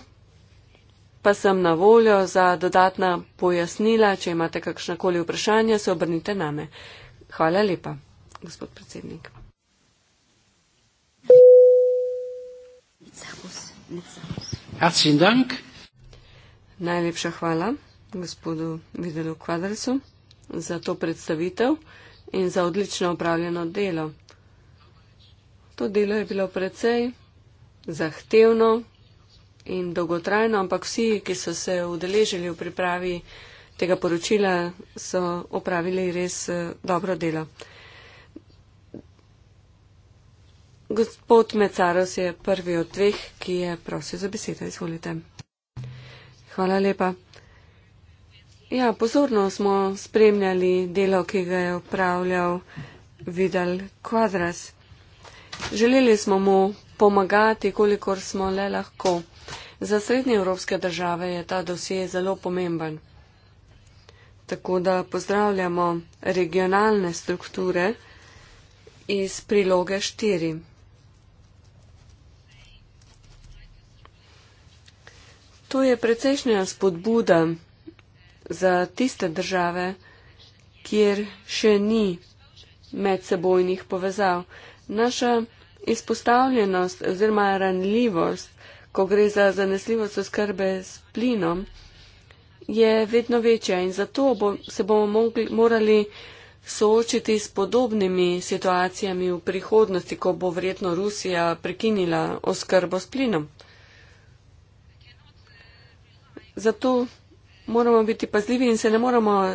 [SPEAKER 2] pa sem na voljo za dodatna pojasnila, če imate kakšnakoli vprašanja, se obrnite name. Hvala lepa, gospod predsednik.
[SPEAKER 1] Herzlichen Dank.
[SPEAKER 2] Najlepša hvala gospodu Videlu Kvadrcu za to predstavitev in za odlično opravljeno delo. To delo je bilo precej zahtevno in dolgotrajno, ampak vsi, ki so se udeležili v pripravi tega poročila, so opravili res eh, dobro delo. Gospod Mecaros je prvi od dveh, ki je prosil za besedo. Izvolite. Hvala lepa. Ja, pozorno smo spremljali delo, ki ga je upravljal Vidal Quadras. Želeli smo mu pomagati, kolikor smo le lahko. Za srednje evropske države je ta dosje zelo pomemben. Tako da pozdravljamo regionalne strukture iz priloge 4. To je precejšnja spodbuda za tiste države, kjer še ni medsebojnih povezav. Naša izpostavljenost oziroma ranljivost, ko gre za zanesljivost oskrbe s plinom, je vedno večja in zato bo, se bomo mogli, morali soočiti s podobnimi situacijami v prihodnosti, ko bo verjetno Rusija prekinila oskrbo s plinom. Zato moramo biti pazljivi in se ne moramo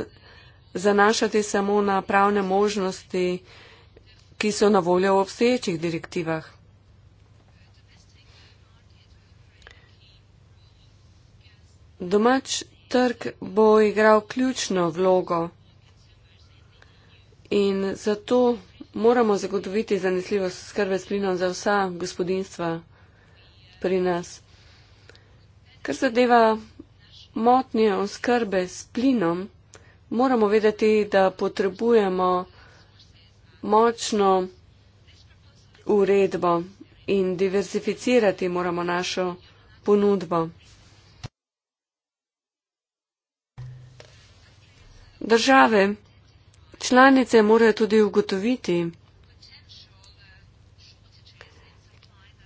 [SPEAKER 2] zanašati samo na pravne možnosti, ki so na voljo v obstoječih direktivah. Domač trg bo igral ključno vlogo in zato moramo zagotoviti zanesljivost skrbe s plinom za vsa gospodinstva pri nas. Kar zadeva motnje oskrbe s plinom, moramo vedeti, da potrebujemo močno uredbo in diversificirati moramo našo ponudbo. Države, članice morajo tudi ugotoviti,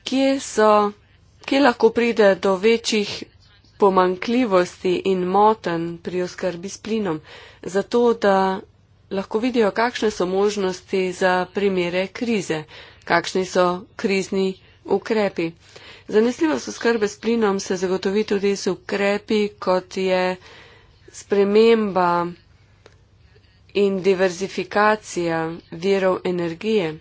[SPEAKER 2] kje so, kje lahko pride do večjih pomankljivosti in moten pri oskrbi s plinom, zato da lahko vidijo, kakšne so možnosti za primere krize, kakšni so krizni ukrepi. Zanesljivost oskrbe s plinom se zagotovi tudi z ukrepi, kot je sprememba in diverzifikacija virov energije.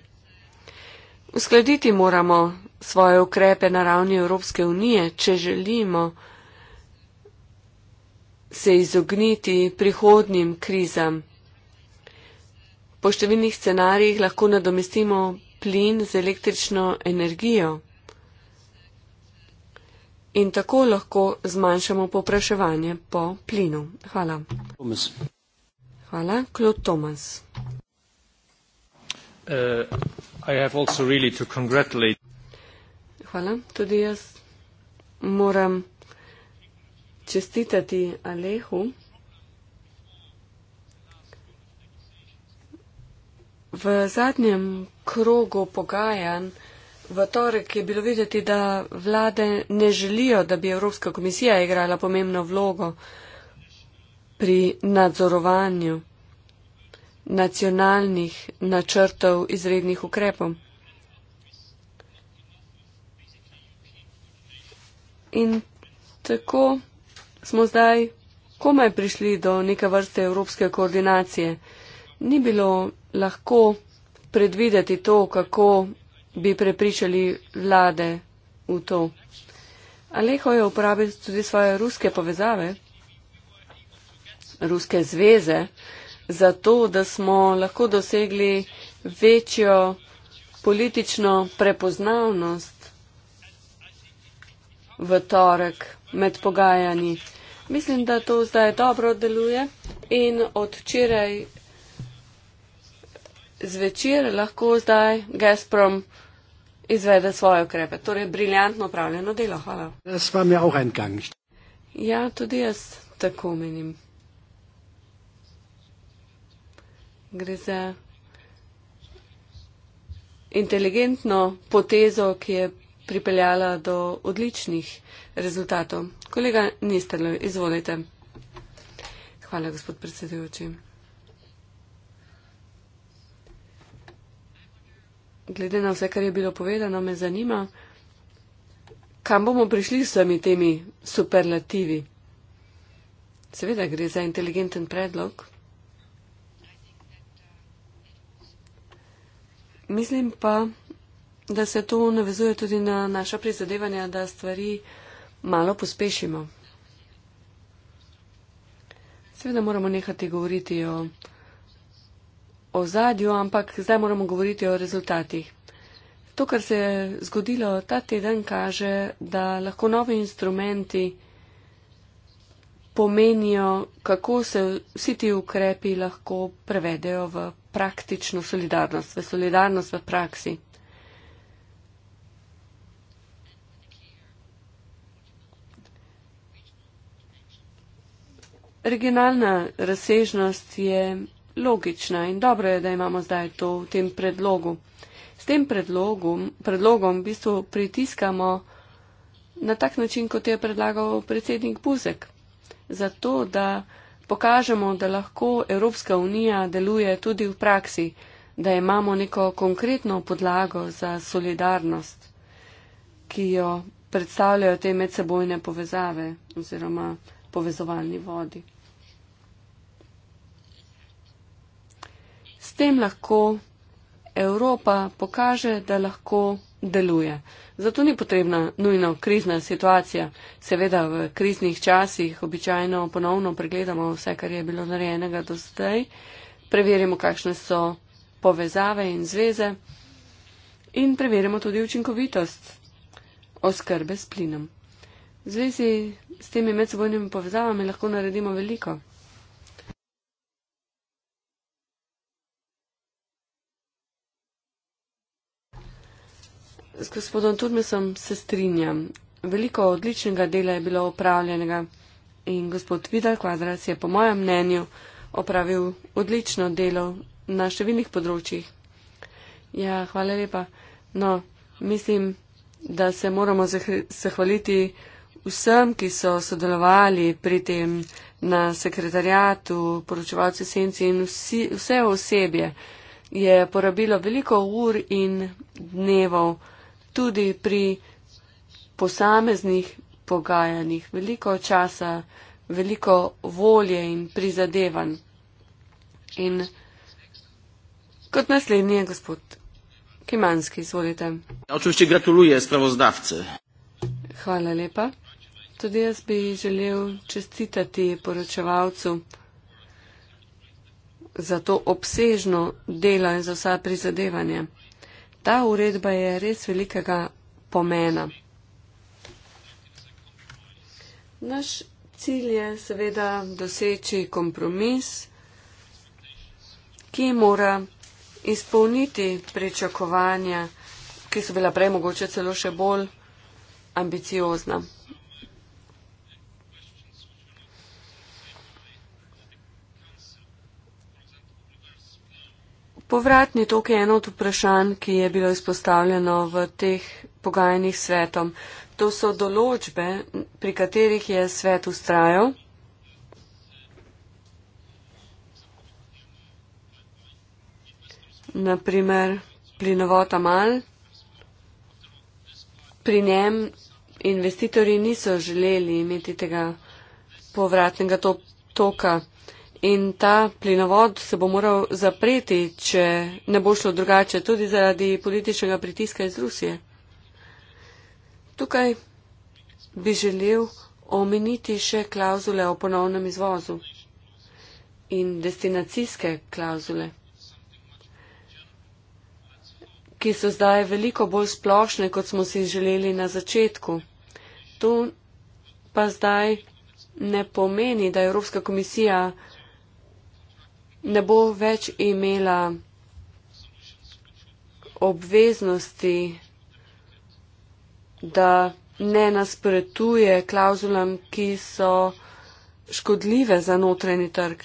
[SPEAKER 2] Uskladiti moramo svoje ukrepe na ravni Evropske unije, če želimo, se izogniti prihodnim krizam. Po številnih scenarijih lahko nadomestimo plin z električno energijo in tako lahko zmanjšamo popraševanje po plinu. Hvala. Thomas. Hvala, Klod Tomas.
[SPEAKER 1] Uh, really
[SPEAKER 2] Hvala, tudi jaz moram čestitati Alehu. V zadnjem krogu pogajanj v torek je bilo videti, da vlade ne želijo, da bi Evropska komisija igrala pomembno vlogo pri nadzorovanju nacionalnih načrtov izrednih ukrepov. In tako smo zdaj komaj prišli do neke vrste evropske koordinacije. Ni bilo lahko predvideti to, kako bi prepričali vlade v to. Aleho je uporabil tudi svoje ruske povezave, ruske zveze, zato, da smo lahko dosegli večjo politično prepoznavnost v torek med pogajanji. Mislim, da to zdaj dobro deluje in odčeraj zvečer lahko zdaj Gazprom izvede svoje ukrepe. Torej, briljantno upravljeno delo. Hvala. Ja, tudi jaz tako menim. Gre za inteligentno potezo, ki je pripeljala do odličnih rezultatov. Kolega Nisterlo, izvolite. Hvala, gospod predsedujoči. Glede na vse, kar je bilo povedano, me zanima, kam bomo prišli s vsemi temi superlativi. Seveda gre za inteligenten predlog. Mislim pa, da se to navezuje tudi na naša prizadevanja, da stvari malo pospešimo. Seveda moramo nehati govoriti o, o zadju, ampak zdaj moramo govoriti o rezultatih. To, kar se je zgodilo ta teden, kaže, da lahko novi instrumenti pomenijo, kako se vsi ti ukrepi lahko prevedejo v praktično solidarnost, v solidarnost v praksi. Originalna razsežnost je logična in dobro je, da imamo zdaj to v tem predlogu. S tem predlogom, predlogom v bistvu pritiskamo na tak način, kot je predlagal predsednik Buzek, zato da pokažemo, da lahko Evropska unija deluje tudi v praksi, da imamo neko konkretno podlago za solidarnost, ki jo predstavljajo te medsebojne povezave oziroma povezovalni vodi. S tem lahko Evropa pokaže, da lahko deluje. Zato ni potrebna nujno krizna situacija. Seveda v kriznih časih običajno ponovno pregledamo vse, kar je bilo narejenega do zdaj, preverimo, kakšne so povezave in zveze in preverimo tudi učinkovitost oskrbe s plinom. V zvezi s temi medsebojnimi povezavami lahko naredimo veliko. S gospodom Turmesom se strinjam. Veliko odličnega dela je bilo opravljenega in gospod Vidal Kvadras je po mojem mnenju opravil odlično delo na številnih področjih. Ja, hvala lepa. No, mislim, da se moramo zahvaliti. Zahr vsem, ki so sodelovali pri tem na sekretarijatu, poročevalci senci in vsi, vse osebje je porabilo veliko ur in dnevov tudi pri posameznih pogajanjih, veliko časa, veliko volje in prizadevanj. In kot naslednji je gospod Kimanski, izvolite.
[SPEAKER 1] Ja, Očuščite, gratuluje spravozdavce.
[SPEAKER 2] Hvala lepa. Tudi jaz bi želel čestitati poročevalcu za to obsežno delo in za vsa prizadevanja. Ta uredba je res velikega pomena. Naš cilj je seveda doseči kompromis, ki mora izpolniti pričakovanja, ki so bila prej mogoče celo še bolj ambiciozna. Povratni tok je eno od vprašanj, ki je bilo izpostavljeno v teh pogajanjih svetom. To so določbe, pri katerih je svet ustrajal. Naprimer, plinovota mal. Pri njem investitorji niso želeli imeti tega povratnega toka. To in ta plinovod se bo moral zapreti, če ne bo šlo drugače, tudi zaradi političnega pritiska iz Rusije. Tukaj bi želel omeniti še klauzule o ponovnem izvozu in destinacijske klauzule, ki so zdaj veliko bolj splošne, kot smo si želeli na začetku. To pa zdaj ne pomeni, da Evropska komisija ne bo več imela obveznosti, da ne nasprotuje klauzulam, ki so škodljive za notreni trg.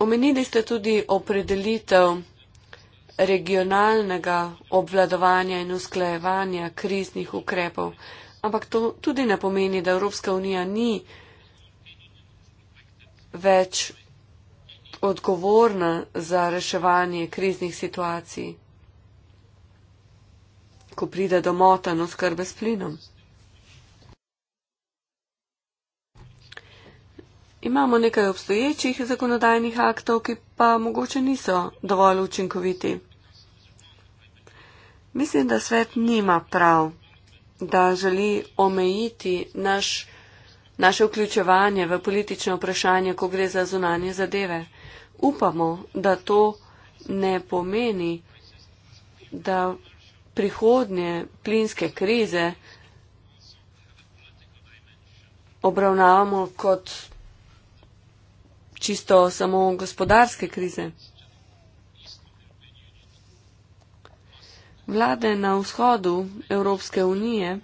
[SPEAKER 2] Omenili ste tudi opredelitev regionalnega obvladovanja in usklajevanja kriznih ukrepov. Ampak to tudi ne pomeni, da Evropska unija ni več odgovorna za reševanje kriznih situacij, ko pride do motano skrbe s plinom. Imamo nekaj obstoječih zakonodajnih aktov, ki pa mogoče niso dovolj učinkoviti. Mislim, da svet nima prav da želi omejiti naš, naše vključevanje v politično vprašanje, ko gre za zunanje zadeve. Upamo, da to ne pomeni, da prihodnje plinske krize obravnavamo kot čisto samo gospodarske krize. Vlade na vzhodu Evropske unije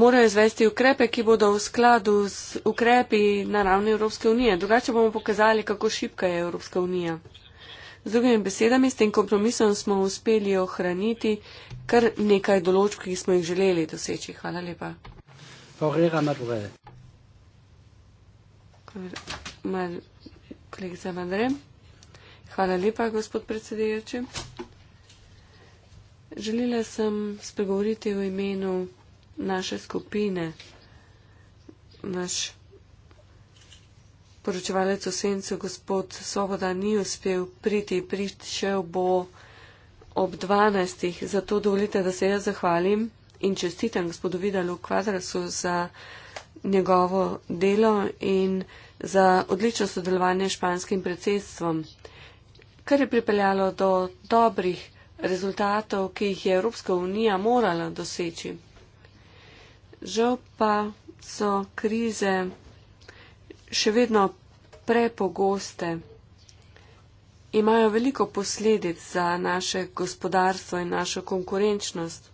[SPEAKER 2] morajo izvesti ukrepe, ki bodo v skladu z ukrepi na ravni Evropske unije. Drugače bomo pokazali, kako šipka je Evropska unija. Z drugimi besedami, s tem kompromisom smo uspeli ohraniti kar nekaj določb, ki smo jih želeli doseči. Hvala lepa.
[SPEAKER 1] Kolega Madre.
[SPEAKER 2] Kolega Madre. Hvala lepa, gospod predsedujoči. Želela sem spregovoriti v imenu naše skupine. Naš poročevalec v sencu, gospod Svoboda, ni uspel priti, prišel bo ob 12. Zato dovolite, da se jaz zahvalim in čestitam gospodu Vidalu Kvadrasu za njegovo delo in za odlično sodelovanje s španskim predsedstvom kar je pripeljalo do dobrih rezultatov, ki jih je Evropska unija morala doseči. Žal pa so krize še vedno prepogoste, imajo veliko posledic za naše gospodarstvo in našo konkurenčnost.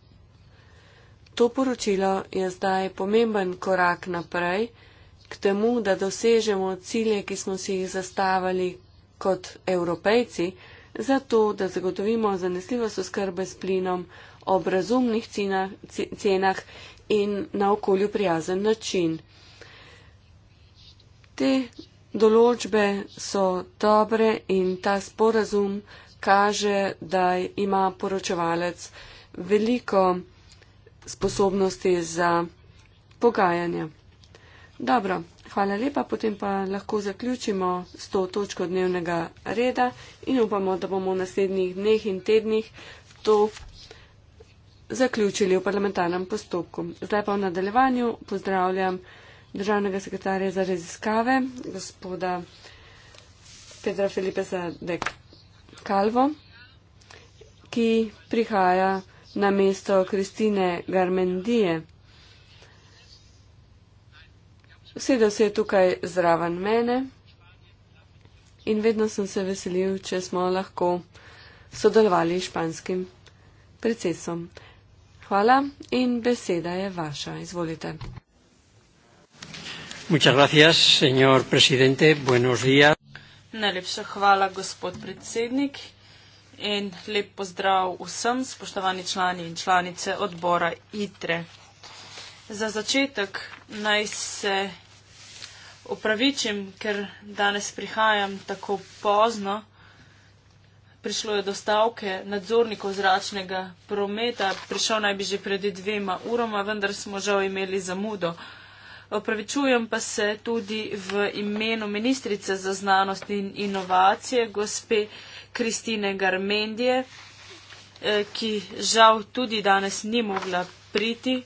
[SPEAKER 2] To poročilo je zdaj pomemben korak naprej k temu, da dosežemo cilje, ki smo si jih zastavali, kot evropejci, zato da zagotovimo zanesljivost oskrbe s plinom ob razumnih cenah in na okolju prijazen način. Te določbe so dobre in ta sporazum kaže, da ima poročevalec veliko sposobnosti za pogajanje. Dobro. Hvala lepa, potem pa lahko zaključimo s to točko dnevnega reda in upamo, da bomo v naslednjih dneh in tednih to zaključili v parlamentarnem postopku. Zdaj pa v nadaljevanju pozdravljam državnega sekretarja za raziskave, gospoda Pedra Filipeza de Calvo, ki prihaja na mesto Kristine Garmendije usedel se je tukaj zraven mene in vedno sem se veselil, če smo lahko sodelovali s španskim predsedstvom. Hvala in beseda je vaša. Izvolite.
[SPEAKER 1] Muchas gracias, señor presidente. Buenos días.
[SPEAKER 3] Najlepša hvala, gospod predsednik. In lep pozdrav vsem, spoštovani člani in članice odbora ITRE. Za začetek naj se opravičim, ker danes prihajam tako pozno. Prišlo je do stavke nadzornikov zračnega prometa, prišel naj bi že pred dvema uroma, vendar smo žal imeli zamudo. Opravičujem pa se tudi v imenu ministrice za znanost in inovacije, gospe Kristine Garmendije, eh, ki žal tudi danes ni mogla priti,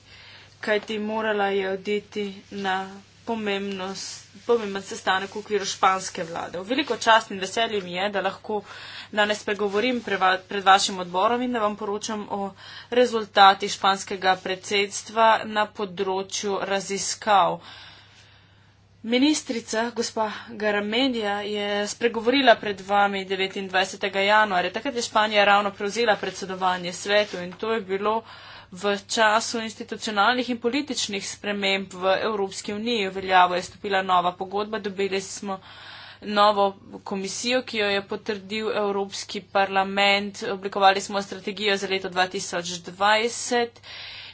[SPEAKER 3] kajti morala je oditi na pomemben sestanek v okviru španske vlade. V veliko čast in veselje mi je, da lahko danes pregovorim pred vašim odborom in da vam poročam o rezultati španskega predsedstva na področju raziskav. Ministrica, gospa Garamedija, je spregovorila pred vami 29. januarja. Takrat je Španija ravno prevzela predsedovanje svetu in to je bilo v času institucionalnih in političnih sprememb v Evropski uniji veljavo je stopila nova pogodba, dobili smo novo komisijo, ki jo je potrdil Evropski parlament, oblikovali smo strategijo za leto 2020.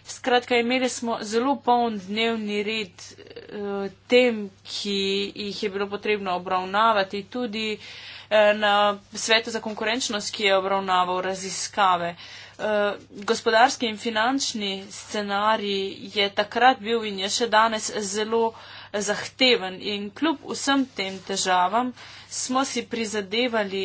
[SPEAKER 3] Skratka, imeli smo zelo poln dnevni red eh, tem, ki jih je bilo potrebno obravnavati, tudi eh, na svetu za konkurenčnost, ki je obravnaval raziskave. Eh, gospodarski in finančni scenarij je takrat bil in je še danes zelo zahteven in kljub vsem tem težavam smo si prizadevali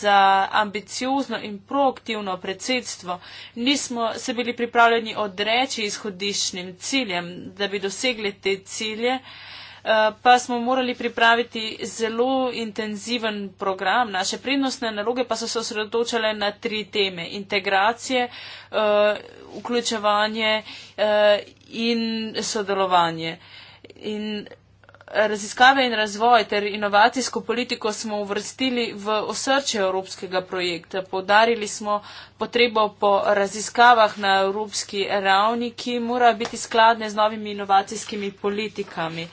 [SPEAKER 3] za ambiciozno in proaktivno predsedstvo. Nismo se bili pripravljeni odreči izhodišnim ciljem, da bi dosegli te cilje. Uh, Eh, pa smo morali pripraviti zelo intenziven program. Naše prednostne naloge pa so se osredotočale na tri teme. Integracije, eh, vključevanje eh, in sodelovanje. In raziskave in razvoj ter inovacijsko politiko smo uvrstili v osrče evropskega projekta. Podarili smo potrebo po raziskavah na evropski ravni, ki mora biti skladne z novimi inovacijskimi politikami. Uh,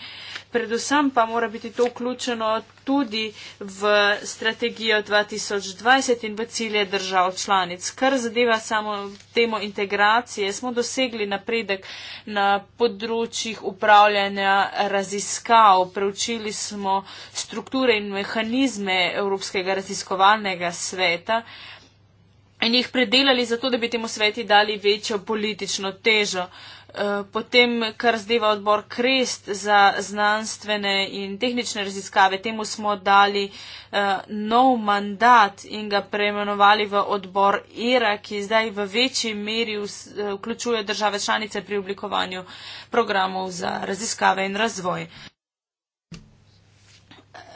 [SPEAKER 3] predvsem pa mora biti to vključeno tudi v strategijo 2020 in v cilje držav članic. Kar zadeva samo temo integracije, smo dosegli napredek na področjih upravljanja raziskav, preučili smo strukture in mehanizme Evropskega raziskovalnega sveta. In jih predelali zato, da bi temu sveti dali večjo politično težo. Uh, Eh, potem kar zdeva odbor Krest za znanstvene in tehnične raziskave, temu smo dali eh, nov mandat in ga preimenovali v odbor ERA, ki zdaj v večji meri eh, vključuje države članice pri oblikovanju programov za raziskave in razvoj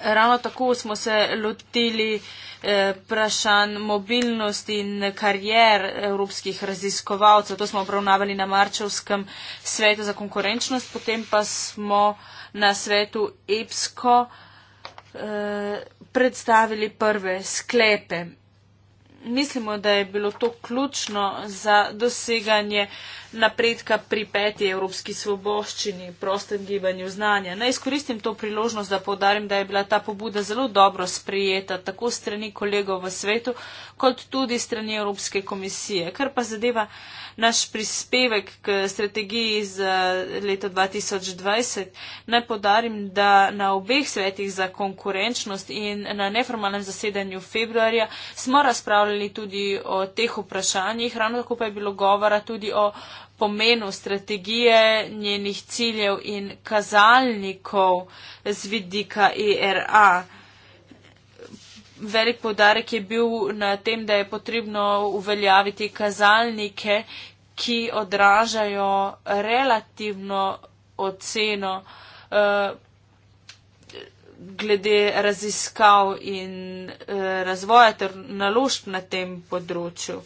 [SPEAKER 3] ravno tako smo se lotili eh, vprašanj mobilnosti in karjer evropskih raziskovalcev. To smo obravnavali na Marčevskem svetu za konkurenčnost, potem pa smo na svetu EPSCO eh, predstavili prve sklepe mislimo, da je bilo to ključno za doseganje napredka pri peti evropski svoboščini, prostem gibanju znanja. Naj izkoristim to priložnost, da povdarim, da je bila ta pobuda zelo dobro sprijeta tako strani kolegov v svetu, kot tudi strani Evropske komisije. Kar pa zadeva naš prispevek k strategiji za leto 2020. Naj podarim, da na obeh svetih za konkurenčnost in na neformalnem zasedanju februarja smo razpravljali tudi o teh vprašanjih, ravno tako pa je bilo govora tudi o pomenu strategije, njenih ciljev in kazalnikov z vidika ERA. Velik podarek je bil na tem, da je potrebno uveljaviti kazalnike ki odražajo relativno oceno uh, glede raziskav in uh, razvoja ter naložb na tem področju.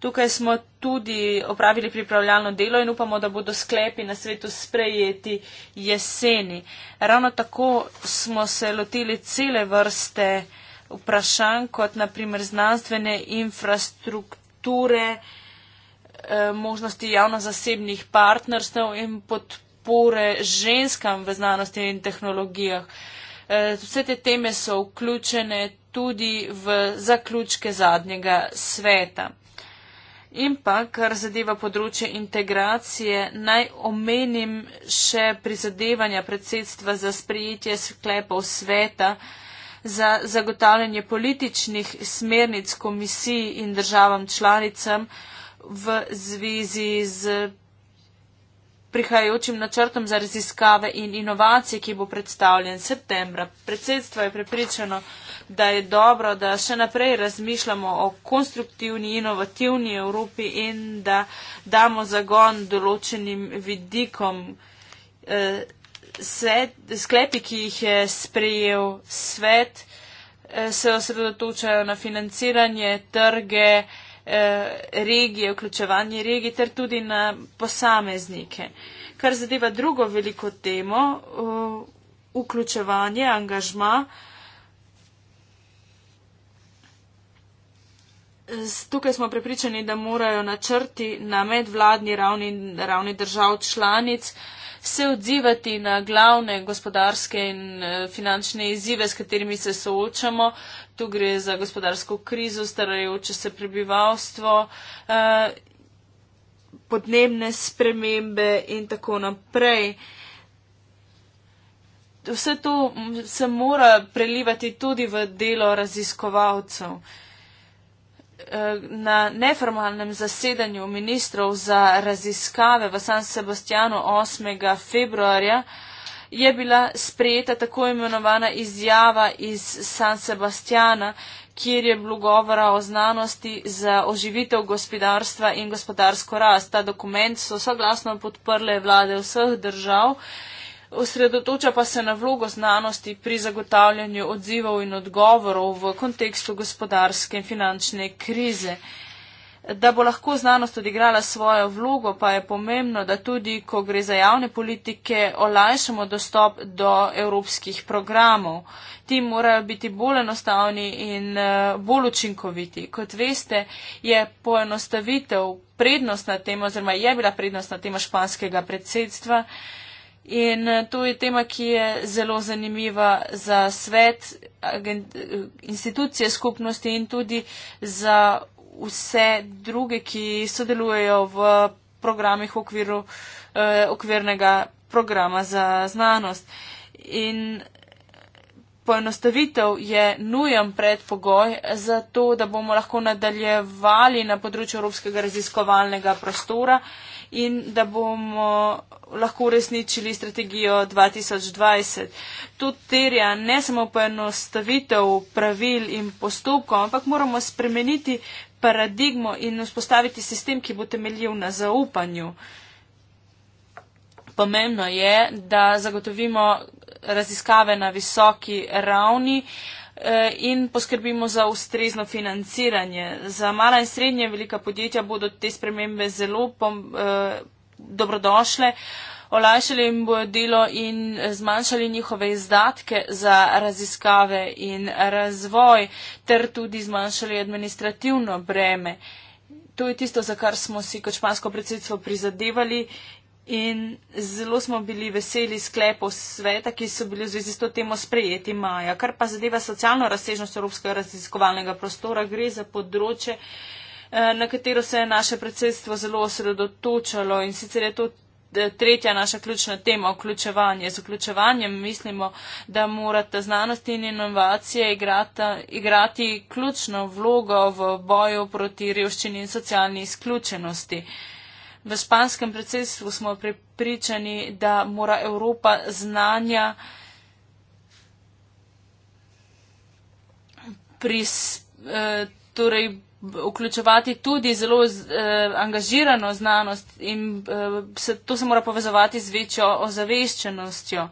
[SPEAKER 3] Tukaj smo tudi opravili pripravljalno delo in upamo, da bodo sklepi na svetu sprejeti jeseni. Ravno tako smo se lotili cele vrste uh, vprašanj, kot naprimer znanstvene infrastrukture, eh, možnosti javno-zasebnih partnerstv in podpore ženskam v znanosti in tehnologijah. Eh, vse te teme so vključene tudi v zaključke zadnjega sveta. In pa, kar zadeva področje integracije, naj omenim še prizadevanja predsedstva za sprijetje sklepov sveta, za zagotavljanje političnih smernic komisiji in državam članicam v zvezi z prihajajočim načrtom za raziskave in inovacije, ki bo predstavljen septembra. Predsedstvo je prepričano, da je dobro, da še naprej razmišljamo o konstruktivni, inovativni Evropi in da damo zagon določenim vidikom. Eh, svet, sklepi, ki jih je sprejel svet, eh, se osredotočajo na financiranje, trge, eh, regije, vključevanje regij, ter tudi na posameznike. Kar zadeva drugo veliko temo, eh, vključevanje, angažma, Tukaj smo prepričani, da morajo načrti na medvladni ravni, ravni držav članic uh, se odzivati na glavne gospodarske in eh, finančne izzive, s katerimi se soočamo. Tu gre za gospodarsko krizo, starajoče se prebivalstvo, eh, podnebne spremembe in tako naprej. Vse to mm, se mora prelivati tudi v delo raziskovalcev. Eh, na neformalnem zasedanju ministrov za raziskave v San Sebastianu 8. februarja je bila sprejeta tako imenovana izjava iz San Sebastiana, kjer je bilo govora o znanosti za oživitev gospodarstva in gospodarsko rast. Ta dokument so soglasno podprle vlade vseh držav osredotoča pa se na vlogo znanosti pri zagotavljanju odzivov in odgovorov v kontekstu gospodarske in finančne krize. Da bo lahko znanost odigrala svojo vlogo, pa je pomembno, da tudi, ko gre za javne politike, olajšamo dostop do evropskih programov. Ti morajo biti bolj enostavni in eh, bolj učinkoviti. Kot veste, je poenostavitev prednostna tema oziroma je bila prednostna tema španskega predsedstva. In eh, to je tema, ki je zelo zanimiva za svet, institucije skupnosti in tudi za vse druge, ki sodelujejo v programih okviru, eh, okvirnega programa za znanost. In poenostavitev je nujen predpogoj za to, da bomo lahko nadaljevali na področju Evropskega raziskovalnega prostora in da bomo lahko uresničili strategijo 2020. To terja ne samo poenostavitev pravil in postopkov, ampak moramo spremeniti paradigmo in vzpostaviti sistem, ki bo temeljil na zaupanju. Pomembno je, da zagotovimo raziskave na visoki ravni. Uh, Eh, in poskrbimo za ustrezno financiranje. Za mala in srednje velika podjetja bodo te spremembe zelo pom, eh, dobrodošle, olajšali jim bojo delo in eh, zmanjšali njihove izdatke za raziskave in razvoj, ter tudi zmanjšali administrativno breme. To je tisto, za kar smo si kot špansko predsedstvo prizadevali in zelo smo bili veseli sklepov sveta, ki so bili v zvezi s to temo sprejeti maja. Kar pa zadeva socialno razsežnost Evropskega raziskovalnega prostora, gre za področje, eh, na katero se je naše predsedstvo zelo osredotočalo in sicer je to. Eh, tretja naša ključna tema je vključevanje. Z vključevanjem mislimo, da morata znanost in inovacije igrata, igrati ključno vlogo v boju proti revščini in socialni izključenosti. Uh, v španskem predsedstvu smo prepričani, da mora Evropa znanja pris, eh, torej vključevati tudi zelo z, eh, angažirano znanost in eh, se, to se mora povezovati z večjo ozaveščenostjo. Eh,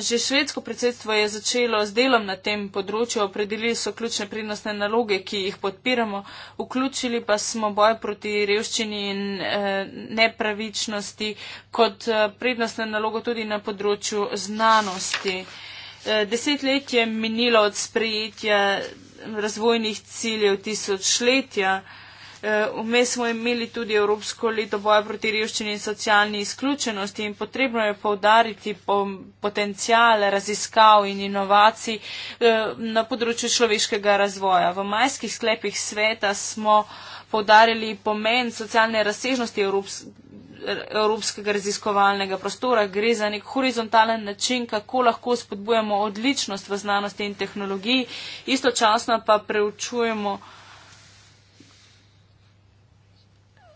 [SPEAKER 3] Že švedsko predsedstvo je začelo z delom na tem področju, opredelili so ključne prednostne naloge, ki jih podpiramo, vključili pa smo boj proti revščini in eh, nepravičnosti kot eh, prednostne naloge tudi na področju znanosti. Eh, deset let je minilo od sprejetja razvojnih ciljev tisočletja. Eh, Eh, vmes smo imeli tudi Evropsko leto boja proti revščini in socialni izključenosti in potrebno je povdariti potencijale raziskav in inovacij eh, na področju človeškega razvoja. V majskih sklepih sveta smo povdarili pomen socialne razsežnosti evropskega raziskovalnega prostora. Gre za nek horizontalen način, kako lahko spodbujamo odličnost v znanosti in tehnologiji, istočasno pa preučujemo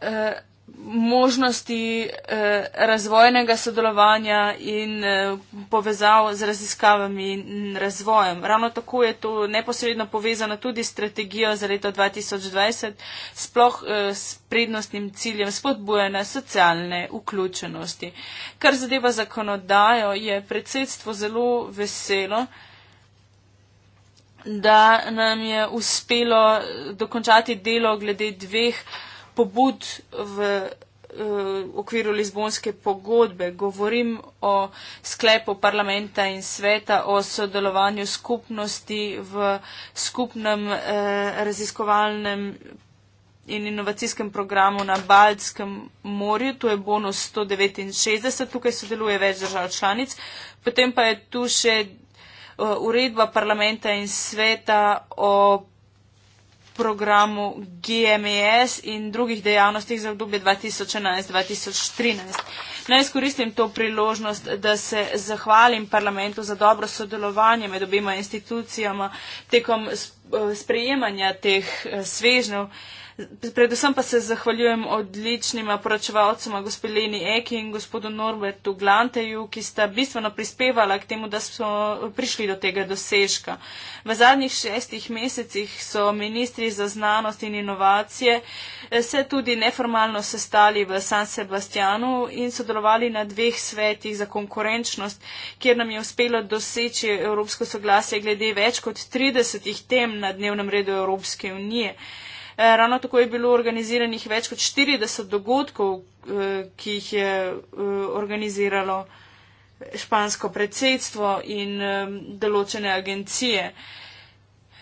[SPEAKER 3] Eh, možnosti eh, razvojnega sodelovanja in eh, povezav z raziskavami in razvojem. Ravno tako je to neposredno povezano tudi s strategijo za leto 2020, sploh s prednostnim ciljem spodbujanja socialne vključenosti. Kar zadeva zakonodajo, je predsedstvo zelo veselo da nam je uspelo dokončati delo glede dveh uh, pobud v uh, okviru Lizbonske pogodbe. Govorim o sklepu parlamenta in sveta o sodelovanju skupnosti v skupnem uh, raziskovalnem in inovacijskem programu na Baltskem morju. To je bonus 169, tukaj sodeluje več držav članic. Potem pa je tu še eh, uredba parlamenta in sveta o programu GMES in drugih dejavnostih za obdobje 2011-2013. Naj izkoristim to priložnost, da se zahvalim parlamentu za dobro sodelovanje med obima institucijama tekom eh, sprejemanja teh eh, svežnjev. Predvsem pa se zahvaljujem odličnima poročevalcema, gospod Leni Eki in gospodu Norbertu Glanteju, ki sta bistveno prispevala k temu, da smo prišli do tega dosežka. V zadnjih šestih mesecih so ministri za znanost in inovacije eh, se tudi neformalno sestali v San Sebastianu in sodelovali na dveh svetih za konkurenčnost, kjer nam je uspelo doseči evropsko soglasje glede več kot 30 tem na dnevnem redu Evropske unije. Eh, ravno tako je bilo organiziranih več kot 40 dogodkov, eh, ki jih je eh, organiziralo špansko predsedstvo in določene agencije.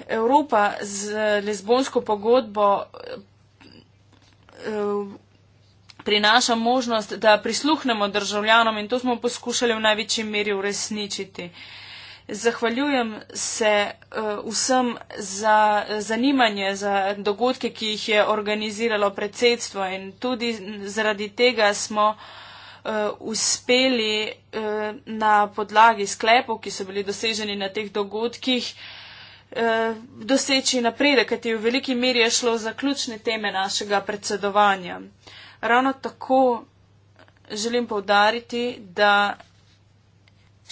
[SPEAKER 3] Evropa z lezbonsko pogodbo prinaša možnost, da prisluhnemo državljanom in to smo poskušali v največji meri uresničiti. Zahvaljujem se eh, vsem za eh, zanimanje, za dogodke, ki jih je organiziralo predsedstvo in tudi zaradi tega smo eh, uspeli na podlagi sklepov, ki so bili doseženi na teh dogodkih, doseči napredek, kajti v veliki meri je šlo za ključne teme našega predsedovanja. Ravno tako želim povdariti, da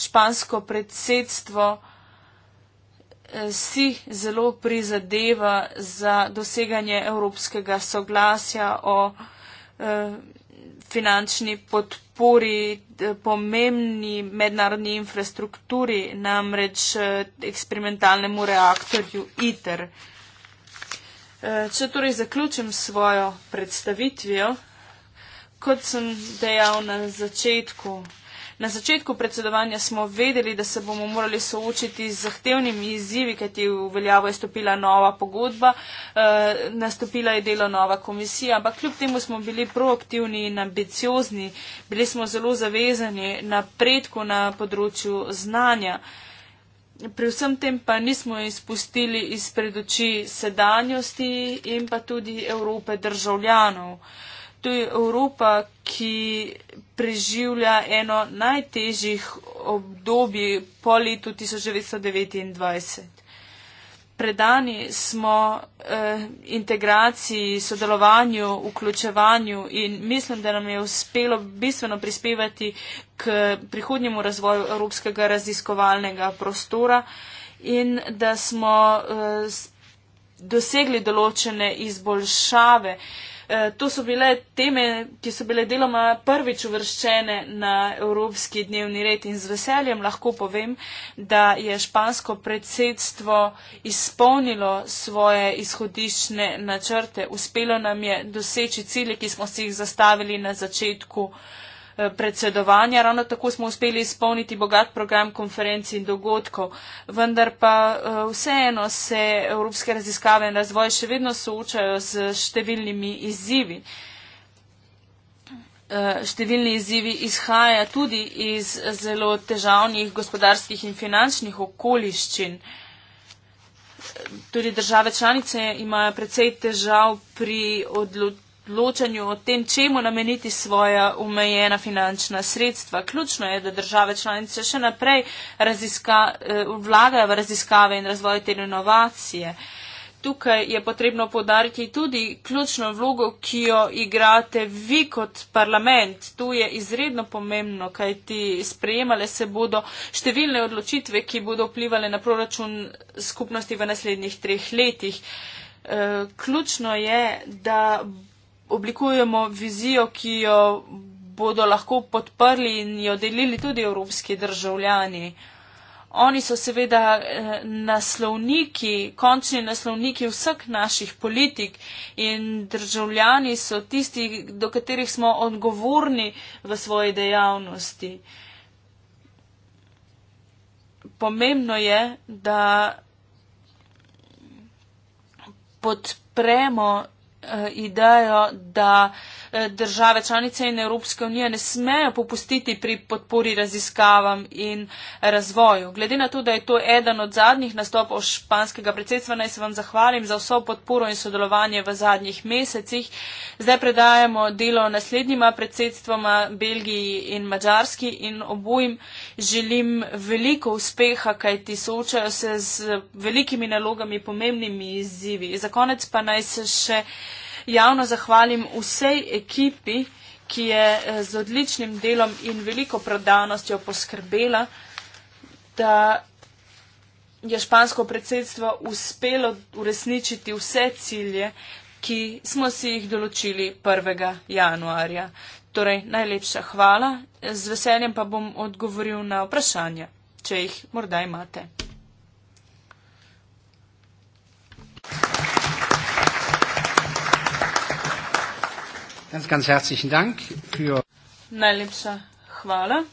[SPEAKER 3] špansko predsedstvo eh, si zelo prizadeva za doseganje evropskega soglasja o eh, finančni podpori eh, pomembni mednarodni infrastrukturi, namreč eksperimentalnemu reaktorju ITER. Če torej zaključim svojo predstavitvijo, kot sem dejal na začetku, Na začetku predsedovanja smo vedeli, da se bomo morali soočiti z zahtevnimi izzivi, kajti v veljavo je stopila nova pogodba, eh, nastopila je delo nova komisija, ampak kljub temu smo bili proaktivni in ambiciozni, bili smo zelo zavezani napredku na področju znanja. Pri vsem tem pa nismo izpustili izpred oči sedanjosti in pa tudi Evrope državljanov. Uh, To je Evropa, ki preživlja eno najtežjih obdobij po letu 1929. Predani smo eh, integraciji, sodelovanju, vključevanju in mislim, da nam je uspelo bistveno prispevati k prihodnjemu razvoju evropskega raziskovalnega prostora in da smo eh, dosegli določene izboljšave. Eh, Eh, to so bile teme, ki so bile deloma prvič uvrščene na Evropski dnevni red in z veseljem lahko povem, da je špansko predsedstvo izpolnilo svoje izhodišne načrte. Uspelo nam je doseči cilje, ki smo si jih zastavili na začetku uh, predsedovanja. Ravno tako smo uspeli izpolniti bogat program konferenc in dogodkov. Vendar pa eh, vseeno se evropske raziskave in razvoj še vedno soočajo z številnimi izzivi. Eh, številni izzivi izhaja tudi iz zelo težavnih gospodarskih in finančnih okoliščin. Tudi države članice imajo precej težav pri odločitvi odločanju o tem, čemu nameniti svoja omejena finančna sredstva. Ključno je, da države članice še naprej eh, vlagajo v raziskave in razvoj te inovacije. Tukaj je potrebno podariti tudi ključno vlogo, ki jo igrate vi kot parlament. Tu je izredno pomembno, kaj ti sprejemale se bodo številne odločitve, ki bodo vplivali na proračun skupnosti v naslednjih treh letih. Eh, ključno je, da oblikujemo vizijo, ki jo bodo lahko podprli in jo delili tudi evropski državljani. Oni so seveda eh, naslovniki, končni naslovniki vseh naših politik in državljani so tisti, do katerih smo odgovorni v svoji dejavnosti. Pomembno je, da podpremo Eh, idejo, da Eh, države članice in Evropske unije ne smejo popustiti pri podpori raziskavam in razvoju. Glede na to, da je to eden od zadnjih nastopov španskega predsedstva, naj se vam zahvalim za vso podporo in sodelovanje v zadnjih mesecih. Zdaj predajamo delo naslednjima predsedstvoma Belgiji in Mačarski in obojim želim veliko uspeha, kajti soočajo se z velikimi nalogami, pomembnimi izzivi. Za konec pa naj se še javno zahvalim vsej ekipi, ki je eh, z odličnim delom in veliko predavnostjo poskrbela, da je špansko predsedstvo uspelo uresničiti vse cilje, ki smo si jih določili 1. januarja. Torej, najlepša hvala. Z veseljem pa bom odgovoril na vprašanja, če jih morda imate.
[SPEAKER 1] Ganz, ganz herzlichen Dank für.
[SPEAKER 3] Najlepša hvala.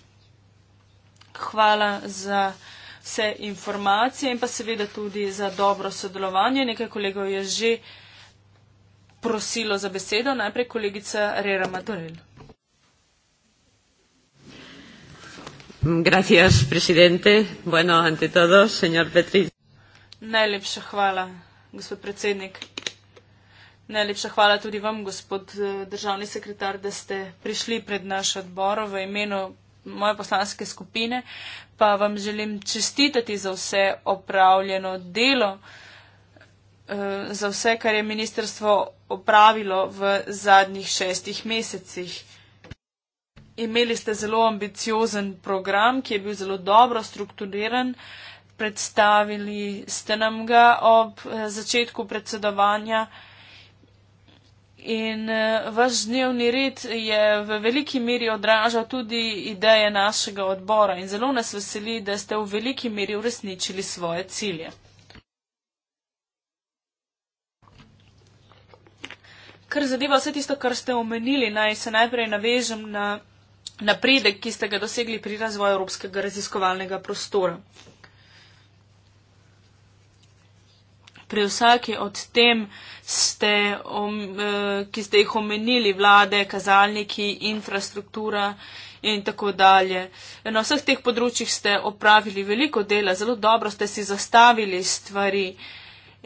[SPEAKER 3] Hvala za vse informacije in pa seveda tudi za dobro sodelovanje. Nekaj kolegov je že prosilo za besedo. Najprej kolegica Rera Madurel.
[SPEAKER 2] Gracias, presidente. Bueno, ante todo, señor Petri.
[SPEAKER 3] Najlepša hvala, gospod predsednik. Najlepša hvala tudi vam, gospod eh, državni sekretar, da ste prišli pred naš odbor v imenu moje poslanske skupine, pa vam želim čestitati za vse opravljeno delo, eh, za vse, kar je ministerstvo opravilo v zadnjih šestih mesecih. Imeli ste zelo ambiciozen program, ki je bil zelo dobro strukturiran. Predstavili ste nam ga ob eh, začetku predsedovanja. In eh, vaš dnevni red je v veliki meri odražal tudi ideje našega odbora in zelo nas veseli, da ste v veliki meri uresničili svoje cilje. Kar zadeva vse tisto, kar ste omenili, naj se najprej navežem na napredek, ki ste ga dosegli pri razvoju Evropskega raziskovalnega prostora. pri vsaki od tem, ste, om, eh, ki ste jih omenili, vlade, kazalniki, infrastruktura in tako dalje. Na vseh teh področjih ste opravili veliko dela, zelo dobro ste si zastavili stvari.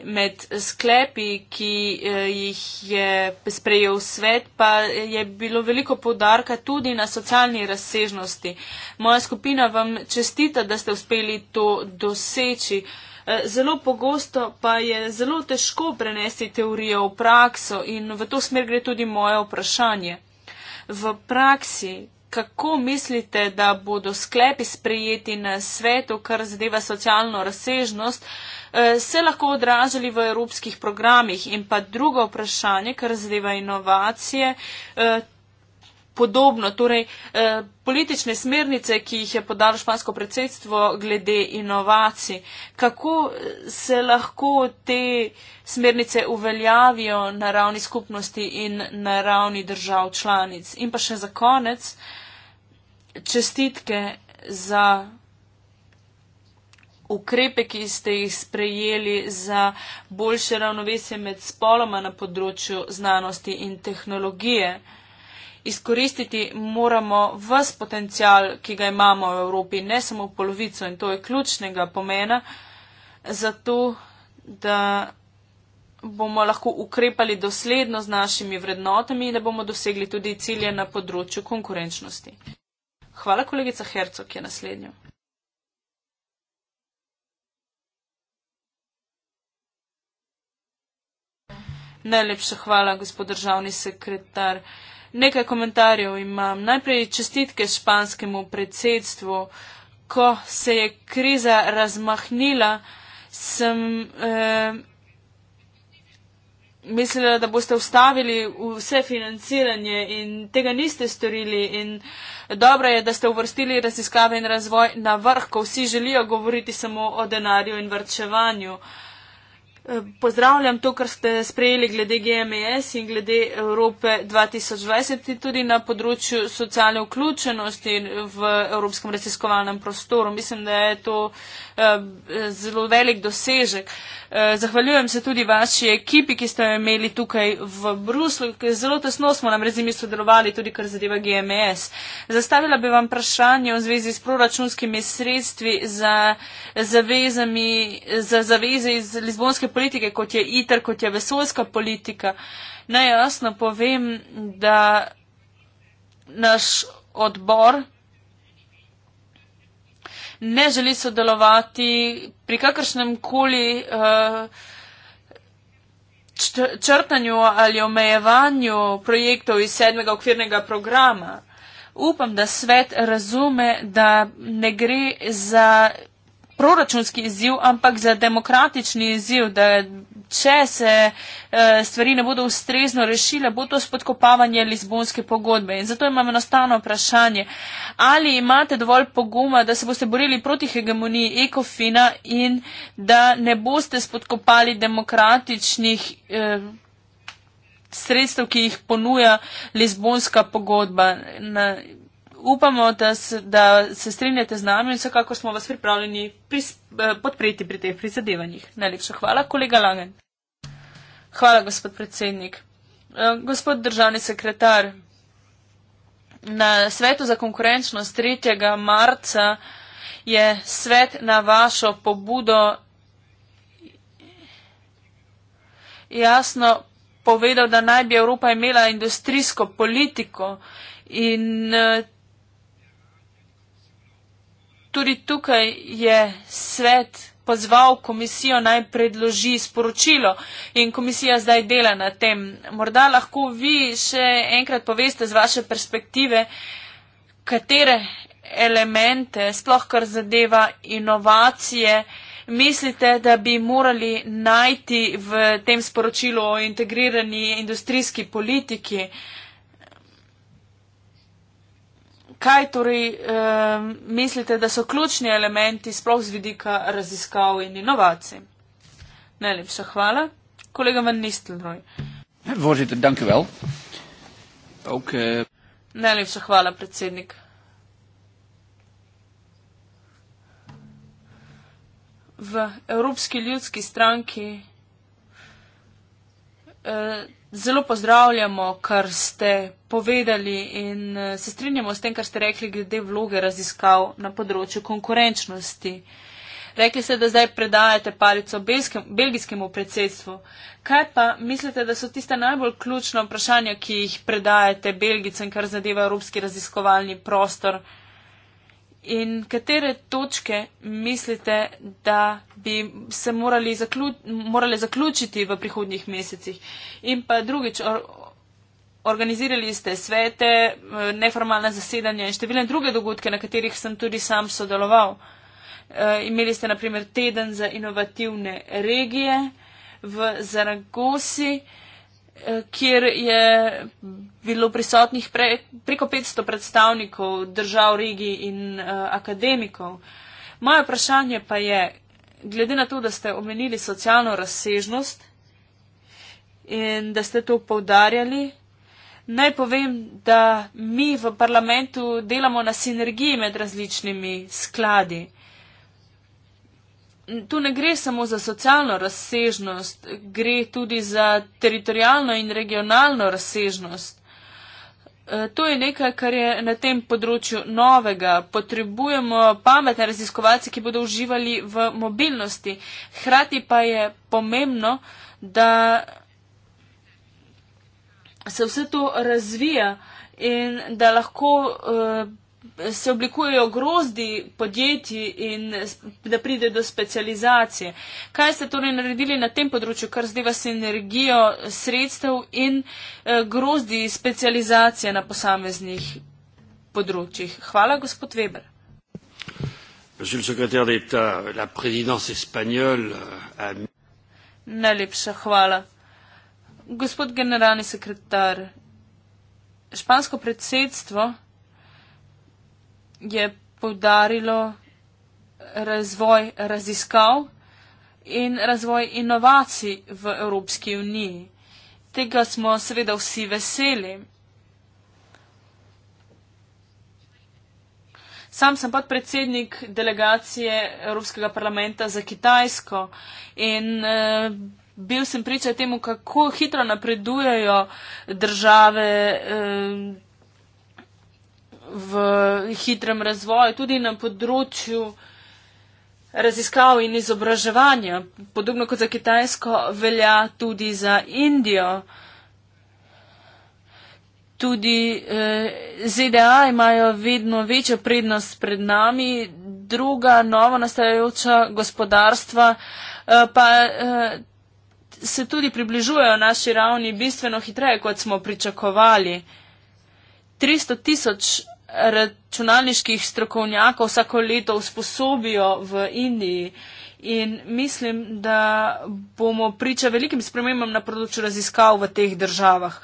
[SPEAKER 3] Med sklepi, ki eh, jih je sprejel svet, pa je bilo veliko podarka tudi na socialni razsežnosti. Moja skupina vam čestita, da ste uspeli to doseči. Eh, zelo pogosto pa je zelo težko prenesti teorijo v prakso in v to smer gre tudi moje vprašanje. V praksi, kako mislite, da bodo sklepi sprejeti na svetu, kar zadeva socialno razsežnost, eh, se lahko odražali v evropskih programih? In pa drugo vprašanje, kar zadeva inovacije, eh, podobno. Torej, eh, politične smernice, ki jih je podalo špansko predsedstvo glede inovacij, kako eh, se lahko te smernice uveljavijo na ravni skupnosti in na ravni držav članic. In pa še za konec, čestitke za ukrepe, ki ste jih sprejeli za boljše ravnovesje med spoloma na področju znanosti in tehnologije izkoristiti moramo vs potencial, ki ga imamo v Evropi, ne samo polovico in to je ključnega pomena, zato da bomo lahko ukrepali dosledno z našimi vrednotami in da bomo dosegli tudi cilje na področju konkurenčnosti. Hvala kolegica Herco, ki je naslednjo. Najlepša hvala, gospod državni sekretar. Nekaj komentarjev imam. Najprej čestitke španskemu predsedstvu. Ko se je kriza razmahnila, sem eh, mislila, da boste ustavili vse financiranje in tega niste storili. In dobro je, da ste uvrstili raziskave in razvoj na vrh, ko vsi želijo govoriti samo o denarju in vrčevanju. Eh, pozdravljam to, kar ste sprejeli glede GMS e in glede Evrope 2020 in tudi na področju socialne vključenosti v evropskem raziskovalnem prostoru. Mislim, da je to eh, zelo velik dosežek. Eh, zahvaljujem se tudi vaši ekipi, ki ste jo imeli tukaj v Bruslu, ki zelo tesno smo nam z njimi sodelovali, tudi kar zadeva GMS. Zastavila bi vam vprašanje v zvezi s proračunskimi sredstvi za, zavezami, za zaveze iz lizbonske politike, kot je ITER, kot je vesoljska politika. Najjasno povem, da naš odbor, ne želi sodelovati pri kakršnem koli uh, črtanju ali omejevanju projektov iz sedmega okvirnega programa. Upam, da svet razume, da ne gre za proračunski izziv, ampak za demokratični izziv, da če se eh, stvari ne bodo ustrezno rešile, bo to spodkopavanje Lizbonske pogodbe. In zato imam enostavno vprašanje, ali imate dovolj poguma, da se boste borili proti hegemoniji ekofina in da ne boste spodkopali demokratičnih eh, sredstev, ki jih ponuja Lizbonska pogodba. Na, upamo, da, da se strinjate z nami in vsekako smo vas pripravljeni pris, eh, podpreti pri teh prizadevanjih. Najlepša hvala, kolega Langen. Hvala, gospod predsednik. Eh, gospod državni sekretar, na svetu za konkurenčnost 3. marca je svet na vašo pobudo jasno povedal, da naj bi Evropa imela industrijsko politiko in eh, Tudi tukaj je svet pozval komisijo naj predloži sporočilo in komisija zdaj dela na tem. Morda lahko vi še enkrat poveste z vaše perspektive, katere elemente, sploh kar zadeva inovacije, mislite, da bi morali najti v tem sporočilu o integrirani industrijski politiki. Uh, kaj torej um, mislite, da so ključni elementi sploh z vidika raziskav in inovacij? Najlepša hvala. Kolega Van Nistelrooy.
[SPEAKER 1] Ja, Voržite, dankjewel. Okay. Eh,
[SPEAKER 3] Najlepša hvala, predsednik. V Evropski ljudski stranki eh, zelo pozdravljamo, kar ste povedali in eh, se strinjamo s tem, kar ste rekli glede vloge raziskav na področju konkurenčnosti. Rekli ste, da zdaj predajate palico belskem, belgijskemu predsedstvu. Kaj pa mislite, da so tiste najbolj ključne vprašanja, ki jih predajate Belgicem, kar zadeva evropski raziskovalni prostor? In katere točke mislite, da bi se morali zaklju morale zaključiti v prihodnjih mesecih? In pa drugič, or organizirali ste svete, neformalne zasedanja in številne druge dogodke, na katerih sem tudi sam sodeloval. E, imeli ste naprimer teden za inovativne regije v Zaragosi. E, Eh, kjer je bilo prisotnih pre, preko 500 predstavnikov držav, regij in uh, akademikov. Moje vprašanje pa je, glede na to, da ste omenili socialno razsežnost in da ste to povdarjali, naj povem, da mi v parlamentu delamo na sinergiji med različnimi skladi tu ne gre samo za socialno razsežnost, gre tudi za teritorijalno in regionalno razsežnost. E, to je nekaj, kar je na tem področju novega. Potrebujemo pametne raziskovalce, ki bodo uživali v mobilnosti. Hrati pa je pomembno, da se vse to razvija in da lahko uh, se oblikujejo grozdi podjetij in da pride do specializacije. Kaj ste torej naredili na tem področju, kar zdaj vas energijo sredstev in eh, grozdi specializacije na posameznih področjih? Hvala, gospod Weber. Euh, Najlepša hvala. Gospod generalni sekretar, špansko predsedstvo je povdarilo razvoj raziskav in razvoj inovacij v Evropski uniji. Tega smo seveda vsi veseli. Sam sem podpredsednik delegacije Evropskega parlamenta za Kitajsko in e, bil sem priča temu, kako hitro napredujejo države. E, v hitrem razvoju, tudi na področju raziskav in izobraževanja. Podobno kot za Kitajsko, velja tudi za Indijo. Tudi eh, ZDA imajo vedno večjo prednost pred nami, druga novo nastajajoča gospodarstva eh, pa eh, se tudi približujejo naši ravni bistveno hitreje, kot smo pričakovali. 300 tisoč računalniških strokovnjakov vsako leto usposobijo v Indiji. In mislim, da bomo priča velikim spremembam na področju raziskav v teh državah.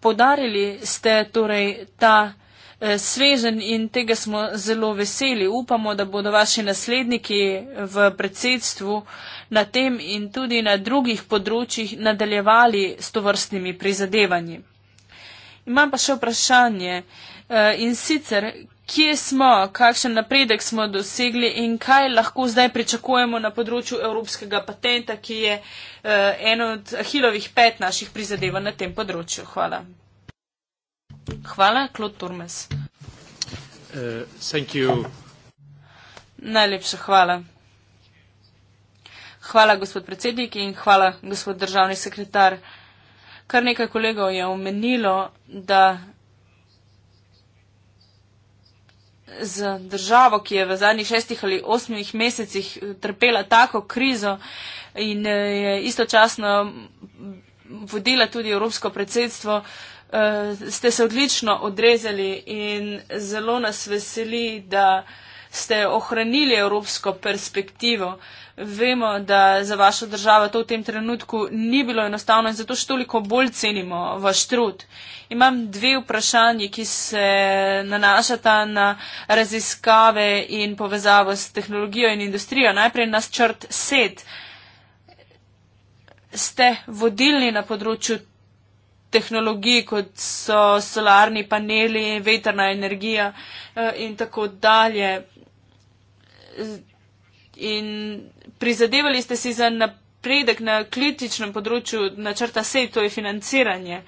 [SPEAKER 3] Podarili ste torej ta eh, svežen in tega smo zelo veseli. Upamo, da bodo vaši nasledniki v predsedstvu na tem in tudi na drugih področjih nadaljevali s tovrstnimi prizadevanji. Imam pa še vprašanje eh, in sicer, kje smo, kakšen napredek smo dosegli in kaj lahko zdaj pričakujemo na področju evropskega patenta, ki je eh, eno od ahilovih pet naših prizadeva na tem področju. Hvala. Hvala, Klod
[SPEAKER 1] Turmes. Uh,
[SPEAKER 3] Najlepša hvala. Hvala, gospod predsednik in hvala, gospod državni sekretar kar nekaj kolegov je omenilo, da z državo, ki je v zadnjih šestih ali osmih mesecih trpela tako krizo in eh, je istočasno vodila tudi evropsko predsedstvo, eh, ste se odlično odrezali in zelo nas veseli, da ste ohranili evropsko perspektivo. Uh, Vemo, da za vašo državo to v tem trenutku ni bilo enostavno in zato še toliko bolj cenimo vaš trud. Imam dve vprašanje, ki se nanašata na raziskave in povezavo s tehnologijo in industrijo. Najprej nas črt sed. Ste vodilni na področju tehnologij, kot so solarni paneli, veterna energija eh, in tako dalje. In prizadevali ste si za napredek na kritičnem področju načrta SE, to je financiranje.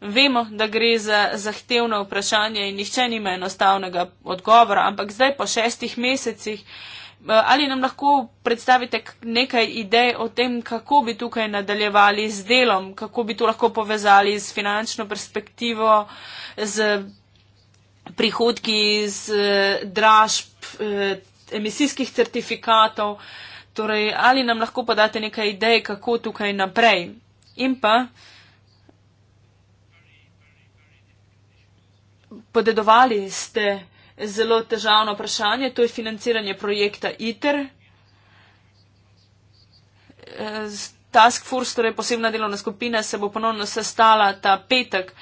[SPEAKER 3] Vemo, da gre za zahtevno vprašanje in nihče nima enostavnega odgovora, ampak zdaj po šestih mesecih, eh, ali nam lahko predstavite nekaj idej o tem, kako bi tukaj nadaljevali z delom, kako bi to lahko povezali z finančno perspektivo, z prihodki iz eh, dražb, eh, emisijskih certifikatov. Torej, ali nam lahko podate nekaj idej, kako tukaj naprej? In pa podedovali ste zelo težavno vprašanje, to je financiranje projekta ITER. Eh, Task force, torej posebna delovna skupina, se bo ponovno sestala ta petek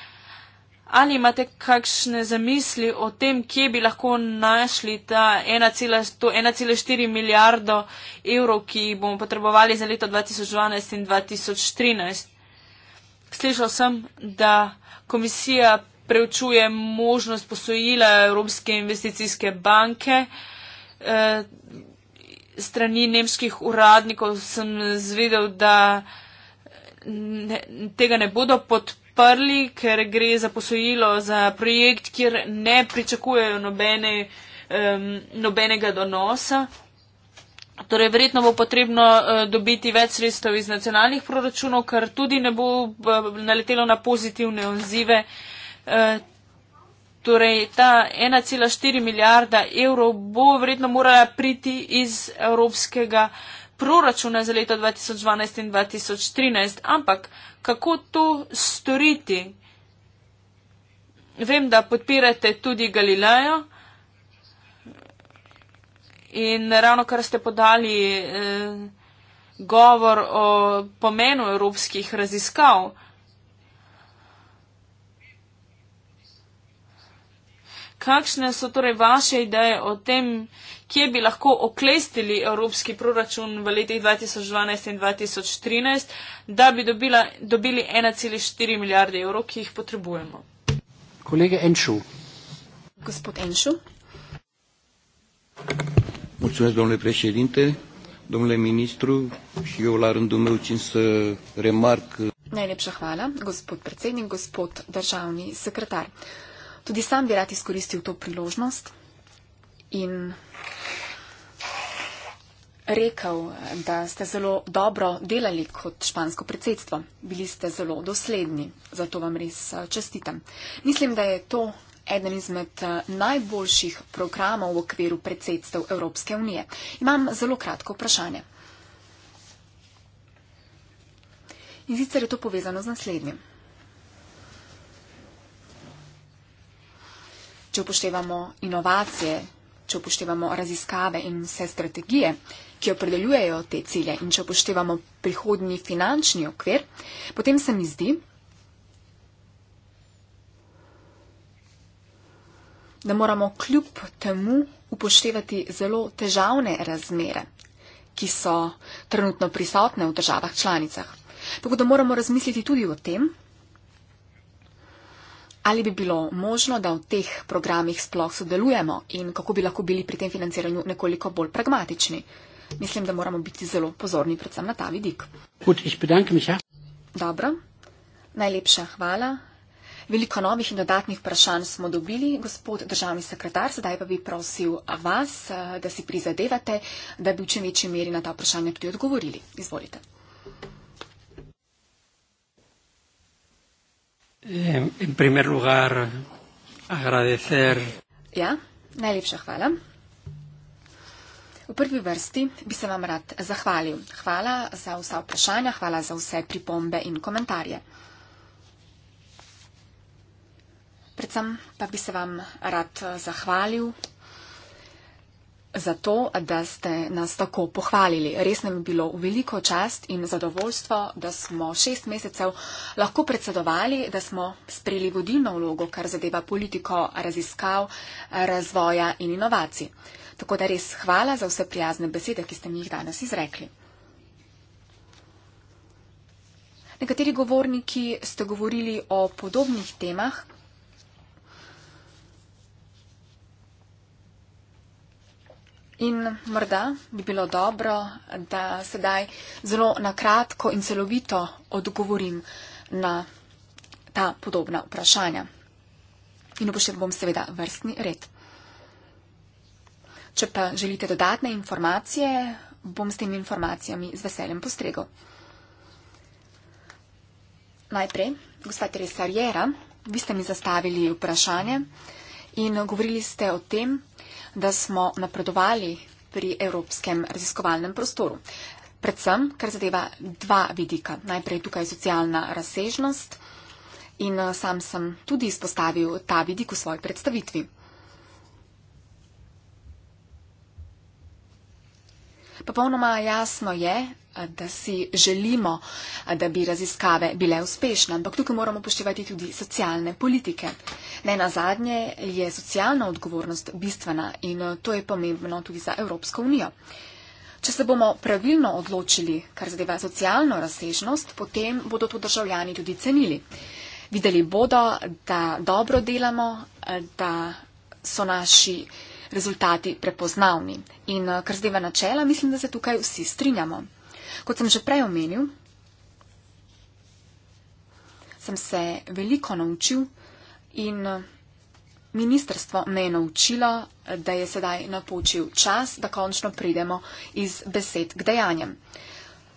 [SPEAKER 3] ali imate kakšne zamisli o tem, kje bi lahko našli ta 1,4 milijardo evrov, ki jih bomo potrebovali za leto 2012 in 2013. Slišal sem, da komisija preučuje možnost posojila Evropske investicijske banke. Eh, strani nemških uradnikov sem zvedel, da ne, tega ne bodo podprli podprli, ker gre za posojilo, za projekt, kjer ne pričakujejo nobene, um, nobenega donosa. Torej, verjetno bo potrebno uh, dobiti več sredstev iz nacionalnih proračunov, kar tudi ne bo uh, naletelo na pozitivne odzive. Uh, torej, ta 1,4 milijarda evrov bo verjetno morala priti iz evropskega proračuna za leto 2012 in 2013, ampak kako to storiti. Vem, da podpirate tudi Galilejo in ravno kar ste podali eh, govor o pomenu evropskih raziskav. kakšne so torej vaše ideje o tem, kje bi lahko oklestili evropski proračun v letih 2012 in 2013, da bi dobila, dobili 1,4 milijarde evrov, ki jih potrebujemo.
[SPEAKER 1] Kolega Enšu.
[SPEAKER 3] Gospod Enšu.
[SPEAKER 1] Mulțumesc, domnule președinte, domnule ministru și eu la rândul meu țin să remarc.
[SPEAKER 4] Najlepša hvala, gospod predsednik, gospod državni sekretar. Uh, Tudi sam bi rad izkoristil to priložnost in rekel, da ste zelo dobro delali kot špansko predsedstvo. Bili ste zelo dosledni, zato vam res eh, čestitam. Mislim, da je to eden izmed eh, najboljših programov v okviru predsedstev Evropske unije. Imam zelo kratko vprašanje. In sicer je to povezano z naslednjim. če upoštevamo inovacije, če upoštevamo raziskave in vse strategije, ki opredeljujejo te cilje in če upoštevamo prihodni finančni okvir, potem se mi zdi, da moramo kljub temu upoštevati zelo težavne razmere, ki so trenutno prisotne v državah članicah. Tako da moramo razmisliti tudi o tem, Ali bi bilo možno, da v teh programih sploh sodelujemo in kako bi lahko bili pri tem financiranju nekoliko bolj pragmatični? Mislim, da moramo biti zelo pozorni predvsem na ta vidik.
[SPEAKER 1] Gut, mich, ja.
[SPEAKER 4] Dobro, najlepša hvala. Veliko novih in dodatnih vprašanj smo dobili, gospod državni sekretar, sedaj pa bi prosil vas, eh, da si prizadevate, da bi v čim večji meri na ta vprašanja tudi odgovorili. Izvolite.
[SPEAKER 1] Eh, en primer lugar, agradecer.
[SPEAKER 4] Ja, najlepša hvala. V prvi vrsti bi se vam rad zahvalil. Hvala za vsa vprašanja, hvala za vse pripombe in komentarje. Predvsem pa bi se vam rad zahvalil za to, da ste nas tako pohvalili. Res nam je bilo veliko čast in zadovoljstvo, da smo šest mesecev lahko predsedovali, da smo sprejeli vodilno vlogo, kar zadeva politiko raziskav, razvoja in inovacij. Tako da res hvala za vse prijazne besede, ki ste mi jih danes izrekli. Nekateri govorniki ste govorili o podobnih temah, In morda bi bilo dobro, da sedaj zelo nakratko in celovito odgovorim na ta podobna vprašanja. In upoštevam bom seveda vrstni red. Če pa želite dodatne informacije, bom s temi informacijami z veseljem postregal. Najprej, gospa Teresa Jera, vi ste mi zastavili vprašanje in govorili ste o tem, da smo napredovali pri evropskem raziskovalnem prostoru. Predvsem, ker zadeva dva vidika. Najprej tukaj je socialna razsežnost in eh, sam sem tudi izpostavil ta vidik v svoji predstavitvi. Popolnoma jasno je, da si želimo, da bi raziskave bile uspešne, ampak tukaj moramo poštevati tudi socialne politike. Ne na zadnje je socialna odgovornost bistvena in eh, to je pomembno tudi za Evropsko unijo. Če se bomo pravilno odločili, kar zadeva socialno razsežnost, potem bodo to državljani tudi cenili. Videli bodo, da dobro delamo, eh, da so naši rezultati prepoznavni. In eh, kar zdeva načela, mislim, da se tukaj vsi strinjamo. Kot sem že prej omenil, sem se veliko naučil in eh, ministrstvo me je naučilo, da je sedaj napočil čas, da končno pridemo iz besed k dejanjem.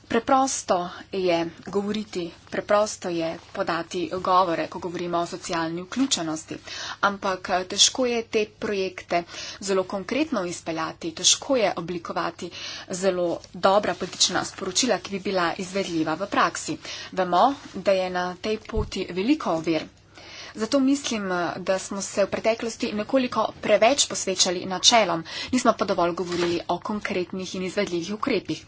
[SPEAKER 4] Preprosto je govoriti, preprosto je podati govore, ko govorimo o socialni vključenosti, ampak eh, težko je te projekte zelo konkretno izpeljati, težko je oblikovati zelo dobra politična sporočila, ki bi bila izvedljiva v praksi. Vemo, da je na tej poti veliko ovir. Zato mislim, eh, da smo se v preteklosti nekoliko preveč posvečali načelom, nismo pa dovolj govorili o konkretnih in izvedljivih ukrepih.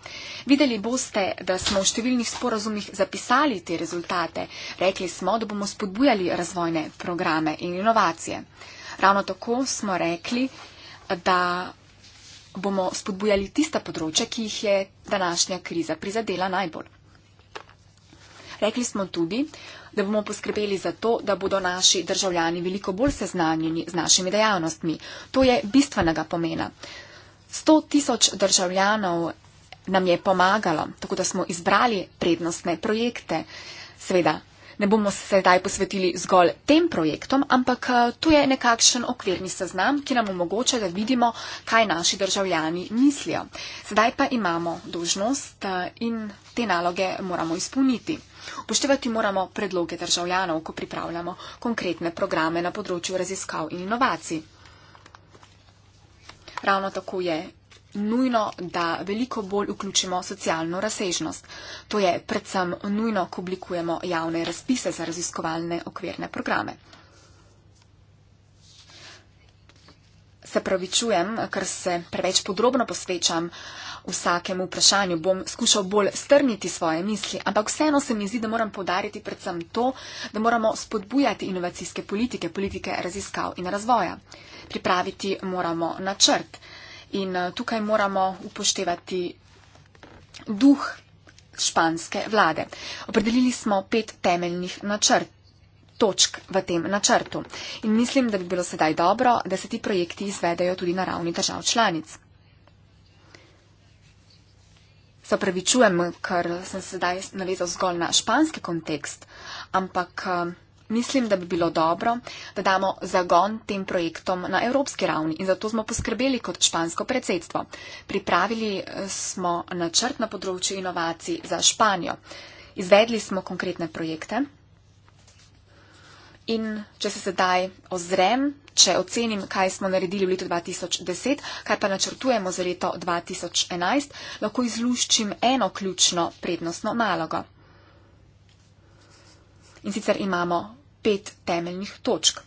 [SPEAKER 4] Videli boste, da smo v številnih sporazumih zapisali te rezultate, rekli smo, da bomo spodbujali razvojne programe in inovacije. Ravno tako smo rekli, da bomo spodbujali tista področja, ki jih je današnja kriza prizadela najbolj. Rekli smo tudi, da bomo poskrbeli za to, da bodo naši državljani veliko bolj seznanjeni z našimi dejavnostmi. To je bistvenega pomena. 100 tisoč državljanov nam je pomagalo, tako da smo izbrali prednostne projekte. Sveda, ne bomo se sedaj posvetili zgolj tem projektom, ampak eh, tu je nekakšen okvirni seznam, ki nam omogoča, da vidimo, kaj naši državljani mislijo. Sedaj pa imamo dožnost eh, in te naloge moramo izpolniti. Uštevati moramo predloge državljanov, ko pripravljamo konkretne programe na področju raziskav in inovacij. Ravno tako je nujno, da veliko bolj vključimo socialno razsežnost. To je predvsem nujno, ko oblikujemo javne razpise za raziskovalne okvirne programe. Se pravičujem, ker se preveč podrobno posvečam vsakemu vprašanju. Bom skušal bolj strniti svoje misli, ampak vseeno se mi zdi, da moram podariti predvsem to, da moramo spodbujati inovacijske politike, politike raziskav in razvoja. Pripraviti moramo načrt in eh, tukaj moramo upoštevati duh španske vlade. Opredelili smo pet temeljnih načrt točk v tem načrtu. In mislim, da bi bilo sedaj dobro, da se ti projekti izvedejo tudi na ravni držav članic. Se pravi, čujem, ker sem sedaj navezal zgolj na španski kontekst, ampak eh, mislim, da bi bilo dobro, da damo zagon tem projektom na evropski ravni in zato smo poskrbeli kot špansko predsedstvo. Pripravili eh, smo načrt na področju inovacij za Španijo. Izvedli smo konkretne projekte. In če se sedaj ozrem, če ocenim, kaj smo naredili v letu 2010, kaj pa načrtujemo za leto 2011, lahko izluščim eno ključno prednostno nalogo. In sicer imamo pet temeljnih točk.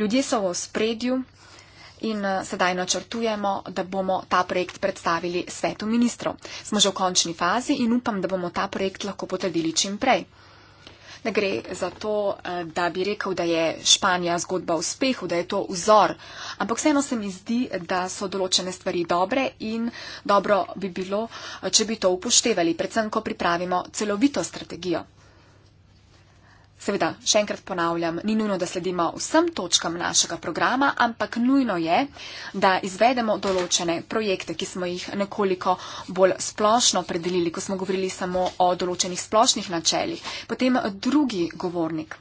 [SPEAKER 4] Ljudje so v spredju in eh, sedaj načrtujemo, da bomo ta projekt predstavili svetu ministrov. Smo že v končni fazi in upam, da bomo ta projekt lahko potrdili čim prej ne gre za to, eh, da bi rekel, da je Španija zgodba o uspehu, da je to vzor, ampak vseeno se mi zdi, da so določene stvari dobre in dobro bi bilo, eh, če bi to upoštevali, predvsem, ko pripravimo celovito strategijo. Seveda, še enkrat ponavljam, ni nujno, da sledimo vsem točkam našega programa, ampak nujno je, da izvedemo določene projekte, ki smo jih nekoliko bolj splošno predelili, ko smo govorili samo o določenih splošnih načeljih. Potem drugi govornik.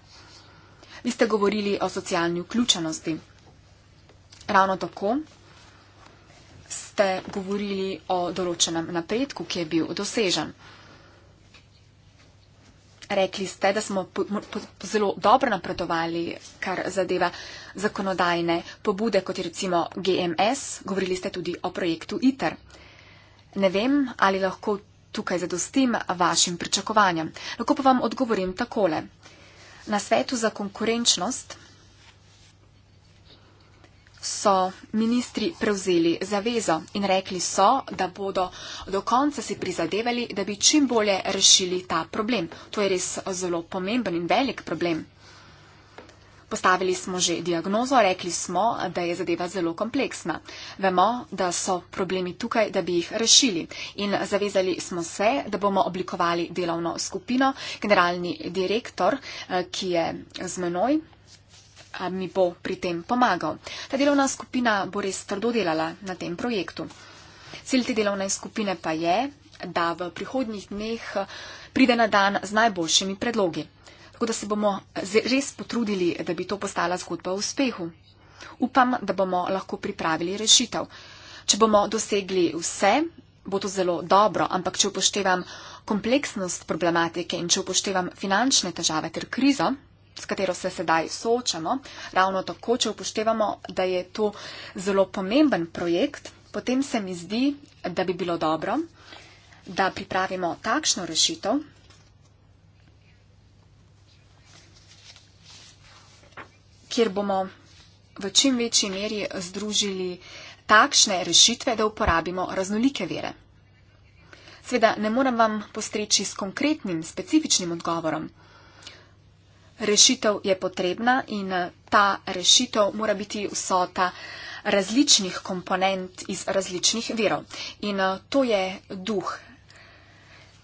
[SPEAKER 4] Vi ste govorili o socialni vključenosti. Ravno tako ste govorili o določenem napredku, ki je bil dosežen. Rekli ste, da smo po, po, zelo dobro napredovali, kar zadeva zakonodajne pobude, kot je recimo GMS. Govorili ste tudi o projektu ITER. Ne vem, ali lahko tukaj zadostim vašim pričakovanjem. Lahko pa vam odgovorim takole. Na svetu za konkurenčnost so ministri prevzeli zavezo in rekli so, da bodo do konca si prizadevali, da bi čim bolje rešili ta problem. To je res zelo pomemben in velik problem. Postavili smo že diagnozo, rekli smo, da je zadeva zelo kompleksna. Vemo, da so problemi tukaj, da bi jih rešili. In zavezali smo se, da bomo oblikovali delovno skupino. Generalni direktor, eh, ki je z menoj, mi bo pri tem pomagal. Ta delovna skupina bo res trdo delala na tem projektu. Cilj te delovne skupine pa je, da v prihodnjih dneh eh, pride na dan z najboljšimi predlogi. Tako da se bomo res potrudili, da bi to postala zgodba o uspehu. Upam, da bomo lahko pripravili rešitev. Če bomo dosegli vse, bo to zelo dobro, ampak če upoštevam kompleksnost problematike in če upoštevam finančne težave ter krizo, s katero se sedaj soočamo, ravno tako, če upoštevamo, da je to zelo pomemben projekt, potem se mi zdi, da bi bilo dobro, da pripravimo takšno rešitev, kjer bomo v čim večji meri združili takšne rešitve, da uporabimo raznolike vere. Sveda ne morem vam postreči s konkretnim, specifičnim odgovorom rešitev je potrebna in eh, ta rešitev mora biti vsota različnih komponent iz različnih verov. In eh, to je duh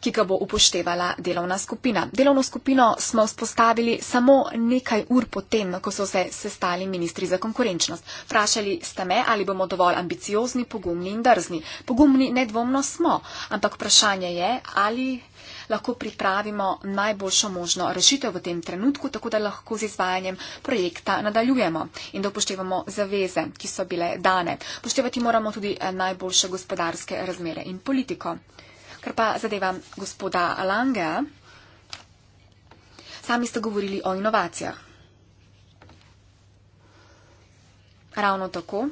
[SPEAKER 4] ki ga bo upoštevala delovna skupina. Delovno skupino smo vzpostavili samo nekaj ur potem, ko so se sestali ministri za konkurenčnost. Vprašali ste me, ali bomo dovolj ambiciozni, pogumni in drzni. Pogumni nedvomno smo, ampak vprašanje je, ali lahko pripravimo najboljšo možno rešitev v tem trenutku, tako da lahko z izvajanjem projekta nadaljujemo in da upoštevamo zaveze, ki so bile dane. Poštevati moramo tudi eh, najboljše gospodarske razmere in politiko. Kar pa zadeva gospoda Lange, sami ste govorili o inovacijah. Ravno tako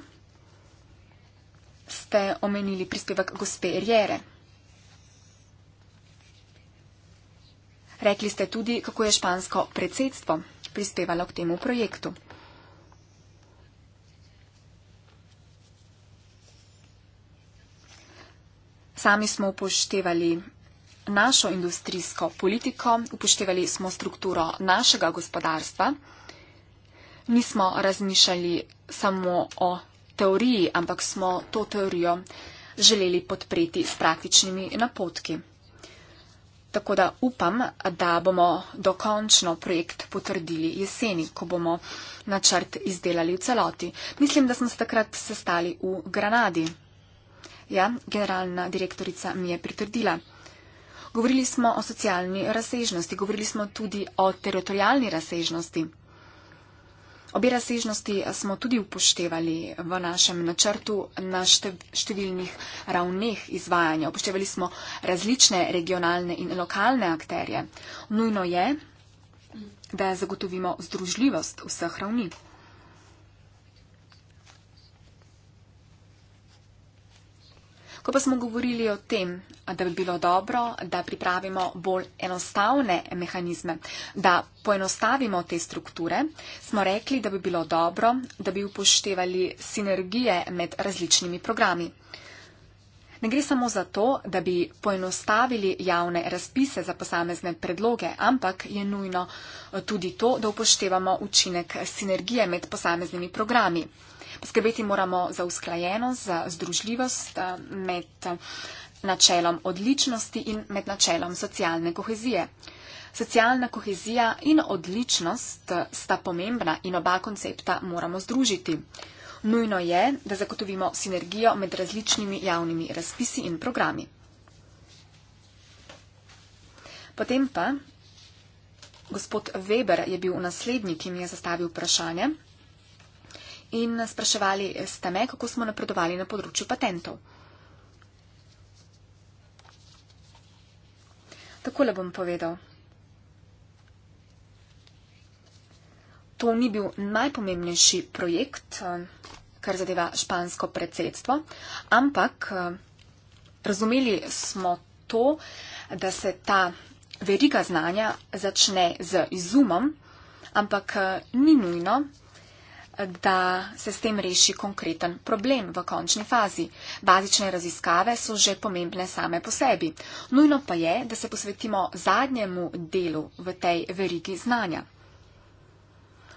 [SPEAKER 4] ste omenili prispevek gospe Rjere. Rekli ste tudi, kako je špansko predsedstvo prispevalo k temu projektu. Sami smo upoštevali našo industrijsko politiko, upoštevali smo strukturo našega gospodarstva. Nismo razmišljali samo o teoriji, ampak smo to teorijo želeli podpreti s praktičnimi napotki. Tako da upam, da bomo dokončno projekt potrdili jeseni, ko bomo načrt izdelali v celoti. Mislim, da smo se takrat sestali v Granadi. Ja, generalna direktorica mi je pritrdila. Govorili smo o socialni razsežnosti, govorili smo tudi o teritorijalni razsežnosti. Obe razsežnosti smo tudi upoštevali v našem načrtu na številnih ravneh izvajanja. Upoštevali smo različne regionalne in lokalne akterje. Nujno je, da zagotovimo združljivost vseh ravni. Ko pa smo govorili o tem, da bi bilo dobro, da pripravimo bolj enostavne mehanizme, da poenostavimo te strukture, smo rekli, da bi bilo dobro, da bi upoštevali sinergije med različnimi programi. Ne gre samo za to, da bi poenostavili javne razpise za posamezne predloge, ampak je nujno tudi to, da upoštevamo učinek sinergije med posameznimi programi. Skrbeti moramo za usklajenost, za združljivost eh, med eh, načelom odličnosti in med načelom socialne kohezije. Socialna kohezija in odličnost eh, sta pomembna in oba koncepta moramo združiti. Nujno je, da zagotovimo sinergijo med različnimi javnimi razpisi in programi. Potem pa, gospod Weber je bil naslednji, ki mi je zastavil vprašanje in spraševali ste me, kako smo napredovali na področju patentov. Takole bom povedal. To ni bil najpomembnejši projekt, kar zadeva špansko predsedstvo, ampak razumeli smo to, da se ta veriga znanja začne z izumom, ampak ni nujno, da se s tem reši konkreten problem v končni fazi. Bazične raziskave so že pomembne same po sebi. Nujno pa je, da se posvetimo zadnjemu delu v tej verigi znanja.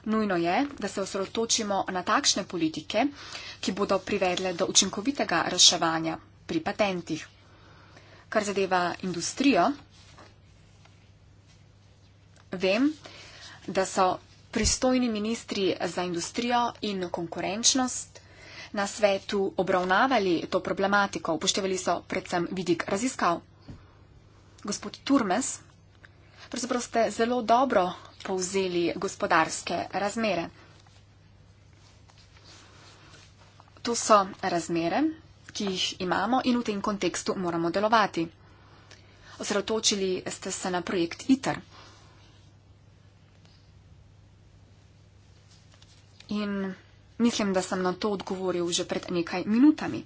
[SPEAKER 4] Nujno je, da se osredotočimo na takšne politike, ki bodo privedle do učinkovitega reševanja pri patentih. Kar zadeva industrijo, vem, da so pristojni ministri za industrijo in konkurenčnost na svetu obravnavali to problematiko, upoštevali so predvsem vidik raziskav. Gospod Turmes, pravzaprav ste zelo dobro povzeli gospodarske razmere. To so razmere, ki jih imamo in v tem kontekstu moramo delovati. Osredotočili ste se na projekt ITER. In mislim, da sem na to odgovoril že pred nekaj minutami.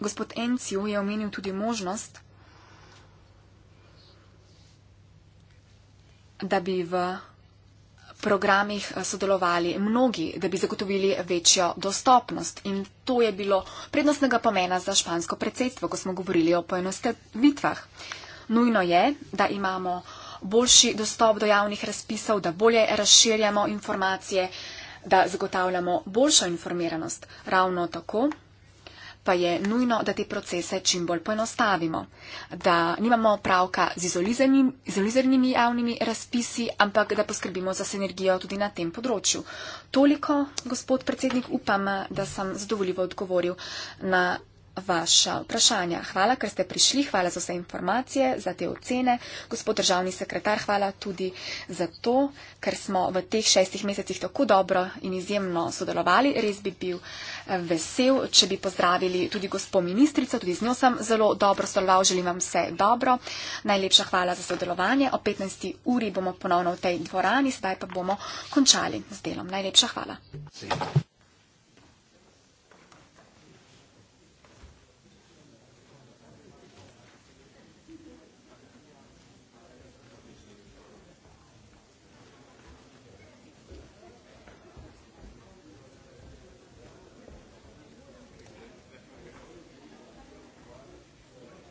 [SPEAKER 4] Gospod Enciu je omenil tudi možnost, da bi v programih sodelovali mnogi, da bi zagotovili večjo dostopnost. In to je bilo prednostnega pomena za špansko predsedstvo, ko smo govorili o poenostavitvah. Nujno je, da imamo boljši dostop do javnih razpisov, da bolje razširjamo informacije, da zagotavljamo boljšo informiranost. Ravno tako pa je nujno, da te procese čim bolj poenostavimo, da nimamo pravka z izolizernimi javnimi razpisi, ampak da poskrbimo za sinergijo tudi na tem področju. Toliko, gospod predsednik, upam, da sem zadovoljivo odgovoril na vaša vprašanja. Hvala, ker ste prišli, hvala za vse informacije, za te ocene. Gospod državni sekretar, hvala tudi za to, ker smo v teh šestih mesecih tako dobro in izjemno sodelovali. Res bi bil eh, vesel, če bi pozdravili tudi gospod ministrico, tudi z njo sem zelo dobro sodeloval, želim vam vse dobro. Najlepša hvala za sodelovanje. O 15. uri bomo ponovno v tej dvorani, sedaj pa bomo končali z delom. Najlepša hvala.
[SPEAKER 1] Sej.